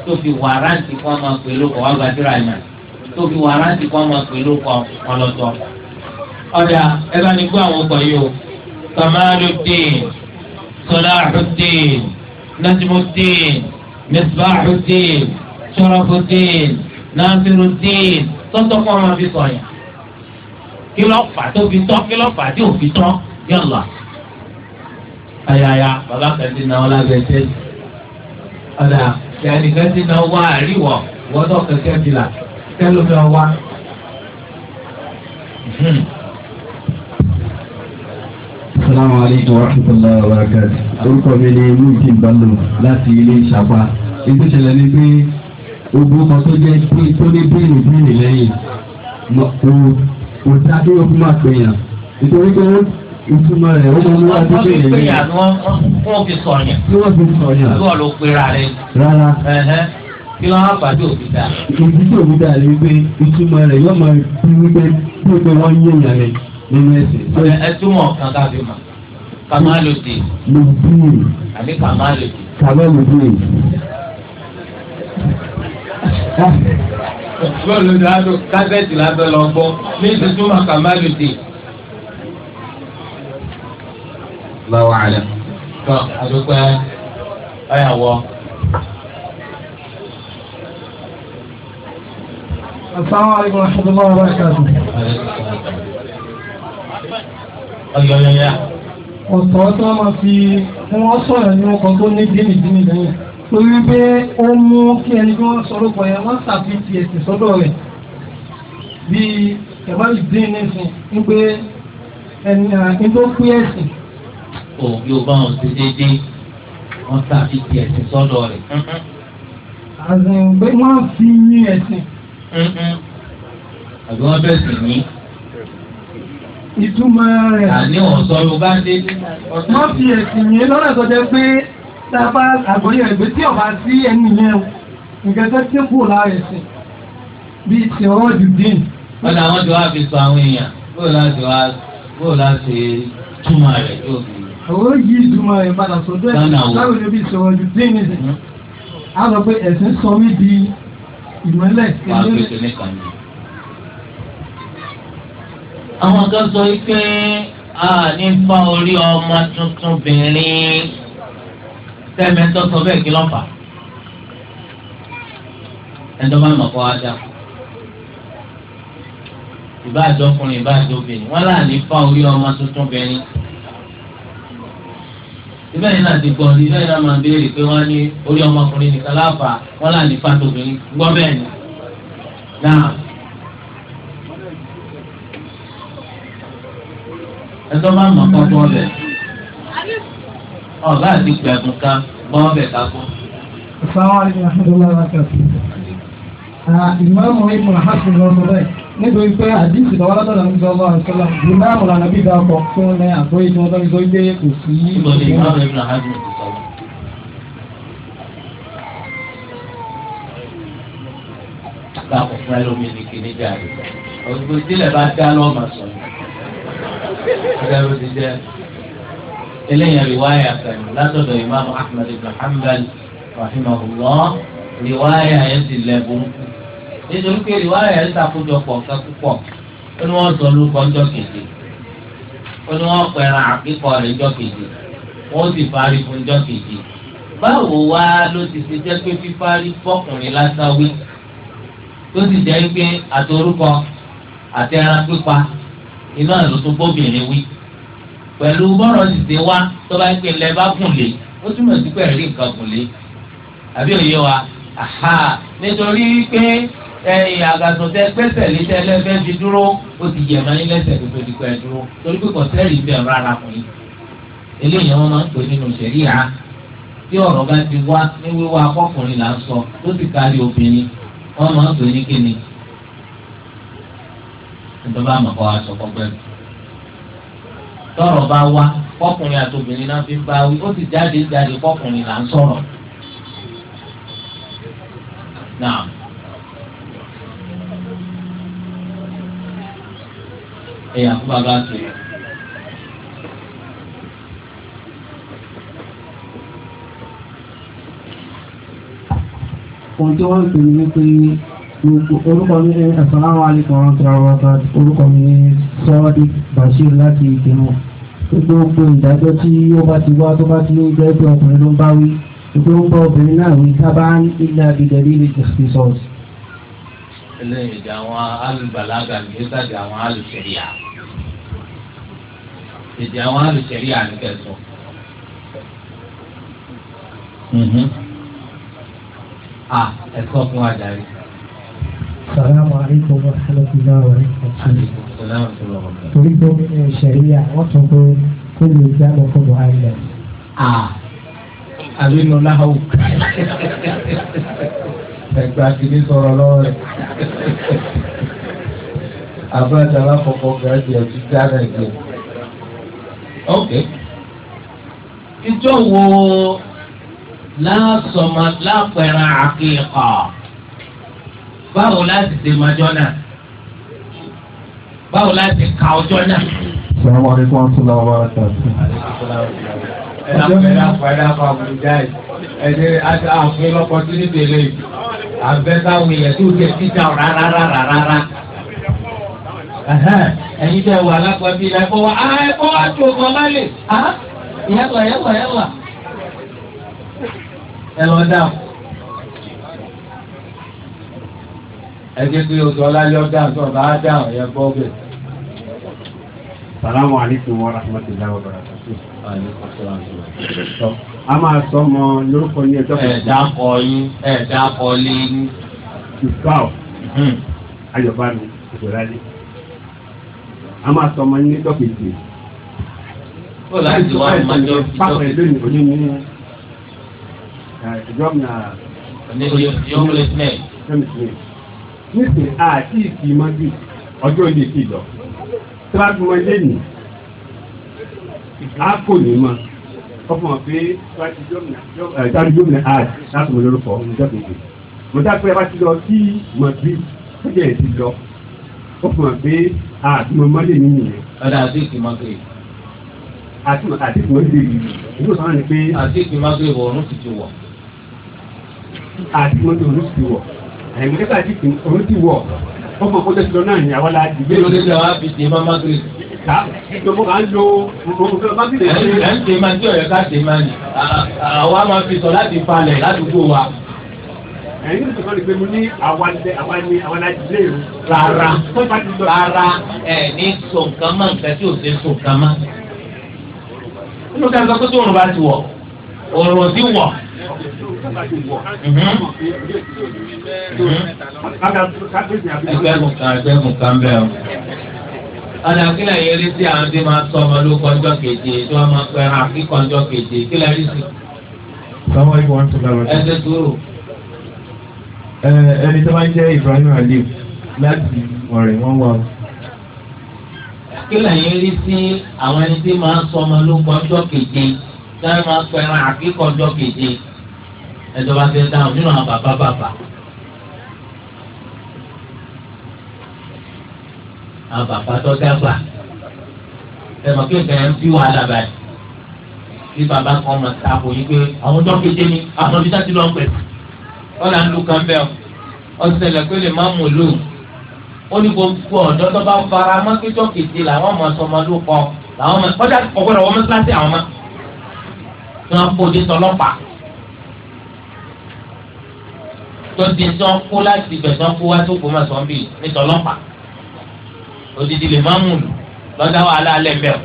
tó fi wàrántì kọ́ máa pè lóko wá gbàdúrà yàn tó fi wàrántì kọ́ máa pè lóko ọlọ́tọ̀. ọ̀dà ẹ bá ní gbọ́ àwọn ọkọ̀ yìí o Kamaluddin Salahuddin Najmuddin Misbahuddin Sharafuddin Nasiruddin tọ́tọ́ kọ́ máa fi sọ̀yàn kí ló fà tó fi tọ́ kí ló fà tí ò fi tọ́ yọ̀lá ayaya baba kan ti na wọn lábẹ́ tẹ ọdà yanni kan ti na wọn àríwọ wọdọ kẹkẹ bila kẹlómi ọwa hmm. salamu aleykum wa rahmatulahi wa barakati orúkọ mi ni muhammed bello láti ilé ìṣàpá ètò ìṣẹ̀lẹ̀ ni pé ogun kan tó jẹ́ tó ní bíìnì bíìnì lẹ́yìn kò kò dá bí o fún máa pè yàn nítorí pé ìtumọ̀ rẹ̀ ó mọ̀ níwájú tó yẹ yẹ. wọ́n fi sọ̀yàn. kí wọ́n fi sọ̀yàn. kí wọ́n ló pera rẹ̀. rárá. kí wọ́n á pàdé òbí dà. ìdí tí òbí dà lè gbé ìtumọ̀ rẹ̀ yóò máa bí wípé bí wípé wọ́n yé èèyàn rẹ̀ nínú ẹ̀sìn. ẹ túmọ̀ kankan fi mọ̀ kamalodi. lodi. àbí kamalodi. kamalodi. bọ́ọ̀lù dáadọ́ kábẹ́ẹ̀tì lábẹ́ lọ gbọ́ ní ìtúmọ̀ kamalodi. Allahu a'lam. tọ́ àdúgbò ọ̀yàwó. asalaamualeykum wa rahmatulahi wa barakatuh. ọ̀yọ̀yọ̀yà. ọ̀sán tí wọ́n máa fi wọ́n sọ̀rọ̀ ní ọkọ̀ tó ní díẹ̀ nìdí nìyẹn torí pé ó mú kí ẹni tí wọ́n sọ̀rọ̀ pọ̀ yẹn wọ́n ṣàfihàn ẹ̀sìn sọ́dọ̀ rẹ̀ bíi ẹ̀bá ìdí nìsín ń pé ẹni tó pín ẹ̀sìn òun yóò bá wọn ṣe déédéé wọn tàbí ti ẹ̀sìn sọ́dọ̀ rẹ̀. àzẹ̀ǹgbé wọ́n fi yín ẹ̀sìn. àbí wọ́n bẹ̀ sí yín. ìtumọ̀ rẹ̀. àní ọ̀sọ́ yorùbá dé. wọ́n fi ẹ̀sìn yín lọ́nà tó jẹ́ pé tábà àgbọ̀yẹ̀ ẹ̀gbẹ́ tí ọ̀bá sí ẹni yẹn nǹkan tó ti kù lára ẹ̀sìn bíi ti ọwọ́ dùdín. wọ́n ní àwọn jọ wá fi sọ àwọn èèyàn bóòlù àti wá bóòlù àti túmọ̀ rẹ̀ yóò fi àwọn yìí ìdúmọ̀ rẹ̀ padà sọ́dọ̀ ẹ̀ láwọn ẹbí ìṣòro ju dín ní sè á lọ pé ẹ̀sìn sọ mí di ìmọ̀lẹ̀ kẹ́lẹ́. àwọn kan sọ pé a ní fa orí ọmọ tuntun bìnrin tẹ́mẹ̀tọ́ sọ bẹ́ẹ̀ kí lọ́fà ẹ̀dọ́ máa mọ̀ kọ́ ajá ìbáàjọ́ ọkùnrin ìbáàjọ́ obìnrin wọ́n láà ní fa orí ọmọ tuntun bìnrin ibẹ̀ yìí náà ti gbọ́ ní ibẹ̀ yìí náà máa béèrè pé wọ́n ní orí ọmọkùnrin nìkan láàfà wọ́n là ní fatobìnrin gbọ́ bẹ́ẹ̀ ni. náà ẹjọ́ máa mọ̀ kọ́ bọ́ bẹ̀ ọ̀gá àti gbẹ̀gùn kan bọ́ bẹ̀ ká kú. sàwọn àlejò àti ìdọ́lá ìmáàmù ibùdó hasan lọ́sọ̀rọ̀ yìí nítorí pé àdìsí lọ́wọ́ látọ̀dọ̀ ní sọ́lá ìṣọ́lá ìmáàmù lànà bí bá ọkọ̀ fún ní àgbóyè tí wọ́n tọ́ fi sọ pé kò sí ògbó ìdílé bá dá lọ́mà sọ ẹgbẹ́rún ti jẹ́ eléyàn riwaya kan látọ̀dọ̀ ìmáàmù Ahmad ibn Hanbal rahimahullah riwaya yẹn ti nítorí pé ìwádìí ẹ̀ ń ṣàkójọpọ̀ nǹkan púpọ̀ ó ní wọ́n sọ lórúkọ ńjọ́ kejì ó ní wọ́n pẹ̀ràn àkíkọ rẹ̀ ńjọ́ kejì wọ́n sì parí fún ńjọ́ kejì báwo wá ló ti ṣe jẹ́ pé fífárí fọkùnrin lásán wí tó sì jẹ́ pé àtorúkọ àti ẹran pípa iná ló tún bóbìnrin wí pẹ̀lú bọ́rọ̀ sì ṣe wá tó bá ń pè lẹ́ bá gùn lé ó túmọ̀ sí pẹ̀lú nǹkan gùn lé àbí òye wa aha nítorí pé ẹ̀yìn àgàtọ̀ tẹ gbẹ́sẹ̀ lé tẹ́lẹ̀ fẹ́ fi dúró ó ti yẹ̀ máa ń lẹ́sẹ̀ tó tóbi pẹ́ dúró torí pé kò sẹ́rì bẹ́ẹ̀ rárá fún yín eléyìí wọn máa ń pè nínú ṣẹ̀ríà tí ọ̀rọ̀ bá ti wá ní wíwá akọ́kùnrin là ń sọ ó sì kárí obìnrin wọn máa ń pè ní kíni ìjọba àmọ̀kọ́ aṣọ kọgbẹ́rù tọ̀rọ̀ bá wá kọkùnrin àti obìnrin náà fi ń bá wí ó sì jáde jáde kọkùnrin là ń sọ̀rọ̀ náà. ẹ̀yà fún bàbá àti rẹ̀. ohun tí wọ́n ń pè ní wípé orúkọ mi ní asalaamu alaykum wa rahmatulahi wa barakatuh orúkọ mi ní sọ́ọ́dí bashir láti ìgbìmọ̀ gbogbo ìdájọ́ tí ó bá ti wá tó bá ti ní ìgbẹ́ ọkùnrin ló ń bá wí gbogbo obìnrin náà wí sábà ń ilé abidjan ní ìgbésọ̀sì eléyìí di àwọn alùbàlágà ní yóò sàdé àwọn alùsẹ̀ríà èdè àwọn alùsẹ̀ríà ní kẹsàn. a ẹ̀kọ́ fún wa darí. Salaamu alaikum wa rahmatullahi wa barakatuh. Torí pé nínú ìṣẹ̀ríà wọ́n tún pé kó lè já lọ fún Buhari. Àbínú náà ẹgbẹ́ akíní sọ̀rọ̀ lọ́wọ́ rẹ̀ abúlé alákọ̀ọ́kọ́ gàdí ẹ̀jú dára ẹ̀jẹ̀ ok ìjọ wo lásọmọ lápẹ̀rẹ̀ àkíkọ̀ báwo láti dè májọ́ náà báwo láti ka ọjọ́ náà. sàmúlò àdìgbò àti làwọn ará kan ẹ̀dàpọ̀ àbújá ẹ̀ ẹ̀dẹ̀ àfin lọ́kọ̀ tí ní tẹ̀lé yìí àbẹ́tàwọn èèyàn tó jẹ́ títà rárá rárá rárá. ẹ̀yin tẹ̀ wà lápapọ̀ ilẹ̀ ẹ̀kọ́ wa ẹ̀kọ́ wa tó kọ́ lálẹ́ ìyàwó ìyàwó ìyàwó ẹ lọ dáhùn. ẹ jẹ́ pé oṣù ọlá yọ dáhùn tó ọba á dáhùn yẹ bọ́ bẹ́ẹ̀ salamu alaykum wa rahmatulahi wa barakatuh. a máa sọ ọmọ lórúkọ ní ẹjọ́ kan. ẹ̀dá kọ yín ẹ̀dá kọ lé yín. ìgbàw hmm. ayọ̀bá mi ìgbòlálé. a máa sọ ọmọ yín ní dọ́kítì. ó láti wá ìmọ̀jọ́ bí dọ́kítì. pápá ìlú ni òní ní gómìnà. ní yọmúlẹ̀ sílẹ̀. nísìnyí àti ìsìn mọ́jú ọjọ́ ìdí sí ìdọ̀ tí wọ́n ti mọ ilé nì á kò ní mọ ọkùnrin wọn pé ìtàrí gómìnà àd láti mọ lórúkọ ọmọdé kejì mo dá pé abá ti lọ sí mọ̀tí ó jẹ́ ti lọ ọkùnrin wọn pé àd mo mọ́ lè nìyẹn. ọ̀dà àti ìkìmọ̀ kiri. àti àti ìkìmọ̀ kiri ìlú sọ́nà ni pé. àti ìkìmọ̀ kiri wọ̀ ọ̀run sì ti wọ̀. àti ìkìmọ̀ kiri ọ̀run sì ti wọ̀ ẹ̀yìn àti ìkìmọ̀ ọ̀run ti wọ̀ wọ́n mọ̀ fún tẹ̀sán náà ní àwọn láti gbé. olórí la wá fi ṣe mama green. ká ìjọba máa ń lo mama green. ẹ ń ṣe máa ń tí ọ̀yọ́ ká ṣe máa ní. àwa máa fi sọ láti falẹ̀ ládùúgbò wa. ẹ̀yin ní sọ̀rọ̀ ìgbé mu ní àwa ni àwa láti lé o. rárá rárá ẹ ní sọ nǹkan mọ́ nǹkan tí ò òòrùn sí wọ̀. Mhm. Mhm. ẹgbẹ́gun kan ẹgbẹ́gun kan bẹ́ẹ̀ o. ọ̀nà kílẹ̀ yẹn rí sí àwọn tí máa sọ ọmọ ló kọjọ́ keje tí wọ́n máa pẹ́ hàn kí kọjọ́ keje kílẹ̀ rí sí. sáwọn ibò ń tún lára. ẹ ṣe dúró. ẹni tó máa ń jẹ́ Ibrahim Aliyu láti ọ̀rẹ́ wọn wà kí lẹ́yìn rí sí àwọn ẹni tí máa sọ ọmọ ló kọjọ́ keje táwọn máa pẹ ẹran àkíkọ ọjọ́ keje ẹjọ́ bá ti ń dáhùn nínú àwọn bàbá bàbá. àwọn bàbá tó dàgbà ẹ mọ̀ kí nǹkan ẹ̀ ń fi wàhálà báyìí bí bàbá kan mọ̀ tààbò yín pé àwọn ọjọ́ keje ni àwọn ọbí sáà ti lọ ń pẹ̀ ọ̀là ń lu kan bẹ́ẹ̀ ọ̀sẹ̀lẹ̀ pé lè má mú lò ó ní gbogbo ọ̀dọ́ tó bá fara mọ́ kéjọ́ keje làwọn ọmọ sọmọdún kọ làwọn ọmọ ọjà ọ̀gbọ́dọ̀ wọ́n mọ́ síláṣí àwọn ọmọ tí wọ́n kó dé tọlọ́pàá tó di tí wọ́n kó láti ibẹ̀ tí wọ́n kó wá tó kó máa sọ̀nbì ní tọlọ́pàá odidi lè má mú lò lọ́dá wàhálà alẹ́ mbẹ́ o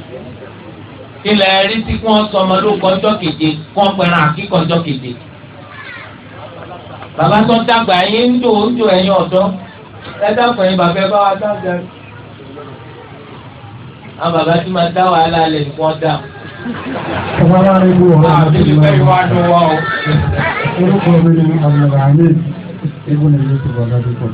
ilẹ̀ rí tí wọ́n sọ ọmọ lóko ọjọ́ keje wọ́n pẹ̀ràn àkíkọ̀ ọjọ́ keje bàbá tó dàgbà yín ń dò ń dò ẹ̀yin ọ̀dọ́ ẹ dàgbà yín bàbá ẹ bá wa dàgbà yín àwọn bàbá tí máa dá wàhálà alẹ́ nìkan dà o. Assalamu alaikum warahmatullahi wabarakatuh. Orúkọ mi ni Abdulrahman Ibùn Yusuf Ọ̀gádùkọ̀.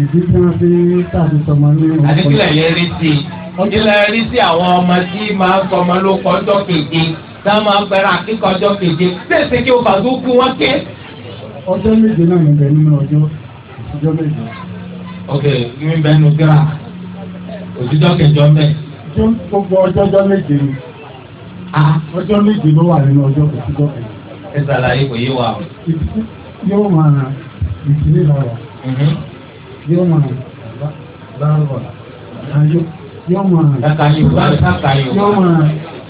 Ìdí tí wọ́n fi tàbí sọmọ ní orúkọ. Àdékìlẹ̀ yẹn rí sí i. Ìlẹ̀ rí sí àwọn ọmọ tí máa ń sọmọ ló kọjọ́ keje. Tá máa ń bẹ̀rẹ̀ àkíkọ̀ ọjọ́ keje. Bẹ́ẹ̀sì kí o bàtú kú wọn ké. Ọjọ́ méje náà ń bẹ nínú ọjọ́. Ọjọ́ méje. Ok, mi bẹ́ẹ̀ nu gíra. Òtítọ́ kẹjọ mẹ́ẹ̀ tó gbogbo ọjọ́jọ́ méje ni ọjọ́ méje ló wà nínú ọjọ́ kò sí dọ́kẹ́. ẹ ṣàlàyé kò yé wa o. yóò máa ràn ìdílé lọ́wọ́ mhm. yóò máa ràn lọ́wọ́ yóò máa ràn. kàkà yorùbá kàkà yorùbá. yóò máa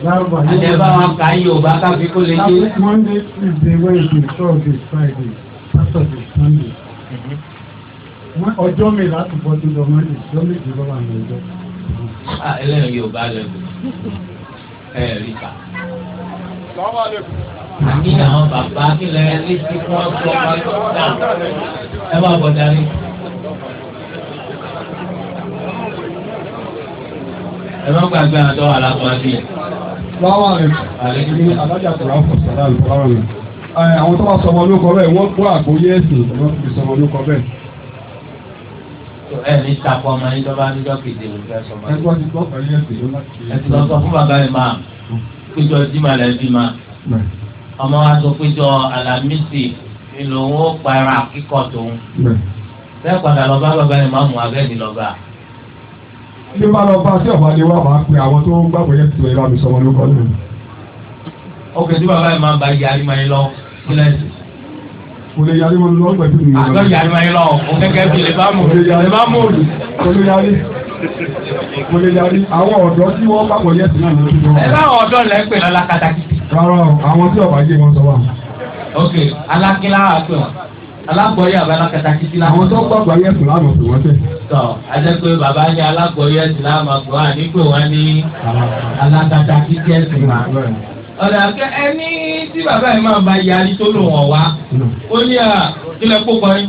ràn lọ́wọ́. àti ẹ bá wọn kà yorùbá káfí kó lè dé. Monday Tuesday Wednesday Thursday Friday Saturday Sunday. Mhm. ọjọ́ mi láti bọ́ tó lọ mọ́lẹ̀ ọjọ́ méje lọ́wọ́ àná ọjọ́. Ah, ẹlẹ́yìn yóò bá lẹ́nu ẹ rí ká. kí àwọn bàbá kí lẹ ní tí wọ́n sọ wá dá ẹ má bọ̀ dání. ẹ má gbàgbé àtọ́ alákọ̀ọ́sí. láwọn àlejò ní alájà kọ̀ọ̀rọ̀ àfọ̀sọ̀rọ̀ àlùkò àwọn tó bá sọmọ lóko bẹ́ẹ̀ wọ́n gbọ́ àgbóyè ẹ̀sìn wọ́n fi sọmọ lóko bẹ́ẹ̀ ẹ ní takọ ọmọ yín tó bá ní dọ́kìtì òun fẹ́ sọ ma. ẹ gbọ́dọ̀ gbọ́ pẹ̀lú ẹ̀sìn lọ́la. ẹ ti lọ sọ fún bàbá rẹ̀ máa péjọ jimá rẹ̀ bí ma. ọmọ wa sọ péjọ alamisi ìlò òun ó para kíkọ tòun. bẹ́ẹ̀ padà lọ bá bàbá rẹ̀ máa mú abẹ́ẹ̀dì lọ bá. bí wọ́n lọ bá sí ọ̀pá ni wọ́n máa pe àwọn tó gbàgbọ́ yẹn tuntun ìlànà ìsọmọlúkọ lónìí. ó kẹ́ tí bàbá rẹ̀ máa ń ba yàrá kò lè yarí wọn lọ pẹ̀lú mi. àgbẹ̀ yarí wọn lọ o gẹ́gẹ́ bí lè bá mú lè bá mú òòlù. kò lè yarí kò lè yarí àwọn ọ̀dọ́ tí wọ́n bá wọlé ẹ̀sìn náà lójú wọn. ẹ báwọn ọ̀dọ́ lẹ pè lọ́la kàtàkì. rárá o àwọn tí ọ̀bà yé wọn sọ wà. ok alákílá àgbẹ̀ wọn alágbọ̀yé àbá alákatakí sí láàmú. àwọn tó gbàgbọ́ yẹ fún láàmú fún wọn tẹ. tọ adẹ́pẹ́ bàbá ní alágbọ̀yé ẹ̀sìn láàmú àgbọ̀ ànígbò wọn ní alákatakí sí ẹ̀sìn máa ọ̀nà àkẹ́ ẹni tí bàbá yìí máa ba yarí tó lò wọ́n wá hmm. ó ní à kílẹ̀ kó kọrin.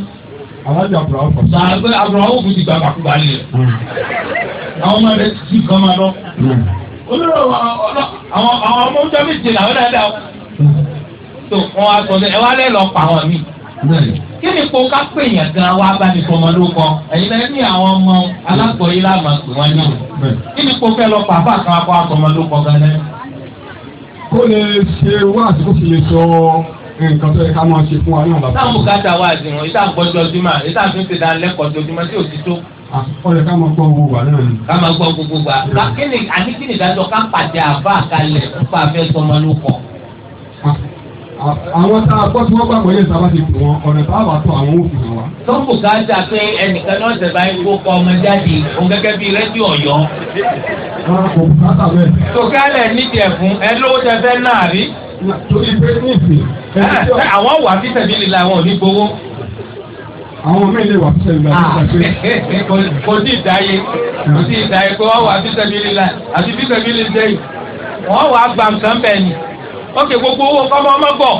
àwọn ti àbúrò ọkọ. sàgbé àbúrò ọkọ ti gba àkùbá lè. Hmm. àwọn ọmọ rẹ ti kàn máa lọ. Hmm. olóró àwọn ọmọ ọjọ́ méje làwọn o tó wọn wá sọ ẹ wá lẹ́ lọ pa àwọn míì kí ni kó ká pè yàn gan wa bá ní fọmọ ló kọ ẹyin náà ní àwọn ọmọ alágbọ̀yé láàmú pè wọn náà kí ni kó fẹ́ lọ pàápàá kan akọ àfọmọ ló kọ gan náà kó lè ṣe wá àti kó fi lè sọ nǹkan tó yẹ ká máa ṣe fún wa náà lápá. táwọn bùkátà wà sí wọn ìta àgbọ̀jọ ojúmọ́ ìta àtúntò ti dá lẹ́kọ̀ọ́ tó ojúmọ́ tí ò ti tó. àkọ́yẹ ká máa gbọ́ gbogbo wa náà ni. ká máa gbọ́ gbogbo wa. àní kí ni ìdájọ́ ká pàdé àbá àkàlẹ̀ nípa àfẹ́sọmọlúkọ̀ àwọn tá a gbọ́ tí wọ́n gbàgbọ́ yẹn sábà ti tù wọn ọ̀nà tá a wà tó àwọn òfin hàn wá. tó kù ká dà pé ẹnìkan náà ṣẹ̀ bá ń kó kọ ọmọ jáde òun gẹ́gẹ́ bíi rédíò ọ̀yọ́. tòkálẹ̀ nídìí ẹ̀fún ẹ lówó tẹ fẹ́ náà rí. torí pé ní ìsìn. Ah, àwọn wà fi tẹ̀mí lè la àwọn ò gbowó àwọn míì lè wà fífẹ́ ìgbà tó ń gbà pé. kò sí ìdáyé kò sí ìdáyé pé wọ́n wà fífẹ́ mi lè dẹ́yìn ọkẹ gbogbo owó kọ́mọ ọmọ gbọ̀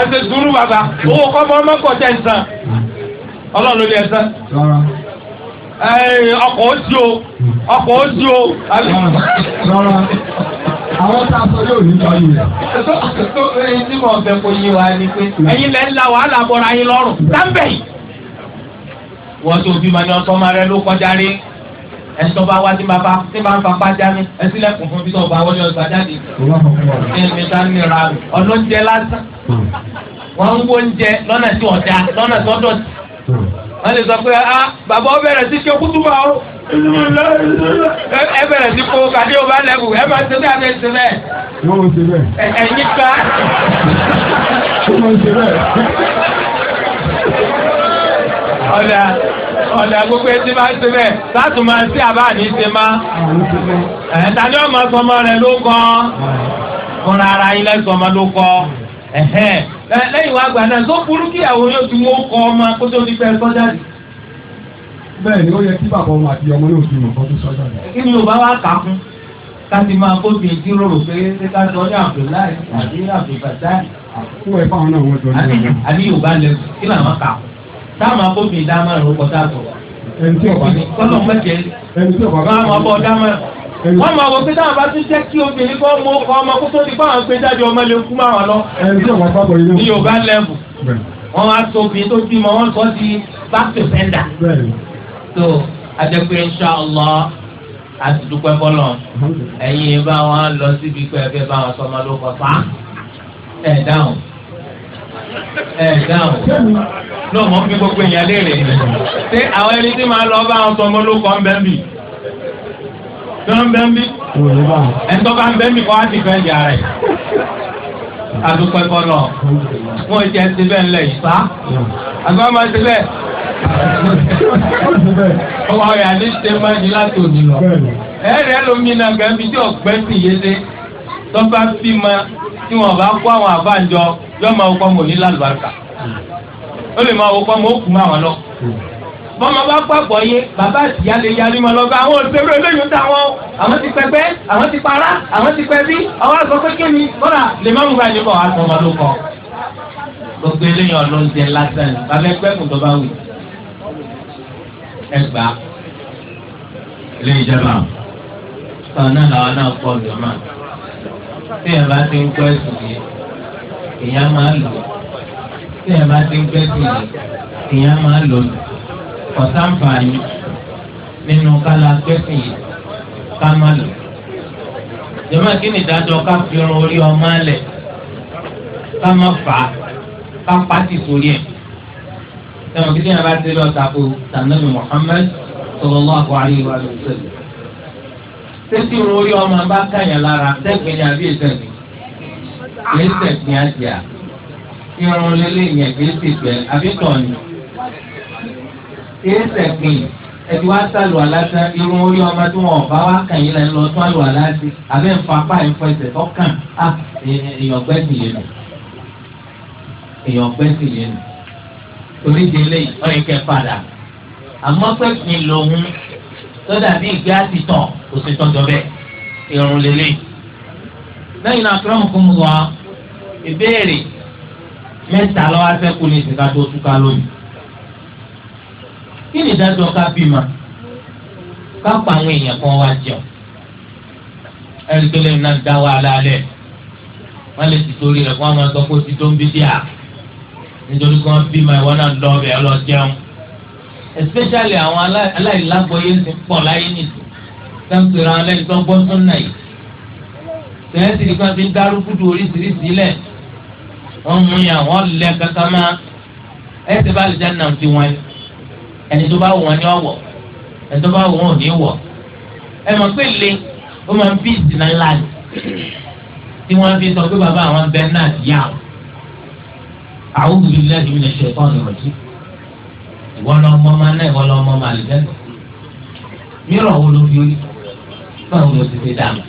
ẹsẹ̀ sùúrù bàbá owó ọmọ tẹ̀ ọlọ́run ló ọkọ̀ a sọ yóò ní ẹni tó bá wá sí bàbá tí bá ń fa pàjá ní ẹsílẹ̀kùn fún bísọ̀ bá wọlé ọ̀sán jáde ẹni tá ní ra ọlọ́jẹ lásán wọ́n ń wo oúnjẹ lọ́nà tí ọ̀dà lọ́nà tó dọ̀tí wọ́n lè sọ pé ah bàbá ó bẹ̀rẹ̀ sí ṣe kútùbà ó ẹ bẹ̀rẹ̀ sí kó kàdé ó bá lẹ́kù ẹ máa ṣe bẹ́ẹ̀ ṣe bẹ́ẹ̀. wọ́n mọ̀ ṣe bẹ́ẹ̀. ẹ̀yin ká. wọ́n mọ̀ ṣe bẹ́ẹ̀. ọ̀dà ọ̀lẹ́ gbogbo etí máa ń ṣe bẹ́ẹ̀ sátù máa ń àbá ní má. ẹ̀ẹ́dá ni ọmọ sọmọ rẹ̀ ló kọ́ fúnra ara yín lẹ́sọ̀ ọmọ ló kọ́ lẹ́yìn wá gbà náà tó burú kí yóò ti kọ́ ọmọ kó tó fẹ́ ó yẹ kí bàbá ọmọ àti ọmọ náà ti mọ̀ tó sọ́jà kí ni yorùbá wá kà táwọn akófin dámọ̀ràn ó kọjá àtọ̀. ẹni tí ọba ní. kọ́lọ̀ mẹ́jẹ. ẹni tí ọba bá wọn bọ̀ dámọ̀ràn. wọ́n máa wọ pé táwọn bá tún jẹ́ kí obìnrin kọ́ mọ ọkọ ọmọ kó tó di fáwọn pé jáde ọmọ lè kú máa lọ. ẹni tí ọba bá bọ̀ yìí. ní yorùbá lẹ́bù. wọ́n á so obìnrin tó bímọ wọ́n sọ di back to sender. so àjẹpẹ́ inshallah àti dúpẹ́ bọ́lọ̀ ẹ̀yin bá wọn lọ síbi pé ẹ fẹ́ bá wọn sọmọ ló kọ fa ẹ̀ dáhùn ẹ dáhùn náà mọ fi gbogbo èèyàn léèrè ṣé àwọn ẹni tí màá lọ bá àwọn tọmọ ló kọ ń bẹ ń bì tó ń bẹ ń bì ẹ̀ńtọ́ bá ń bẹ ń bì kọ́ á ti fẹ́ jà rẹ̀ àdúpẹ́ kọ́nà wọ́n jẹ́ ti bẹ́ẹ̀ ńlẹ̀ yìí sá àgbà máa ti bẹ́ẹ̀ ọmọ rẹ̀ àti ṣe máa ní láti òní lọ ẹ̀rẹ́ lómi náà gẹ̀ẹ́bí tí ọ̀gbẹ́ sì yé dé tọ́ bá fi ma tí wọ́n bá kó àwọn àbájọ yóò máa wọ́pọ̀ mọ̀ ní lálùbáríkà ó lè máa wọ́pọ̀ mọ̀ ó kù máa wọn lọ. bọ́mọ bá pàpọ̀ yé bàbá àtìyá lè yarí mọ́ lọ́gbà àwọn òṣèré olóyún táwọn àwọn ti pẹgbẹ́ àwọn ti para àwọn ti pẹbí àwọn àgbọ̀ kékeré ni kọ́ra lè má mú báyìí bọ̀ àtọ̀ ọmọ ló kọ́. gbogbo eléyìí ọlọ́run jẹ lásán bàbá ẹgbẹ́ kùn tó bá wù ẹgbàá eléyìí jẹ́ bá làwọn náà pọ̀ lọ́mọ tí ẹ bá ti ń kọ́ ẹ̀sùn yìí èèyàn máa lò tí èèyàn bá ti ń gbẹ́sìn èèyàn máa lò ọ̀sánfààní nínú kálá gbẹ́sìn yìí ká má lò. jọ̀mọ́ kí ni ìdájọ́ ká fi irun orí ọmọ alẹ̀ ká má fà á ká pàtì sórí ẹ̀. sẹ́wọ̀n kí ni àbá ti lọ tako sànẹ́lì Muhammad sallallahu alaihi wa sallam. sẹ́sì irun orí ọmọ bá kàyàn lára sẹ́gbẹ̀ẹ́ ni àbí ìsẹ̀gbẹ̀ kìí sẹ̀gbìn àjà irun lélẹ̀ yẹn kìí sẹ̀gbẹ̀ àbíkàn ni kìí sẹ̀gbìn ẹ̀dí wá sálù aláṣẹ irun orí ọmọ tí wọn ọba wá kàn yín lẹ́nu lọ sálù aláṣẹ abẹ́ nfapá ẹ̀fọ́ ẹsẹ̀ tọ́kàn á ah, èèyàn gbẹ́sì yẹn nù èèyàn gbẹ́sì yẹn nù onídìílé ọ̀yẹ̀kẹ́ padà àmọ́ pẹ́ẹ́kì lòun sọ́dà ní ìgbé àtìtàn òsètọ́jọ́ bẹ́ẹ̀ irun lélẹ̀ yìí lẹ́yìn náà akérèmọ fún mi wá ìbéèrè mẹ́ta lọ́wọ́ afẹ́kù ní ìsìnká tó túká lónìí. kí ni ìdájọ́ ká bímọ ká pa àwọn èèyàn kan wá jẹun ẹ̀rí tó lẹ́yìn náà dá wàhálà lẹ̀ wọ́n lè ti torí rẹ̀ kó wọ́n máa sọ pé ó ti tó ń bí díà nítorí kí wọ́n bímọ ìwọ náà lọ ọbẹ̀ ọlọ jẹun especially àwọn aláìlágbọ̀ọ́yé ti pọ̀ láyé nìyí sáńpẹ̀rẹ̀ àwọn ẹlẹ́ni tó yìí tẹ̀sí ni kan ti ń dárú kúdù oríṣiríṣi lẹ̀ wọ́n mú yàn wọ́n lẹ kankan máa ẹ̀sẹ̀ bá lè jáde náà ti wọ́n ẹni tó bá wù wọ́n ní ọ̀wọ̀ ẹni tó bá wù wọ́n ò ní wọ̀ ẹ mọ̀ pé le ó máa ń bí ìsìnà ńlá ni tí wọ́n fi sọ pé bàbá àwọn bẹ́ẹ̀ náà ti yá àwọn obìnrin náà ti mi ṣe ẹ̀kọ́ ọ̀nà rẹ̀ ìwọ lọ mọ ọmọ náà ìwọ lọ ọmọ àlùfẹ́ mìíràn wo ló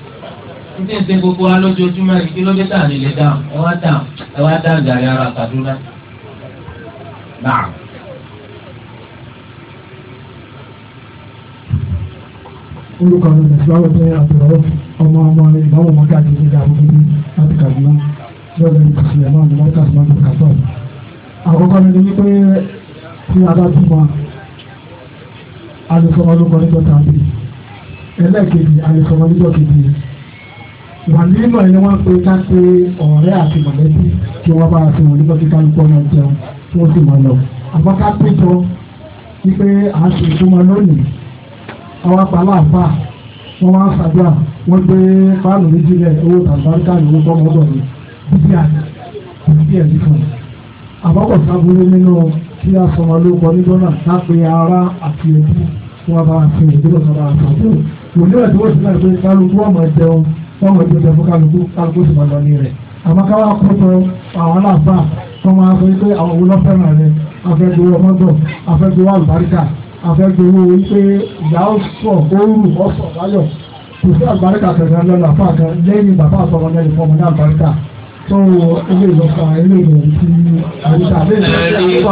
n tí ń ṣe gbogbo wa lójoojúmọ́ yìí kí ló dé tàn nílé dáhùn ẹ wá dáhùn ẹ wá dáhùn jàre ara Kaduna. Náà. orúkọ àwọn ìgbàsíláwọ̀ jẹ́ àtẹ̀rọ̀ ọmọ ọmọ rẹ̀ ìbáwọ̀ mọ́ká àti ìdíje àbúgbé láti Kaduna lọ́dọ̀ ìbùsùn ẹ̀ náà ní mọ́ká sí mọ́ká kàtọ́. àkọ́kọ́ mi ni wípé tí a bá bímọ alùpùpù ọlọ́kọ̀ níjọ́ tàbí ẹlẹ́ẹ̀kejì alùpùpù ọlọ́kọ̀ níjọ́ kejì wàlímọ̀ ni wọ́n pe ká pé ọ̀rẹ́ àti mọ̀lẹ́bí kí wọ́n bá a fi wọn nígbà tí kálukú ọmọ jẹun tí wọ́n sì mọ̀ lọ. àmọ́ ká péjọ wípé à ń ṣe ìtumọ̀ lónìí àwọn apàlà àfà wọ́n wá ṣàdúrà wọ́n gbé fáànù méjì lẹ̀ owó tàbáríkà ní owó tọ́mọ ọ̀dọ̀ mi bíbí àná bíbí ẹ̀ nífọ̀. àbọ̀kọ̀ sábúrú nínú kí a sọmọ lóko nígbà náà ká pe ara àti ẹbí wọ́n bá a fi ìdúró sọ wọ́n mọ̀ jẹ́jẹ́ fún kálukú kálukú sì máa lọ ní rẹ̀ àmọ́ káwá kótó àwọn aláàbà wọ́n máa sọ pé àwọn olófẹ́ràn rẹ̀ afẹ́gbowó ọmọdọ̀ afẹ́gbowó àlùbáríkà afẹ́gbowó wípé ìyá ọ̀sọ̀ oòrùn ọ̀sọ̀ láyọ̀ kò sí àlùbáríkà kẹ̀kẹ́ lọ́la fáàkẹ́ lẹ́yìn bàbá àtọmọ lẹ́yìn fọmọ ní àlùbáríkà tó ilé ìlọ́fà ilé ìlọ́fà ti àyíká lẹ́yìn.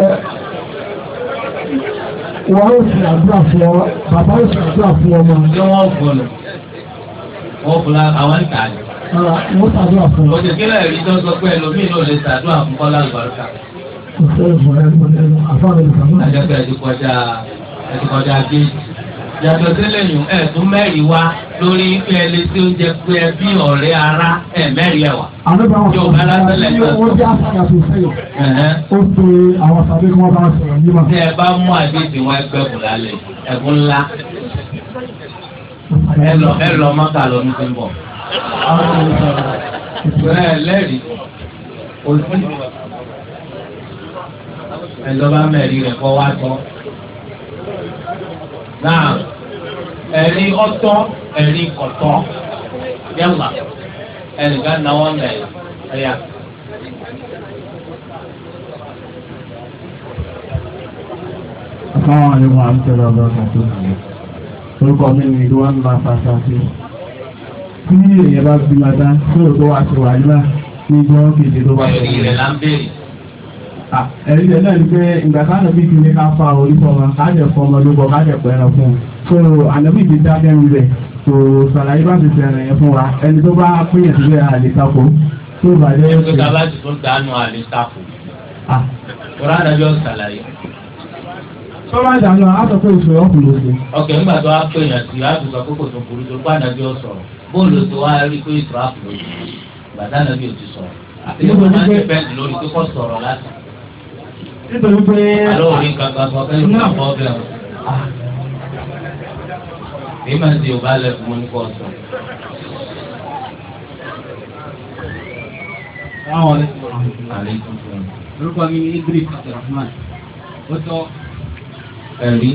ẹ̀rí pé wọ́n ó sì àdúrà fún ọ bàbá ó sì àdúrà fún ọmọ. ṣé wọ́n fọlọ̀ wọ́n fọlá àwọn ìta ni. wọ́n ṣàdúrà fún ọ. òṣèkélà ẹ̀rí tó sọ pé ẹlòmíì náà lè ṣàdúrà fún Kọ́lá àlùbáríkà. ọ̀sẹ̀ ìfọ̀rẹ́ ẹ̀rọ àfáàrẹ̀ ìfàmúlẹ̀. àjọpẹ̀ ẹ̀dùkọjá ẹ̀dùkọjá géèjì yàtọ̀ sílẹ̀ yùn ẹ̀ tún mẹ́rin wá lórí pé ẹ lè ṣe oúnjẹ pé ẹ bí ọ̀rẹ́ ara ẹ̀ mẹ́rin ẹ̀ wá. yóò bá lásìlẹ̀ tó. ó jẹ́ àṣàyàn tó sẹ́yọ̀. ó pe àwọn sàbẹ̀ kí wọ́n bá sọ̀rọ̀ yìí mà. tí ẹ bá mú àdéhùn wọn ẹgbẹ́ kù lálẹ́ ẹ̀kún ńlá ẹ lọ ẹ lọ mọ́tà lọ ní ti ń bọ̀. ẹ lẹ́rìí òsì ẹ̀jọba mẹ́rin rẹ̀ kọ́ wá tán náà ẹ̀rí ọ̀tọ̀ ẹ̀rí kọ̀tọ̀ yálà ẹnìkan náà wọ́n lẹ̀ ẹ̀yà. Àwọn àlejò àmìtẹ́lẹ̀ ọlọ́run tó ń lò. Orúkọ mi ni ìlú wa ń máa fàṣà sí. Bí èèyàn bá bí máa dá, kí òótọ́ wá sí wàhálà ní ìjọ́ kejì tó bá tẹ̀lé. ẹ̀rí rẹ̀ náà ni pé ìgbà káàdọ̀ bí ti ní ká fa orí fọmọ káàdẹ̀ fọmọ ló bọ káàdẹ̀ pẹrẹ fún so ànábì ti dá bẹ́ẹ̀ rẹ̀ kò sàlàyé bá ti sẹ̀rẹ̀ yẹn fún wa ẹni tó bá pín yẹn síbẹ̀ àlè tako tó bàjẹ́ yóò ṣe. ẹgbẹ́ bá ti tún àlè tako. sàlàyé. tó bá dànù pé tó pè yàn sí tó burú tó nítorí pé. àlọ́ òní kankan sọ fẹ́ ló kọ́ bẹ́ẹ̀ o. èyí máa ń di yorùbá lẹ́kùn mọ́ nípa ọ̀sán. orúkọ mi ni Idris Abdulrahman ó tọ́ ẹ̀rí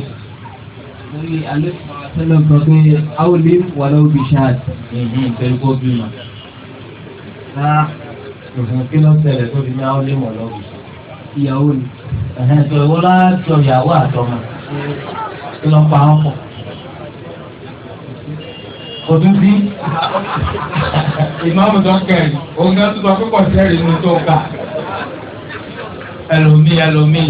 lórí àlékún àtẹlẹ́ nǹkan pé àwòlé wà lọ́wọ́ bíi ṣáàd èyí ìfẹ́rúkọ́ bímọ. ká ah. òfin kí ló ń tẹ̀lé tó fi ní àwòlé wà lọ́wọ́ ìyàwó ni. ẹ̀hẹ́n tó ìwọ lájọ ìyàwó àtọmọ kí ló pa wọn pọ̀. òtún sí ìmáàmù tó ń kẹrin òun náà tún sọ pé pọ̀ sẹ́rìn tó ń ẹlòmíì ẹlòmíì.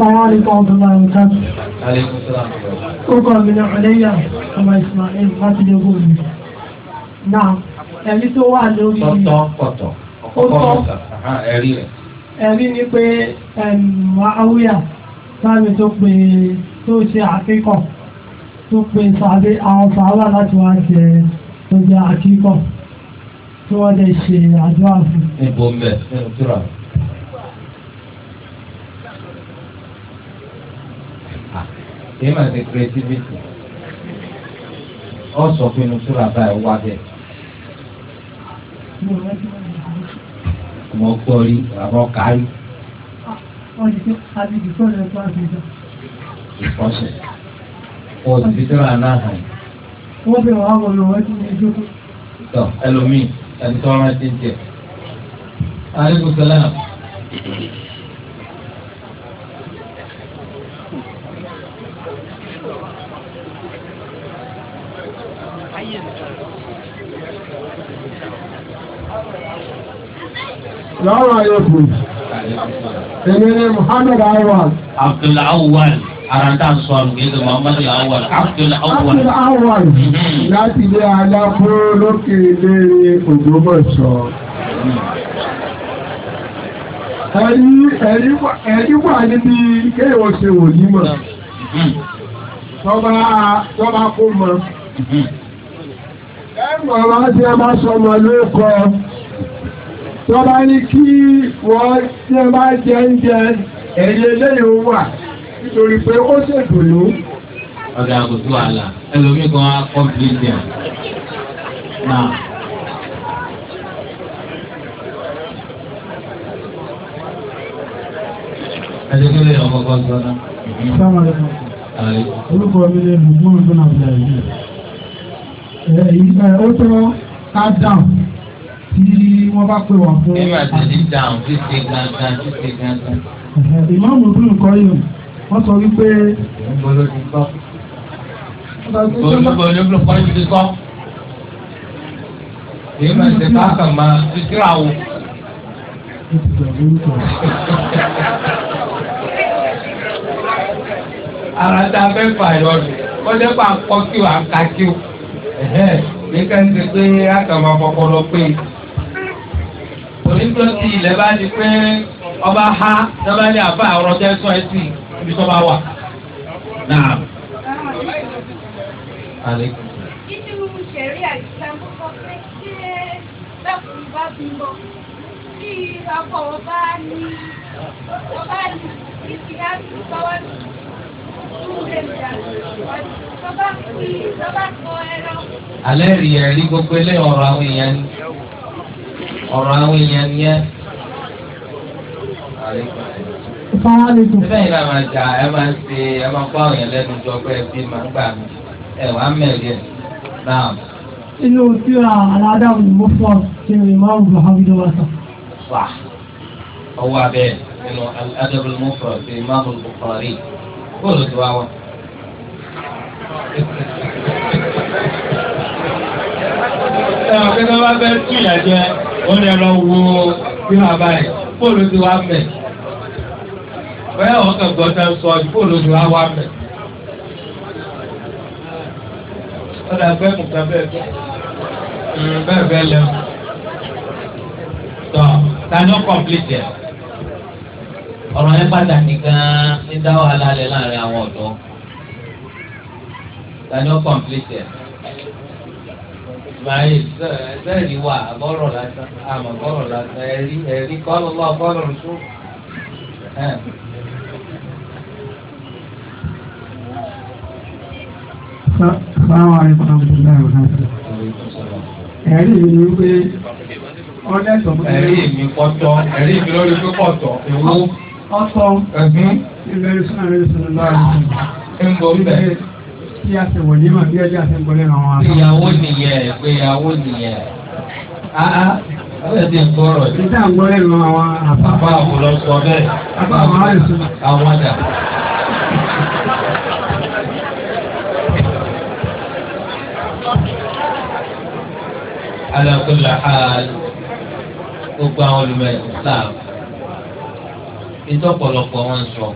Fọwọ́lẹ́kọ̀ ọdún máa ń kájú. Ó kọ́ mi ní ọ̀lẹ́yà ọmọ Ismail láti lè wò mí. Náà, ẹ̀rí tó wà lórí. Tọ́tọ́ pọ̀tọ̀. Ó tọ́. Ẹ̀rí rẹ̀. Ẹ̀rí ni pé Màáwíà sáàmì tó pe tó ṣe àkíkọ̀ tó pe sàbí àwọn sàárà láti wá jẹ tó jẹ àkíkọ̀ tí wọ́n lè ṣe àdúrà fún. Ìbò mẹ́ èyí máa ṣe creativity ọ sọ pé inú súra báyìí wá bẹ́ẹ̀. mo gbọ́ rí àwọn kárí. ìfọ̀sẹ̀ o ti fi tẹ́lẹ̀ náà hàn. wọ́n bẹ̀rẹ̀ wá wọ̀ lọ́wọ́ tí mo jókòó. tọ ẹlòmíì ẹni tó rántí jẹ. aleykum salaam. Salamu alaikum. Èmi ni Muhammad Awal. Abdul Awal. Aranta sọ̀rọ̀ kìí ṣe Muhammad Awal. Abdul Awal. Abdul Awal. Láti ilé Alábó mọ. tí wọ́n bá ní kí wọ́n tí wọ́n bá jẹ oúnjẹ ẹ̀yìn eléyìí ó wà nítorí pé ó ṣèdùnnú. ọ̀gá kò sí wàhálà ẹlòmíì kan á kọ́ bíríìjì ẹ̀ náà. Adékúnlé ọ̀kọ̀ọ̀kọ̀ sọ́nà. Orúkọ mi ni Mùsùlùmí Bọ́nà Bìlà yìí. Ó tọ́ ká dáhùn tí wọ́n bá pè wọ́n fún. nígbà tí ní dáhùn títí gangan títí gangan. ìmáàmù tó ń kọ́ yìí wọ́n sọ wípé. bolo ti kọ́. bolo bolo kọ́ yìí ti kọ́. èyí máa ṣe bá kàn máa títírà o. ara tá a fẹ́ fà yọ ni wọ́n jẹ́ pé à ń kọ́ kí o à ń ka kí o. ní ká ń ṣe pé a kàn máa fọpọlọ pé tó ti ilẹ̀ bá di pé ọba ha sábà ní àbá ọ̀rọ̀ tẹ́ sọ ẹ sí ibi tó bá wà. Alẹ́ rí ẹ̀rí gbogbo ilé ọ̀rọ̀ àwọn èèyàn ni ọ̀rọ̀ àwọn èèyàn ni ẹ. bẹ́ẹ̀ ni a máa jà ẹ máa ṣe ẹ máa kó àwọn èèyàn lẹ́nu jọ pé ẹ bí máa ń gbà mí ẹ wàá mẹ́rin ẹ̀ náà. inú tí a aládàbò mú fún ọ ṣe lè máa ń gbà wa sọ. wà ọwọ́ abẹ́ nínú aládàbò mú fún ọ ṣe máa ń bọ̀ kọ́ rí bóòlù tí wàá wọ̀. kí ló bá fẹ́ tún ìyà jẹ ó ní ẹlọ wo bí bàbá fóònù ti wá mẹ́ bẹ́ẹ̀ wọ́n kàn gbọ́ tẹ́ ń sọ fóònù ti wá wá mẹ́. ó bẹ́ẹ̀ mú kan bẹ́ẹ̀ bẹ́ẹ̀ bẹ́ẹ̀ lẹ́nu. tọ́ tani ó kọ́mplìtì ẹ̀ ọ̀rọ̀ yẹn pàtàkì gan-an ní dáwọ́ alálẹ̀ láàrin àwọn ọ̀dọ́ tani ó kọ́mplìtì ẹ̀ màáyì sẹ́ẹ̀lì wà àbọ̀rọ̀ lásán àmọ̀ bọ̀rọ̀ lásán ẹ̀rí ẹ̀rí kọ́lọ́ lọ́wọ́ bọ́rọ̀ lọ́sọ́. Báwo ni kò tó ń bẹ̀rù náà? Ẹ̀rí mi ni wípé ọ̀dẹ́sọ̀ bó ti rí. Ẹ̀rí mi kọ́tọ́, ẹ̀rí mi lórí pé kọ̀tọ̀, èwo. Ọ̀tọ̀. Ẹ̀gbín. Ìbẹ̀rù sọ̀rọ̀ ìṣẹ̀lẹ̀ lọ́wọ́. Ń bọ̀ ń kí a ṣe wòlíì mọ̀ bí ọjọ́ àti ìgbọ́lẹ̀ náà wọn. ìyàwó nìyẹn ìgbéyàwó nìyẹn. Ah, ah. Ọ̀rẹ́ ti ń gbọ́rọ̀ yìí. Ìjà ń gbọ́rẹ́ lu àwọn àpapọ̀. Àpá àwọn lọ sọ bẹ́ẹ̀. Àpá àwọn àìsàn. Àwọn àjà. alákòlá ha gbogbo àwọn olùmọ̀ islam ìtọ́pọ̀lọpọ̀ wọn sọ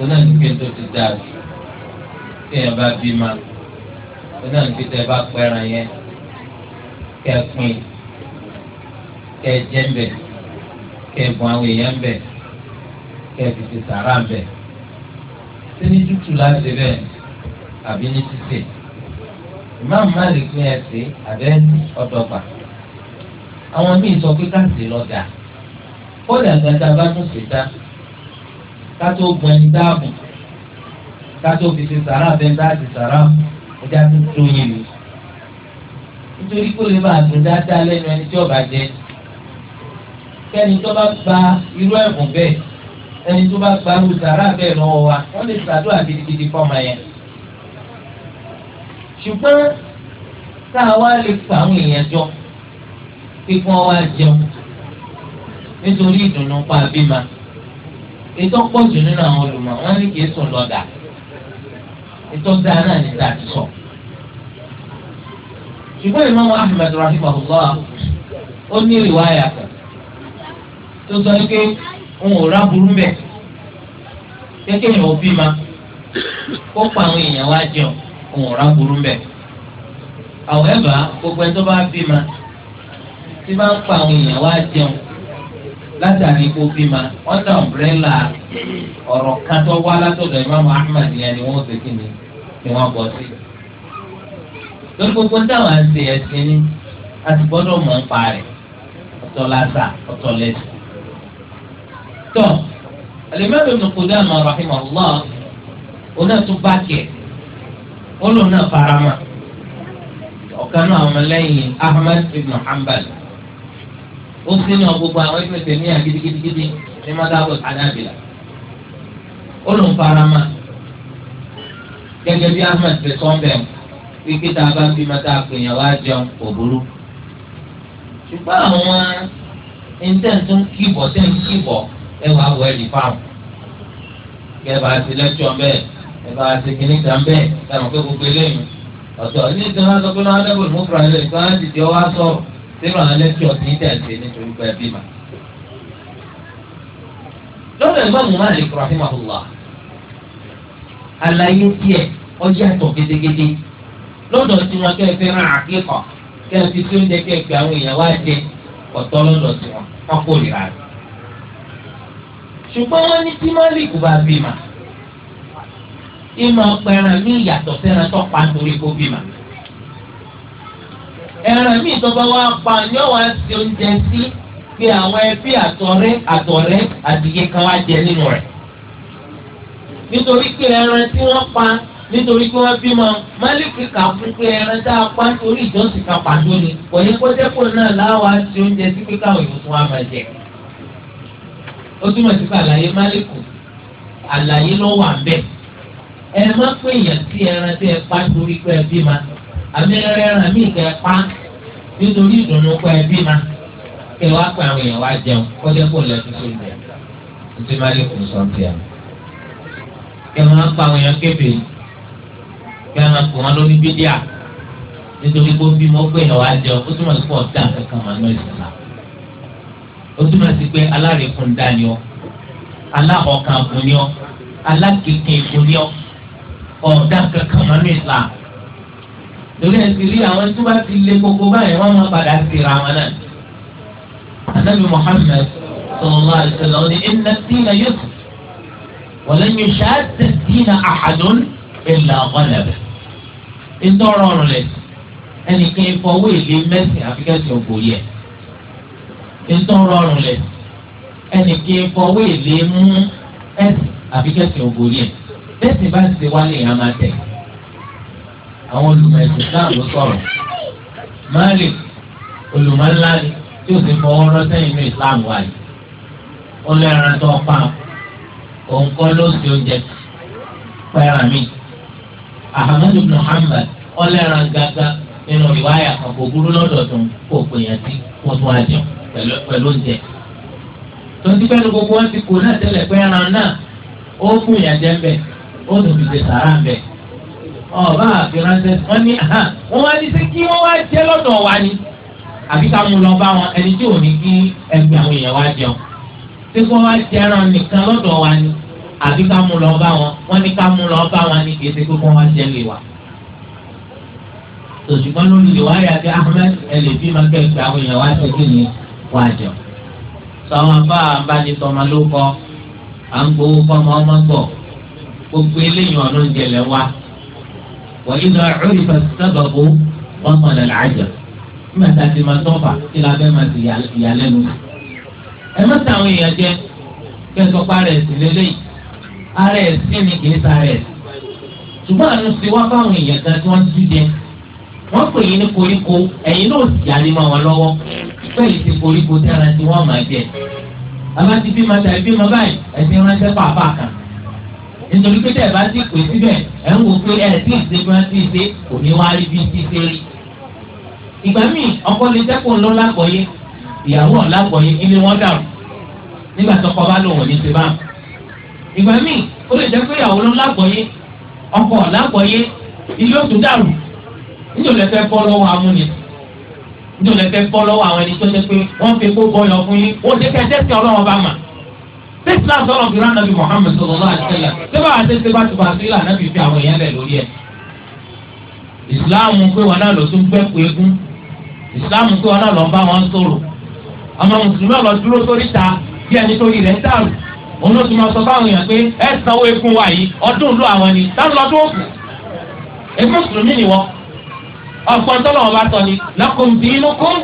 onáà ní pé tó ti dáa jù kéèyàn bá bí ma ó náà níbi tẹ́ bá pẹ́ran yẹn kẹ́ pin kẹ́ jẹ́ ń bẹ̀ kẹ́ bùn àwọn èèyàn ń bẹ̀ kẹ́ fi ti sàrà ń bẹ̀ ṣé ní tútù láti bẹ́ẹ̀ àbí ní títè ìmáàmù má lè pín ẹsẹ̀ àbẹ́ ọ̀dọ́gba àwọn míì sọ pé káàsì lọ́dà kódà gàdá bá tún ṣe dá ká tó gbọ́n dáàbò kátó fi ṣe sàrà bẹ́ẹ̀ bá ti sàrà ẹja tó tó yẹn ni. nítorí kó lè máa dùn dáadáa lẹ́nu ẹni tí ọba jẹ kẹ́ni tó bá gba irú ẹ̀bùn bẹ́ẹ̀ ẹni tó bá gba irú sàrà bẹ́ẹ̀ lọ́wọ́ wa wọ́n lè ṣàdúrà gidigidi fọ́ọ̀mà yẹn. ṣùgbọ́n tá a wá lè fa àwọn èèyàn jọ kí wọ́n wá jẹun nítorí ìdùnnú pa bímọ ètò pọ̀jù nínú àwọn olùmọ̀ wọ́n ní kì í sùn lọ́dà ìtọ́jú náà ní ìta àti sọ. ṣùgbọ́n Imam Ahmad rahimahullah ó ní ìwáyà kan tó sọ pé òun ò ráburú mbẹ kékeré yẹn ò bí kó pa àwọn èèyàn wá jẹun òun ò however gbogbo ẹni tó bá tí bá ń pa àwọn èèyàn wá jẹun látàrí kó bímọ ọ̀dà ọ̀mbrẹ́là ọ̀rọ̀ kan tó wá látọ̀dọ̀ ni wọ́n bọ́ sí. lórí gbogbo táwọn ń ṣe ẹ̀sìn ni a ti gbọ́dọ̀ mọ̀ ń pa rẹ̀ ọ̀tọ̀ lásà ọ̀tọ̀ lẹ́sìn. tọ́ Al-Imam Ibn Qudamah rahimahullah òun náà tún bá kẹ̀ ó lòun náà farama ọ̀kan náà ọmọlẹ́yìn Ahmad ibn Hanbal ó sínú gbogbo àwọn ìpèsè ní àgidigidigidi ní mọ́tàbọ̀ àdábìlà ó farama gẹ́gẹ́ bí ahmed ṣe sọ bẹ́ẹ̀ wípé tá a bá bí ma tá a pè yàn wá jẹun kò burú. ṣùgbọ́n àwọn intanet ń kíbọ̀ tẹ́ ń kíbọ̀ ẹ wàá wọ ẹ̀rí fáwọn. kẹ́ bá a ti lẹ́tọ̀ bẹ́ẹ̀ ẹ bá a ti kíní kan bẹ́ẹ̀ ẹ mọ̀ pé gbogbo eléyìí ọ̀tọ̀ ní ìtàn wọn sọ pé náà lẹ́bùn mú fúra ilé ìtàn láti jẹ́ wá sọ sínú àwọn lẹ́tọ̀ tí ń tẹ̀sí nítorí pé ẹ bí ma. lọ́dọ̀ ìgbà mùmáàlì àlàyé tiẹ̀ ọyàtọ̀ gédégédé lọ́dọ̀ tí wọn kẹ́ ẹ fẹ́ ràn àkíkọ̀ kẹ́ ẹ fi tí oúnjẹ kẹ́ ẹ gbé àwọn èèyàn wá jẹ ọ̀tọ̀ lọ́dọ̀ tí wọn wọn kò rí rárá. ṣùgbọ́n wọn ní tí malik bá bímọ ìmọ̀ pẹ̀ràn mí yàtọ̀ sẹ́ran tó pa nítorí kó bímọ. ẹran mi tó bá wá pa ni ó wá sí oúnjẹ sí pé àwọn ẹbí àtọ̀rẹ́ àtọ̀rẹ́ àdìyẹ kan wá jẹ nínú rẹ̀ nítorí pé ẹran tí wọ́n pa nítorí pé wọ́n bímọ málìkì kà fún pé ẹran tá a pa torí ìjọsìn kan pàtó ni kò ní kó jẹ́ kó náà láwa ṣe oúnjẹ sí pé káwọn èèyàn tún wá máa jẹ. ó túmọ̀ sí pé àlàyé málìkù àlàyé ló wà bẹ́ẹ̀ ẹ má pé èèyàn sí ẹran tí ẹ pa torí pé ẹ bímọ àmì ẹran míì kẹ pa nítorí ìdùnnú pé ẹ bímọ kẹ wá pé àwọn èèyàn wá jẹun kó jẹ́ kó lẹ́ẹ̀tún sóúnjẹ. ó ti málìkù sọ̀tì àná kí ẹ máa pa àwọn èèyàn kébè kí ẹ máa pò wọn lórí bídíà nítorí kó bí mo pé èèyàn wá jẹ ọ ó túmọ̀ sí pọ̀ dá kankan máa lọ ìsìlá ó túmọ̀ sí pé alárekùn dá ni ọ aláhọ̀kan kù ni ọ alákìkìn kù ni ọ ọ̀dá kankan máa lọ ìsìlá lórí ẹsìn rí àwọn tó bá ti lé gbogbo báyìí wọn máa padà sí ra wọn náà anabi Muhammad sallallahu alaihi wasallam ní inna ad walan yushadda ad-dina ahadun illa ghalaba ìtọ́rọ̀ ọ̀rùn lẹ̀ ẹnìkan ìfọwọ́ èlé mẹ́sìn àfikẹ́sì ògbòrí ẹ̀ ìtọ́rọ̀ ọ̀rùn lẹ̀ ẹnìkan ìfọwọ́ èlé mú ẹ̀sìn àfikẹ́sì ògbòrí ẹ̀ bẹ́sìn bá ti wálé yẹn a máa tẹ̀ àwọn olùmọ̀ ẹ̀sìn náà ló sọ̀rọ̀ máàlì olùmọ̀ ńlá ni tí ó sì fọwọ́ rọ́ sẹ́yìn ní ìsìláàmù wáyé ó lẹ́ran tó pa àpò òun kọ́ ló sì oúnjẹ pẹ́ẹ́rẹ́ mi ahmadu ibn hanbal ọlẹ́ran gàgà nínú ìwáyà kò burú lọ́dọọdún kò pè yẹn sí kó tún á pẹ̀lú oúnjẹ gbogbo wọn ti kó náà tẹ́lẹ̀ pẹ́ẹ́rẹ́ náà ó fún ọba àfiránṣẹ́ wọn ní wọn wá ní sí kí wọ́n wá jẹ́ lọ́dọ̀ wa lọ bá wọn ẹni tí ò ní kí ẹgbẹ́ àwọn tí kò wá jẹran nìkan lọ́dọ̀ wa ni àbí ká mú lọ bá wọn wọ́n ní ká mú lọ bá wọn ni kì í ṣe pé kò wá jẹ lè wà. tòṣùgbọ́n lórí ìwà yà kí Ahmed ẹlẹ́bí máa kẹ́ ẹgbẹ́ àwọn èèyàn wá sí kí ni wà jọ. sọ̀rọ̀ bá a bá ní tọ́mọ ló kọ́ à ń gbowó kọ́ ọmọ ọmọ gbọ̀ gbogbo eléyìí ọ̀nà oúnjẹ lẹ̀ wá. wọ́n yí lọ rí ìfẹsẹ̀sẹ̀ ẹ má tàwọn èèyàn jẹ kí ẹ sọ pé ara ẹ̀sìn lélẹ́yìí ara ẹ̀sìn ni kì í sa ara ṣùgbọ́n àánú ti wá fáwọn èèyàn kan tí wọ́n ti jẹ wọ́n pè yín ní koríko ẹ̀yin ma wọn lọ́wọ́ bẹ́ẹ̀ ti koríko tára tí wọ́n máa jẹ bàbá ti bímọ tàbí bímọ báyìí ẹ̀sìn ránṣẹ́ kan nítorí pé tẹ̀ bá ti pè síbẹ̀ ẹ̀ ń wo pé ẹ̀ tí ìṣe ṣe ìyàwó ọ̀làgbọ̀yìn ilé wọn dàrú nígbà tó kọ́ bá lòun ò ní ti bá. ìgbà míì ó lè jẹ́ pé ìyàwó ló lágbọ̀yìn ọkọ ọ̀làgbọ̀yìn ilé òtún dàrú nítorí ẹ̀fẹ́ bọ́ lọ́wọ́ amúni nítorí ẹ̀fẹ́ bọ́ lọ́wọ́ àwọn ẹni tó ṣe pé wọ́n fi kó bọ́yọ̀ fún yín ó ti kẹ́ẹ́ tẹ́sí ọlọ́wọ́ bá mà. tẹ́sílá sọ̀rọ̀ fi rán nàbì Muhammad sallallahu alaihi wasallam tó bá wà tẹ́sí bá ti bá sí ìlànà fi fi àwọn èèyàn lẹ̀ lórí ẹ̀. ìsìláàmù pé wọn náà lọ tún gbẹ́kù eégún ìsìláàmù pé wọn náà lọ bá wọn sọ̀rọ̀ àmọ́ mùsùlùmí ọ̀lọ́ dúró sórí ta bí ẹni tó yìí rẹ̀ ń dàrú òun ló ti máa sọ fáwọn èèyàn pé ẹ sanwó egun wa yìí ọdún ló àwọn ni táwọn lọ́dún òkú èmi mùsùlùmí ni wọ́n ọ̀pọ̀n tó lọ́wọ́ bá sọ ni lakum dinukum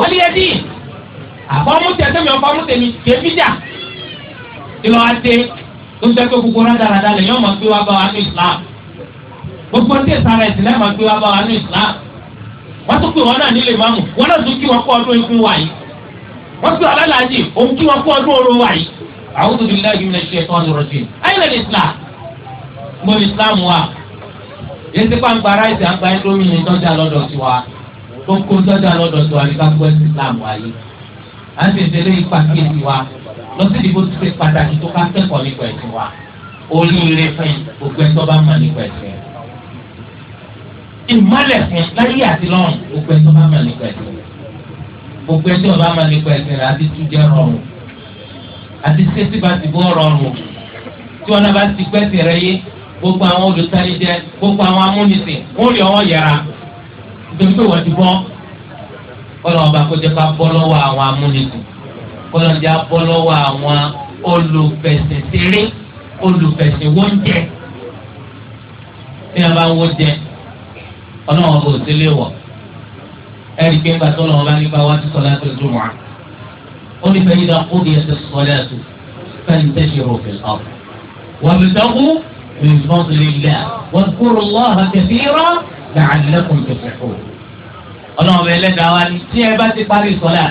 waliya din àfọ́mú tẹ̀sẹ̀mí ọ̀fọ́mú tẹ̀mí kèéfì jà ìlọ adé tó ń jẹ́ pé gbogbo rádaràda lè yọ̀ọ́ máa gbé wá bá wa ní Islam gbogbo ní ìsara ẹ̀sìn náà máa gbé bá wa ní Islam wọ́n tún pè wọ́n náà nílé máàmù wọ́n náà tún kí wọ́n kọ́ ọdún ikú wa yìí wọ́n sọ alálàájì òun kí wọ́n kú ọdún oró wa yìí. a'udhu billahi minash shaitanir rajim. ayé lẹ́nu islam mo ní islam wa yẹn ti pa ń gba ráìsì à ń gba ẹ̀dọ́ mi ní tọ́jà lọ́dọ̀ tiwa tó kó tọ́jà lọ́dọ̀ tiwa ní káfíńkù ẹ̀sìn islam wa yìí. à ń tètè lé ipa kéèsì wa lọ sí ìdìbò ti ṣe pàtàkì tó ká kẹ́kọ̀ọ́ nípa ẹ̀sìn wa oríire fún gbogbo ẹ̀tọ́ bá mà nípa ẹ̀sìn ìmọ̀lẹ̀ fún láyé àti lọ́run gbogbo ẹ̀tọ́ bá mà nípa ẹ̀sìn gbogbo ẹjọ́ bá máa nípa ẹ̀sìn rẹ̀ àti tún jẹ́ rọrùn àti sẹ́sì bá ti bọ́ rọrùn tí wọn náà bá ti gbẹ́sìn rẹ yé gbogbo àwọn olùtanijẹ gbogbo àwọn amúnisìn wọn lè ọwọ́ yẹra nítorí pé wọ́n ti bọ́ ọlọ́wọ́n bá kó jẹ́ ká bọ́ lọ́wọ́ àwọn amúnisìn kọ́lọ́n jẹ́ bọ́ lọ́wọ́ àwọn olùfẹ̀sìn ṣeré olùfẹ̀sìn wọ́njẹ tí wọn bá ń wọ́njẹ ọlọ́wọ́n bò sílé wọ̀ ẹ̀rí pé ńgbà tó lọ́wọ́ bá ní bá wá ti sọ̀lá tó dùn wá. ó ní fẹ́ẹ́ yíra kó di ẹsẹ̀ sọ̀lá tó fẹ́ẹ́ tẹ́ ṣe òfin ọ̀. wà á bìtọ́ kú nǹkan tó lè lẹ́ wà á kúrò lọ́ha kẹfìrọ́ làálẹ́kùn tẹ̀sẹ̀kù. ọlọ́run bẹ ẹlẹ́dàá wa ni tí ẹ bá ti parí sọ̀lá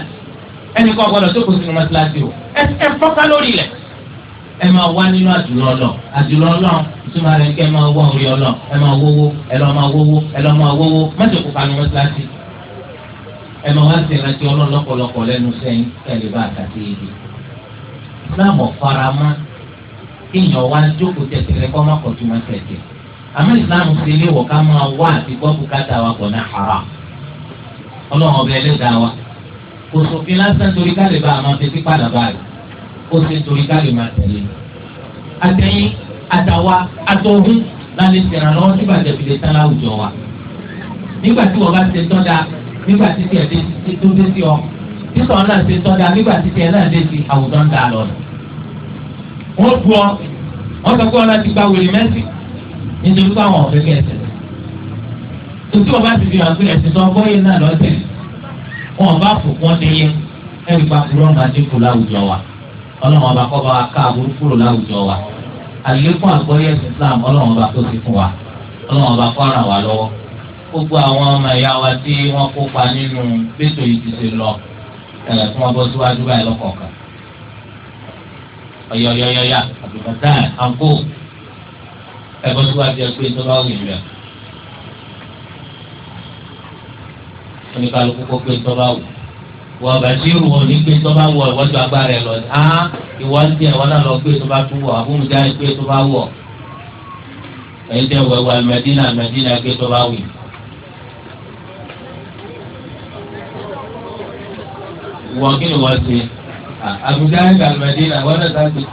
ẹnì kan gbọ́dọ̀ tó kù sínú mọ́tíláṣí o ẹ fọ́ká lórí ilẹ̀ ẹ máa wá nínú àdúrà ọlọ àdúrà ọlọ ìtumọ̀ rẹ̀ kẹ́ ẹ máa wá orí ọlọ ẹ máa wówó ẹ lọ́ máa wówó ẹ lọ́ máa wówó mọ́tò kó kanu mọ́tíláṣí ẹ máa wá sí ìrántí ọlọ́run lọ́pọ̀lọpọ̀ lẹ́nu sẹ́yìn kẹ́lẹ́ bá àtàtì ibi. Islam ọ̀farama kéèyàn wá jókòó tẹ̀tẹ̀rẹ̀ kọ́ máa kọ̀tún máa tẹ̀tẹ̀. Àmọ́ Islam ti lé wọ̀ ká máa wá àti gbọ́ bùkátà wa pọ̀ ní Ọlọ́run ọbẹ̀ ẹlẹ́dàá wa. Kò sófin lásán torí kálí bá àwọn afẹ́sí padà báyìí. Ó sì ń torí kálí máa tẹ̀lé. Àtẹ̀yìn àtàwa àtọ̀hún lálẹ́ sẹ̀ràn lọ́wọ́ nígbà tẹ̀fìlẹ̀ tán láwùjọ wa. nígbà tí tiẹ̀ dé tó dé sí ọ títọ̀ náà ṣe tọ́ nígbà tí tiẹ̀ náà dé sí àwùjọ ń da lọ. wọ́n fu ọ wọ́n sọ pé ọ̀nà ti gba wèrè mẹ́sì nítorí ọba ti fi hàn pé ẹ̀sìn sọ náà lọ́sẹ̀ wọn bá fò pọ́n ní yẹn ẹ̀rí pa kúrọ́ máa dín kù láwùjọ wa ọlọ́run ọba kọ́ bá wa ká kúrò láwùjọ wa àlékún Islam ọlọ́run gbogbo àwọn ọmọ ìyá wa tí wọ́n kópa nínú bẹ́tò yìí ti ṣe lọ ẹ̀rẹ̀ fún ọbọ̀ síwájú báyìí lọ́kọ̀ọ̀kan. ọ̀yọ̀yọ̀yọ̀yà àbùkátàn àgó ẹ̀bọ̀ síwájú ẹ pé tó bá wù ìlú ẹ̀. oníkàlùkù kó pé tó bá wù wọ́n bá sí ìrù wọn ní pé tó bá wọ̀ agbára ẹ̀ lọ á ìwọ́ ń tiẹ̀ wọ́n náà lọ pé tó bá tún wọ̀ àbúrúdá pé tó bá wọ̀ ẹ̀yin tẹ́ wọ̀ ẹ̀wọ̀ àmẹ́dínà àmẹ́dínà wù ìlú. wọ́n kí ni wọ́n ṣe àbújá ń gbà mẹ́dínà wọ́n náà sáà ti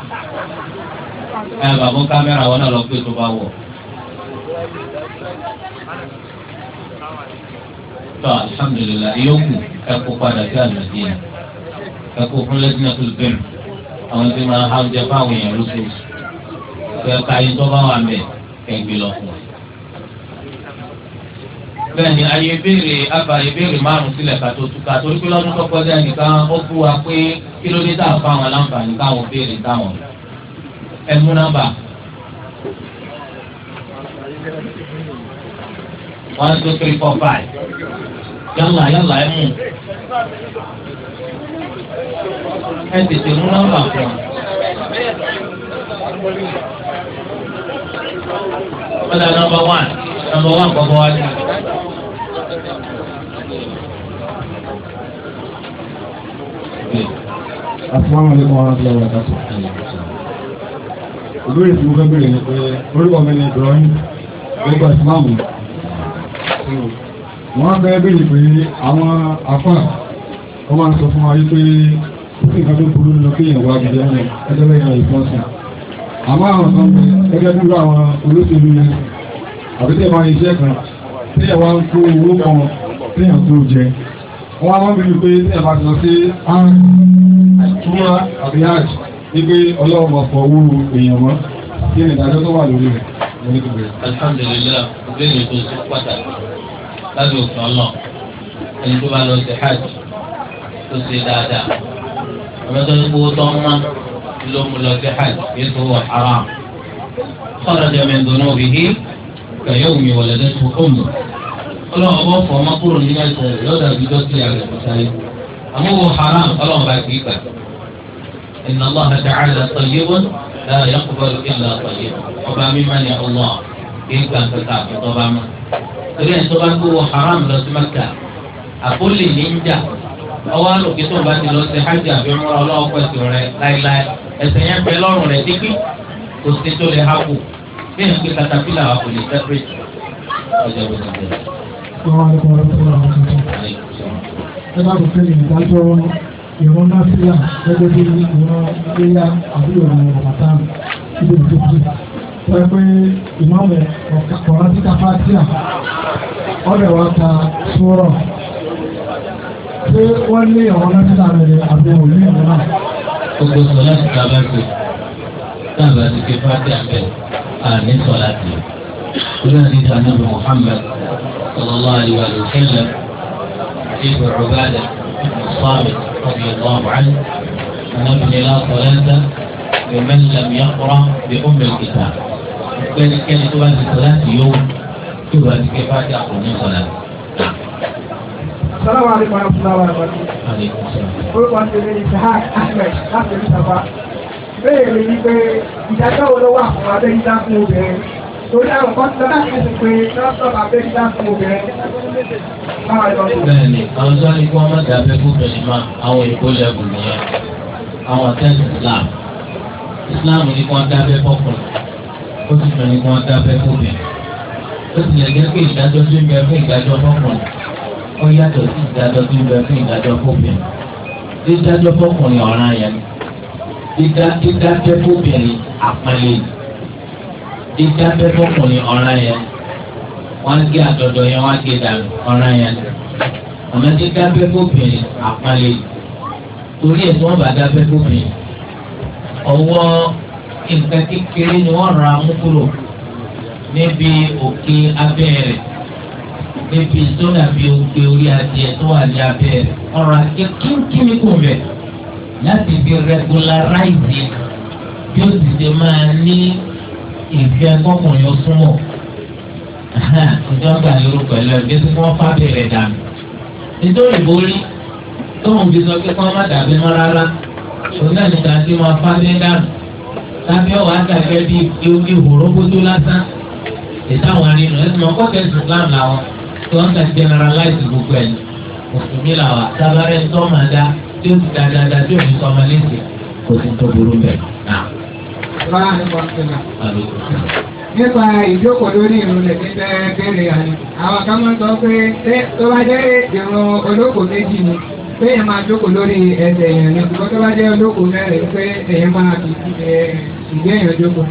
ẹ bàbá kámẹ́rà wọn náà lọ pé tó bá wọ̀. tó alhamdulilah yókù ẹkú padà sí àlùmọ̀dínà ẹkú fún lẹ́sìn ẹ̀kú bẹ́ẹ̀ àwọn tí máa ń hàn jẹ fáwọn èèyàn lóṣooṣù kẹ́ka yín tó bá wà mẹ́ kẹ́gbẹ́ lọ́kùnrin bẹ́ẹ̀ ni ayé béèrè afa ìbéèrè márùn sílẹ̀ ká tó túká torí pé lọ́dún tó kọjá nìkan ó fún wa pé kí a fáwọn láǹfààní káwọn béèrè táwọn ẹ mú nọ́mbà. one two three four five yálà yálà ẹ mú ẹ tètè mú nọ́mbà fún ọ ọ̀dà nọmba wán nọmba wán kọ̀ọ̀kan wá Asalaamualeykum warahmatullahi wabarakatuh. Ìbéèrè tí mo fẹ́ béèrè ni pé orúkọ mi ni Ibrahim nígbà Ìsìláàmù. Wọ́n fẹ́ béèrè pé àwọn afá wọ́n máa ń sọ fún wa wípé kò sí nǹkan tó burú nínú kéèyàn wá gidi ẹ̀rọ ẹgbẹ́ bẹ́ẹ̀ ìfọ́n sí. Àmọ́ àwọn olóṣèlú yẹn àbí tẹ̀ máa iṣẹ́ kan tí ẹ̀ wá ń kó owó kan tí ẹ̀ tó jẹ wọ́n á wọ́n bíi pé tí ẹ̀ bá sọ sí túmọ̀ àbí hajj wípé ọlọ́run máa fọ owó èèyàn mọ́ kí ni ìdájọ́ tó wà lórí rẹ̀ lórí ìgbẹ́. alhamdulilayi tó ṣe pàtàkì lábẹ́ òfin ọlọ́run ẹni tó bá lọ sí hajj tó ṣe dáadáa ọmọdé ní kó tó ń mọ́ ló mú lọ sí hajj yóò tó wọ haram. خرج من ذنوبه kàyọ́ mi wọlé lẹ́tọ́ ọ̀mù ọlọ́run ọmọ fọ ọmọ kúrò nínú ẹsẹ̀ lọ́dà bí dókítà rẹ̀ kò sáyé àmọ́ wọ haram ọlọ́run bá kì í gbà inna Allah ta'ala tayyibun la yaqbalu illa tayyiban ọba mímọ́ ni ọlọ́ kì í gbà kankan àtọ́tọ́ bá mọ́ torí ẹ̀ tó bá gbé wọ haram lọ sí mẹ́ta àpólì ní ń jà ọwọ́ àlòkè tó bá ti lọ sí hajj àbí ọmọ ọlọ́wọ́ pẹ̀sì rẹ̀ láíláí ẹ̀sẹ̀ yẹn pẹ̀ lọ́rùn rẹ̀ dípì kò sí tó lè hákù bí èèyàn pé katapila wa kò lè separate ọjọ́ gbogbo ẹ̀. ẹ bá kò fẹ́ ìdájọ́ ìran náà sílà gẹ́gẹ́ bí ìran léyà àbúrò ìran ọ̀bàtàn ibi ìdókòwò wọ́n pé ìmáàmù ọ̀rá títa fátíà ọ̀dẹ̀ wa ta sọ́rọ̀ pé wọ́n ní ọ̀rọ̀ náà títa rẹ̀ àbí òun ní ìran náà. gbogbo sọ láti ta bá ti ta bá ti ké fátíà bẹ́ẹ̀. القرآن من صلاته وفي حديث عن نبي محمد صلى الله عليه وآله وسلم حديث عبادة بن الصامت رضي الله عنه أن ابن لا صلاة لمن لم يقرأ بأم الكتاب بل كان يتوازي صلاة يوم تبهد كفاة أقل من صلاة السلام عليكم ورحمة الله وبركاته عليكم السلام bẹ́ẹ̀ lè ní pé ìdájọ́ wo ló wà fún abẹ́yídá fún obìnrin torí àwọn kan ti lọ́dà kẹ́sì pé lọ́sọ̀rọ̀ abẹ́yídá fún obìnrin. bẹ́ẹ̀ni àwọn tó ní kí wọn má dà bẹ fúnbẹrin mọ àwọn èkó lẹbùn nìyẹn àwọn tẹsí islam islam ní kí wọn dábẹ fọkùnrin ó sì fẹ́ ní kí wọn dábẹ fúnbẹrin ó sì lè jẹ́ pé ìdájọ́ tó ń bẹ fún ìdájọ́ fọkùnrin ó yàtọ̀ sí ìdájọ́ tó ń bẹ fún ìdájọ́ fúnbẹrin ìdájọ́ fọkùnrin ọ̀ràn yẹn ni dídá dídá tẹ́fọ́bìnrin àpẹẹlẹ dídá tẹ́fọ́kùnrin ọ̀ràn yẹn wọ́n gé àdọ̀dọ̀ yẹn wọ́n gé dànù ọ̀ràn yẹn àmọ́ dídá tẹ́fọ́bìnrin àpẹẹlẹ torí ẹ̀ tí wọ́n bá dá tẹ́fọ́bìnrin ọwọ́ nǹkan kékeré ni wọ́n ra mú kúrò níbi òkè abẹ́ rẹ̀ níbi tó dàbí òkè orí adìẹ tó wà ní abẹ́ rẹ̀ ọ̀ràn kékeré kí ni kò bẹ̀rẹ̀ láti fi regularize bí ó sì ṣe máa ní ìfẹ́ kọkùnrin súnmọ́ ìjọba lóru pẹ̀lú ẹgbẹ́ tí wọ́n fábẹ̀rẹ̀ dànù. nítorí borí tóun fi sọ pé kí wọ́n má dàbí mọ́ rárá òun náà nígbà tí wọ́n fábẹ́ dànù lábẹ́ ọ̀wá àtàkẹ́ bíi omi òrókótó lásán ìtàwọn arínú ẹ̀sìn mọ́ kọ́kẹ́ làwọn tí wọ́n ń ta generalize gbogbo ẹ̀ mùsùlùmí làwọn tábàárẹ̀ ń tọ́ màá dá tí ó ti dáadáa tí ò ní sọ ọmọ léṣe kò sí tó burú bẹ́ẹ̀ náà. nípa ìjókòó lórí ìrun lè ní bẹ́ẹ̀ bẹ́ẹ̀rẹ̀ àná àwọn kan máa ń sọ pé tó bá jẹ́ ìrun olóko méjì ni pé èèyàn máa jókòó lórí ẹsẹ̀ èèyàn ni ṣùgbọ́n tó bá jẹ́ olóko mẹ́rin pé èèyàn máa fi ìgbé èèyàn jókòó.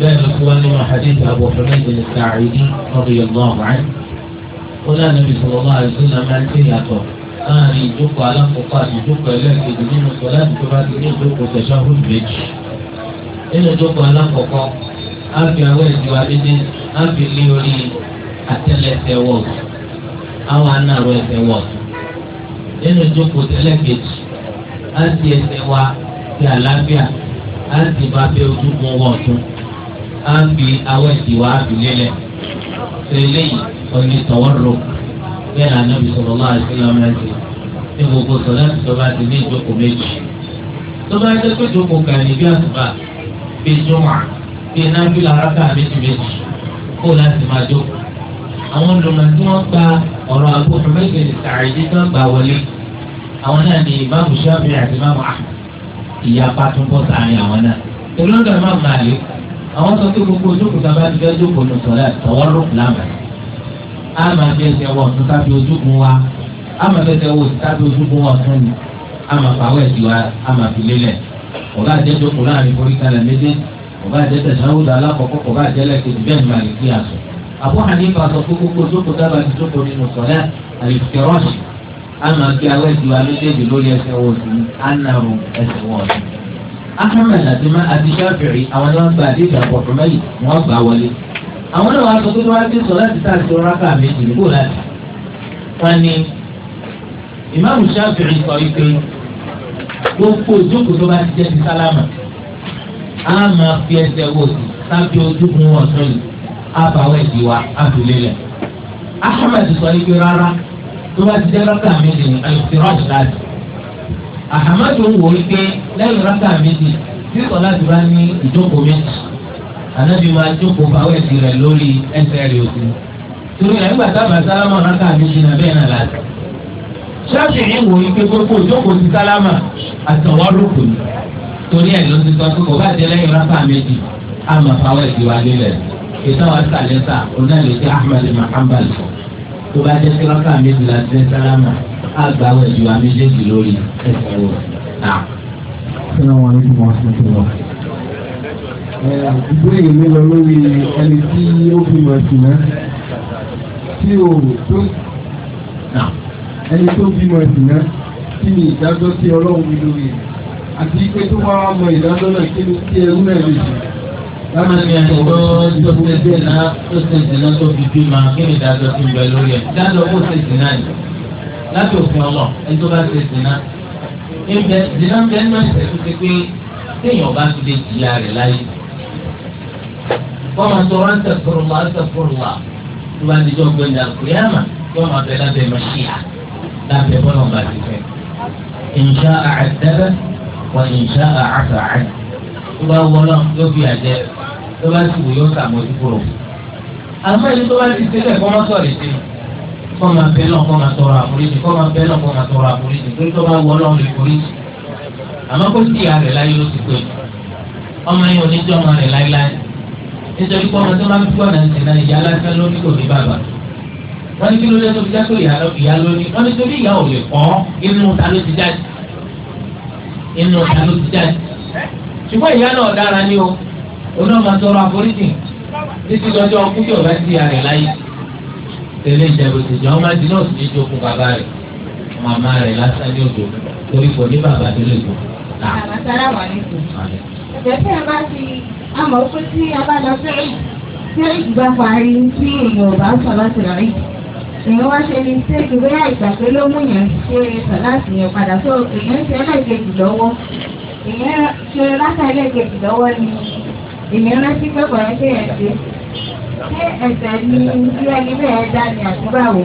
bẹ́ẹ̀ ló fún wa nínú hadith Abu Hamid al-Sa'idi radiyallahu anhu ó náà níbi sallallahu alaihi wasallam máa ń láàrin ìjókòó alákọ̀ọ́kọ́ àti ìjókòó ẹlẹ́ẹ̀kejì nínú sọlá tó bá ti ní ìjókòó tẹ̀sán fún méjì. nínú ìjókòó alákọ̀ọ́kọ́ á fi àwọn ẹ̀dùn adédé á fi lé orí àtẹlẹsẹ̀ wọ̀ọ̀tù àwọn anáàrọ̀ ẹsẹ̀ wọ̀ọ̀tù. nínú ìjókòó ẹlẹ́ẹ̀kejì á ti ẹsẹ̀ wa ti àlàáfíà á ti bá fẹ́ ojúkun wọ̀ọ̀tù á fi àwọn ẹ̀dùn wa á fi lélẹ̀ bẹ́ẹ̀ anábì sọ̀rọ̀ máa ṣe lámẹ́sì ní gbogbo sọ̀rọ̀ láti tọ́ba ti ní ìjókòó méjì. tó bá jẹ́ pé ìjókòó kan ní bí àtúbà bí jọ́mà bí nábìlà arákà méjì méjì kó láti máa jókòó. àwọn olùmọ̀ tí wọ́n gba ọ̀rọ̀ agbóhùn méjì sàrìdí tó ń gbà wọlé àwọn náà ni ìmáàmù Ṣáfi'í àti ìmáàmù Ahmad ìyapa tó ń bọ́ sáárín àwọn náà. èló ń dọ̀ ìmáàmù á máa fi ẹsẹ̀ wọ̀ ọ̀tún káfí ojúkun wa á máa fi ẹsẹ̀ wọ̀ ọ̀tún káfí ojúkun wa ọ̀tún ni á máa fàwọ̀ ẹ̀sìn wa á máa fi lélẹ̀ ọ̀gá àjẹjọ́ kò láàrin forí kalẹ̀ méjì ọ̀gá àjẹjọ́ sáwùdà alákọ̀ọ́kọ́ ọ̀gá àjẹlẹ̀ kejì bẹ́ẹ̀ ni màlìkí àṣọ. Abu Hanifa sọ pé gbogbo jókòó dábàá ti jókòó nínú sọ̀lẹ́ àlìfẹ́rọ́ọ̀sì á máa fi awẹ́ ju alójéjì lórí ẹsẹ̀ wọ̀ ọ̀tún á nàró ẹsẹ̀ wọ̀ ọ̀tún. Ahmed àti Shafi'i àwọn ni wọ́n gba àdéhùn àpọ̀tùmẹ́lì wọ́n gbà wọlé àwọn náà wàá sọ pé wọ́n á ti sọ láti tá a ti rọ́ra ká méjì nígbò láti. wọ́n ní ìmáàmù Ṣáfi'í sọ wípé gbogbo ìjókòó tó bá ti jẹ́ ti sálámà á máa fi ẹsẹ̀ wò sí sábẹ́ ojúkun ọ̀tún yìí á bá wẹ̀ sí wa á fi lélẹ̀. Ahmed sọ wípé rárá tó bá ti jẹ́ rọ́kà méjì ní alifirọ́ọ̀sì láti. Ahmed ń wò wípé lẹ́yìn rọ́kà méjì tí sọ láti bá ní ìjókòó méjì anabi máa jókòó fáwọn ẹsẹ̀ rẹ̀ lórí ẹsẹ̀ rẹ̀ òkú torí ẹ̀ ńgbà sábà sálámà rákà méjì náà bẹ́ẹ̀ náà láti. ṣáàṣì ní wò ike gbogbo ìjókòó ti sálámà àtọwọ́ lóko ni torí ẹ̀ ló ti sọ pé kò bá jẹ lẹ́yìn rákà méjì á máa fáwọn ẹsẹ̀ wa lélẹ̀ ìtawà sàlẹ́sà onáìlẹ́sẹ̀ Ahmad Muhammad tó bá jẹ́ rákà méjì láti sálámà á gbà wẹ̀ ju àméjèèjì lórí ẹsẹ̀ wò. Assalamu alaikum warahmatullahi ìbéèrè mi lọ lórí ẹni tí ó fi mọ̀ sí náà tí o tó ẹni tó fi mọ̀ sí náà kí ni ìdájọ́ tí ọlọ́run mi lórí rẹ̀ àti pé tó bá wà mọ ìdájọ́ náà kí ni kí ẹrú náà lè jù. Báwo ni ẹni tó tó ṣe dènà tó ṣe dènà tó fi bí ma kí ni ìdájọ́ ti bẹ lórí ẹ̀? Ìdájọ́ kò ṣe dènà yìí. Láti òfin ọlọ́ ẹni tó bá ṣe dènà. Ìbẹ̀ dènà bẹ́ẹ̀ náà ṣe tó ṣe pé téèyàn bá fi lè jìyà rẹ̀ láyé wọ́n máa sọ wọ́n tẹ̀sùrù wá tẹ̀sùrù wá tó bá ti jọ gbẹ̀dẹ̀ àkúyàmà yóò máa bẹ lábẹ́ màṣíà lábẹ́ bọ́lá ọba ti fẹ́. ìnṣá àdẹ́rẹ́ wà ìnṣá àfààní tó bá wọlọ́ yóò fi àjẹ tó bá ti wù yóò sàmójú kúrò. àmọ́ ẹni tó bá ti sílẹ̀ kọ́ máa sọ̀rọ̀ sí kọ́ máa bẹ náà kọ́ máa tọrọ àforíjì kọ́ máa bẹ náà kọ́ máa tọrọ àforíjì nítorí pé ọmọ tó máa ń fi ọ̀nà ìsìn náà ìyá lásán ló ní kò ní bàbá wọ́n ní kí ló dé tó fi já pé ìyá ló ní wọ́n ní torí ìyá ò lè kọ́ inú ta ló ti jáde inú ta ló ti jáde ṣùgbọ́n ìyá náà dára ní o oná máa tọrọ àforíjì títí lọ́jọ́ ọkú tí ọ̀gá ti rẹ̀ láyé tẹ̀lé ìjẹ̀bù tìjọ́ ọmọ àti náà sì ní jókòó bàbá rẹ̀ màmá rẹ̀ lásán ní òjò torí kò ní bàbá tó lè gbọ́. àbàtà a bá a mọ̀ pé tí a bá lọ sí tí ẹ̀yìn bá parí tí èèyàn ò bá sọ láti rà ẹ̀yìn èèyàn wá ṣe ní bóyá ìgbà pé ló mú ṣe sọ láti padà tó èèyàn ṣe lọ́wọ́ èèyàn ṣe lọ́wọ́ ni èèyàn rántí pé ẹ̀ ṣe ṣé ẹ̀sẹ̀ ni bí ẹni bẹ́ẹ̀ dá ni àtúbàwò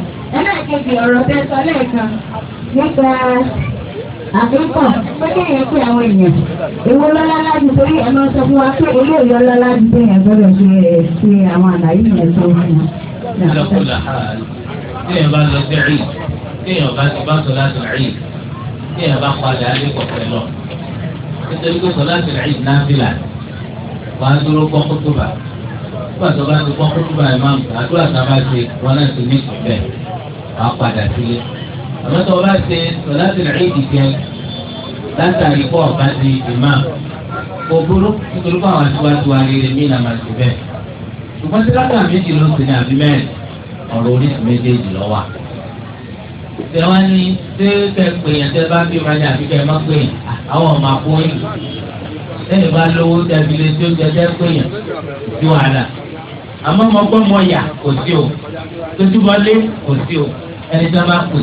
ọ̀rọ̀ sọ lẹ́ẹ̀kan nípa àfikún pé kéèyàn pé àwọn èèyàn èwo lọ́lá láti torí ẹ̀ máa sọ fún wa pé ilé ìyọ́ lọ́lá ti kéèyàn gbọ́dọ̀ ṣe ẹ̀ ṣe àwọn àlàyé yẹn tó fún un. ìlọ́kùnlá kéèyàn bá lọ sí rí kéèyàn bá ti bá sọ láti rí kéèyàn bá padà á lè kọ̀ọ̀kẹ́ lọ. nítorí pé sọ láti rí náfìlà wà á dúró gbọ́ kótóbà nígbà tó bá ti gbọ́ kótóbà ẹ̀ máa ń gbà àdúrà tá a ṣe wọn náà ti ní ìpínlẹ̀ àmọ́ tó o bá ṣe sọ̀láṣì rẹ̀ ìdìgẹ́ látàrí pọ̀ bá di ìmọ̀ kò burú nítorí pé àwọn aṣíwájú wa rere mí là máa ṣe bẹ́ẹ̀. ṣùgbọ́n tí lágbà méjì ló ṣe ní àbí mẹ́rin ọ̀rọ̀ oríṣìí méjèèjì lọ wà. ṣé wọ́n ní ṣé kẹ́ pé yẹn tẹ́ bá bí ma ní àbí kẹ́ má pé àwọn ọmọ àpò yìí lẹ́yìn bá lówó tẹ̀bi lé tí ó jẹ tẹ́ pé yẹn ju àlà. àmọ́ mọ́gbọ́n mọ́ yà kò sí o tójúbọ́lé kò sí o ẹni tí wọ́n bá pè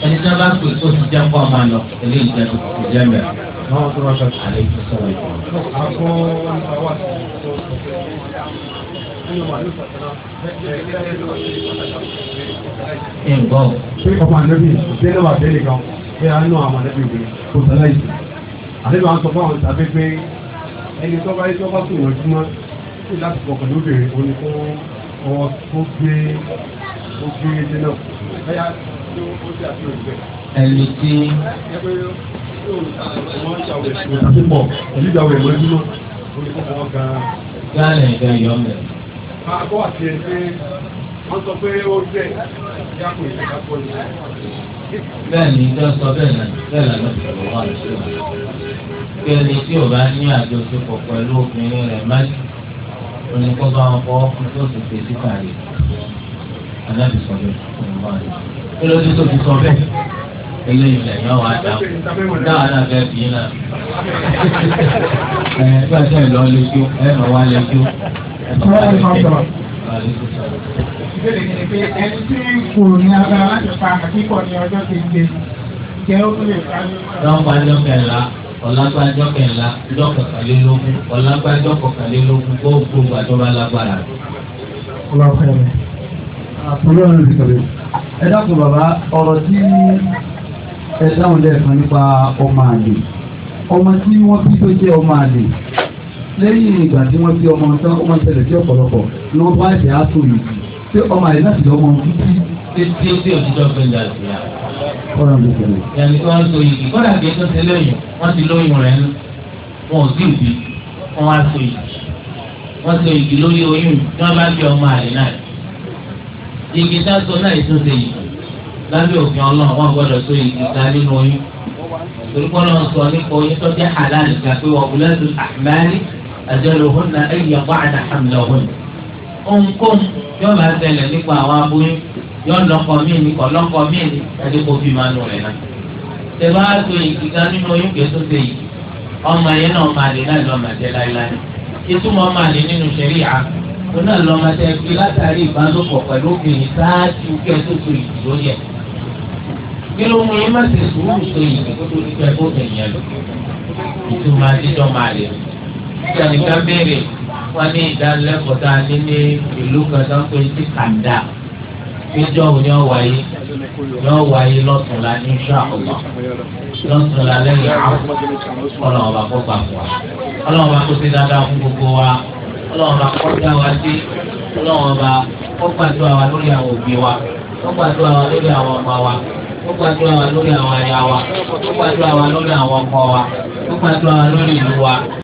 ẹni tí wọn bá pè tó ti jẹ kó máa lọ ilé ìjẹ tó ti jẹ mẹ. wọn kò rọṣọ àlẹ ìfẹ́ sọ̀rọ̀ ìfọ. ǹgbọ́. ṣé ọmọ ànábì ṣé lọ́wọ́ àbẹ́lẹ̀ kan pé a nù àwọn ànábì wẹ̀ kó sọ láìsí. àlẹ́ bá ń sọ fún àwọn ìtàbí pé ẹni tó bá yẹ tó bá kùn ìyànjú mọ́ sí láti pọ̀ pẹ̀lú obìnrin òní kó ọwọ́ tó gbé ó gbé ilé náà ẹni tí púpọ̀ onígbàwọ̀ ẹ̀wọ̀n dúró onífọwọ́ gan-an. gáàlì ẹ̀dá ìyọ́ mẹ́. máa àti ẹ̀ wọ́n sọ pé ó jẹ́ ìyàpò ìṣàkóso ní. bẹ́ẹ̀ ni ìjọ sọ bẹ́ẹ̀ náà bẹ́ẹ̀ náà ló fi wà lóṣù rẹ̀. bí ẹni tí ò bá ní àjọṣepọ̀ pẹ̀lú obìnrin rẹ̀ má ní oníkọ́ bá wọn fọwọ́ fún tó sì fèsì kàrí anábì sọ bẹ́ẹ̀ kí ló dé tó fi sọ bẹ́ẹ̀ eléyìí lẹ yọ wá dà dáhà náà bẹ́ẹ̀ bí náà ẹ bá tẹ lọ lẹjọ ẹ mọ wá lẹjọ ẹ mọ wá lẹjọ ìbéèrè ni pé ẹni tí kò ní agbára láti lè parí. lọ́gbàjọ́ kẹ̀la ọ̀làgbàjọ́ kẹ̀la lọ́kọ̀kànlélógún ọ̀làgbàjọ́ kọ̀kànlélógún gbogbo àjọba lágbára. ọlọ́pàá ẹ̀rọ àpòlọ́ ọ̀rọ̀ ìkàlẹ̀. ẹ dákun bàbá ọ̀rọ̀ tí ẹ dáhùn lẹ́ẹ̀kan nípa ọmọ àlè ọmọ tí wọ́n bí tó jẹ́ ọmọ àlè lẹ́yìn ìgbà tí wọ́n bí ọmọ tán ó máa ń ṣẹlẹ̀ sí ọ̀pọ̀lọpọ̀ ni wọ́n bá ẹ̀fẹ̀ á tó yìí pé ọmọ àlè láti lọ́mọ títí. títí tí òtítọ́ fẹ́ gbà sí kọ́ra ló ṣẹlẹ̀. yàrá ìkọ́ ń so yìí kọ́ra kí ẹjọ́ ṣe lóyún wọ́n ti lóyún rẹ̀ wọn ò sí òbí wọ́n wá so yìí wọ́n so yìí lórí oyún tí wọ́n bá bí ọmọ àlè náà igi dáso náà ìtúnṣe yìí lábẹ́ òfin ọlọ́run wọn gbọ́dọ̀ so igi ta nínú oyún torípọ́ náà sọ nípa oyún tó jẹ́ halal gà pé wọ́n wulẹ̀ lu àmàlí àjọlòhùn náà èyí ọ̀pá àdá àmìlòhùn. ohunkóhun yóò máa ṣẹlẹ̀ nípa àwọn aboyún yóò lọ́kọ míì ní kọ́ lọ́kọ míì ní ẹni kò fi máa nù rẹ̀ náà. tẹ̀wá so igi ta nínú oyún kì tó ṣe yìí ọmọ yẹn náà máa lè láì lọ́ọ́ òun náà lọ́mọdé fi látàrí ìbálòpọ̀ pẹ̀lú obìnrin sáájú kí ẹ tó so ìdúró yẹ kí ló mú yín má ti sùúrù so ìdí kó tó ní pẹ́ kó bẹ̀yìn ẹ̀ lọ ìtumọ̀ adídọ́ máa lè kí ẹnìkan béèrè wọn ní ìdánilẹ́kọ̀ọ́ tá a ní ní ìlú kan tó ń pè ní kàńdà péjọ òun ni ó wáyé ni ó wáyé lọ́tùnla ní sàkóbá lọ́tùnla lẹ́yìn àwọn ọlọ́wọ́n bá kó gbà fún wa ọlọ́wọ́n bá kó sí dáadáa fún gbogbo wa ọlọ́run bá kọ́ dá wa sí ọlọ́run bá kọ́ gbàdúrà wa lórí àwọn òbí wa kọ́ gbàdúrà wa lórí àwọn ọmọ wa kọ́ gbàdúrà wa lórí àwọn aya wa kọ́ gbàdúrà lórí àwọn ọkọ wa kọ́ gbàdúrà lórí ìlú wa.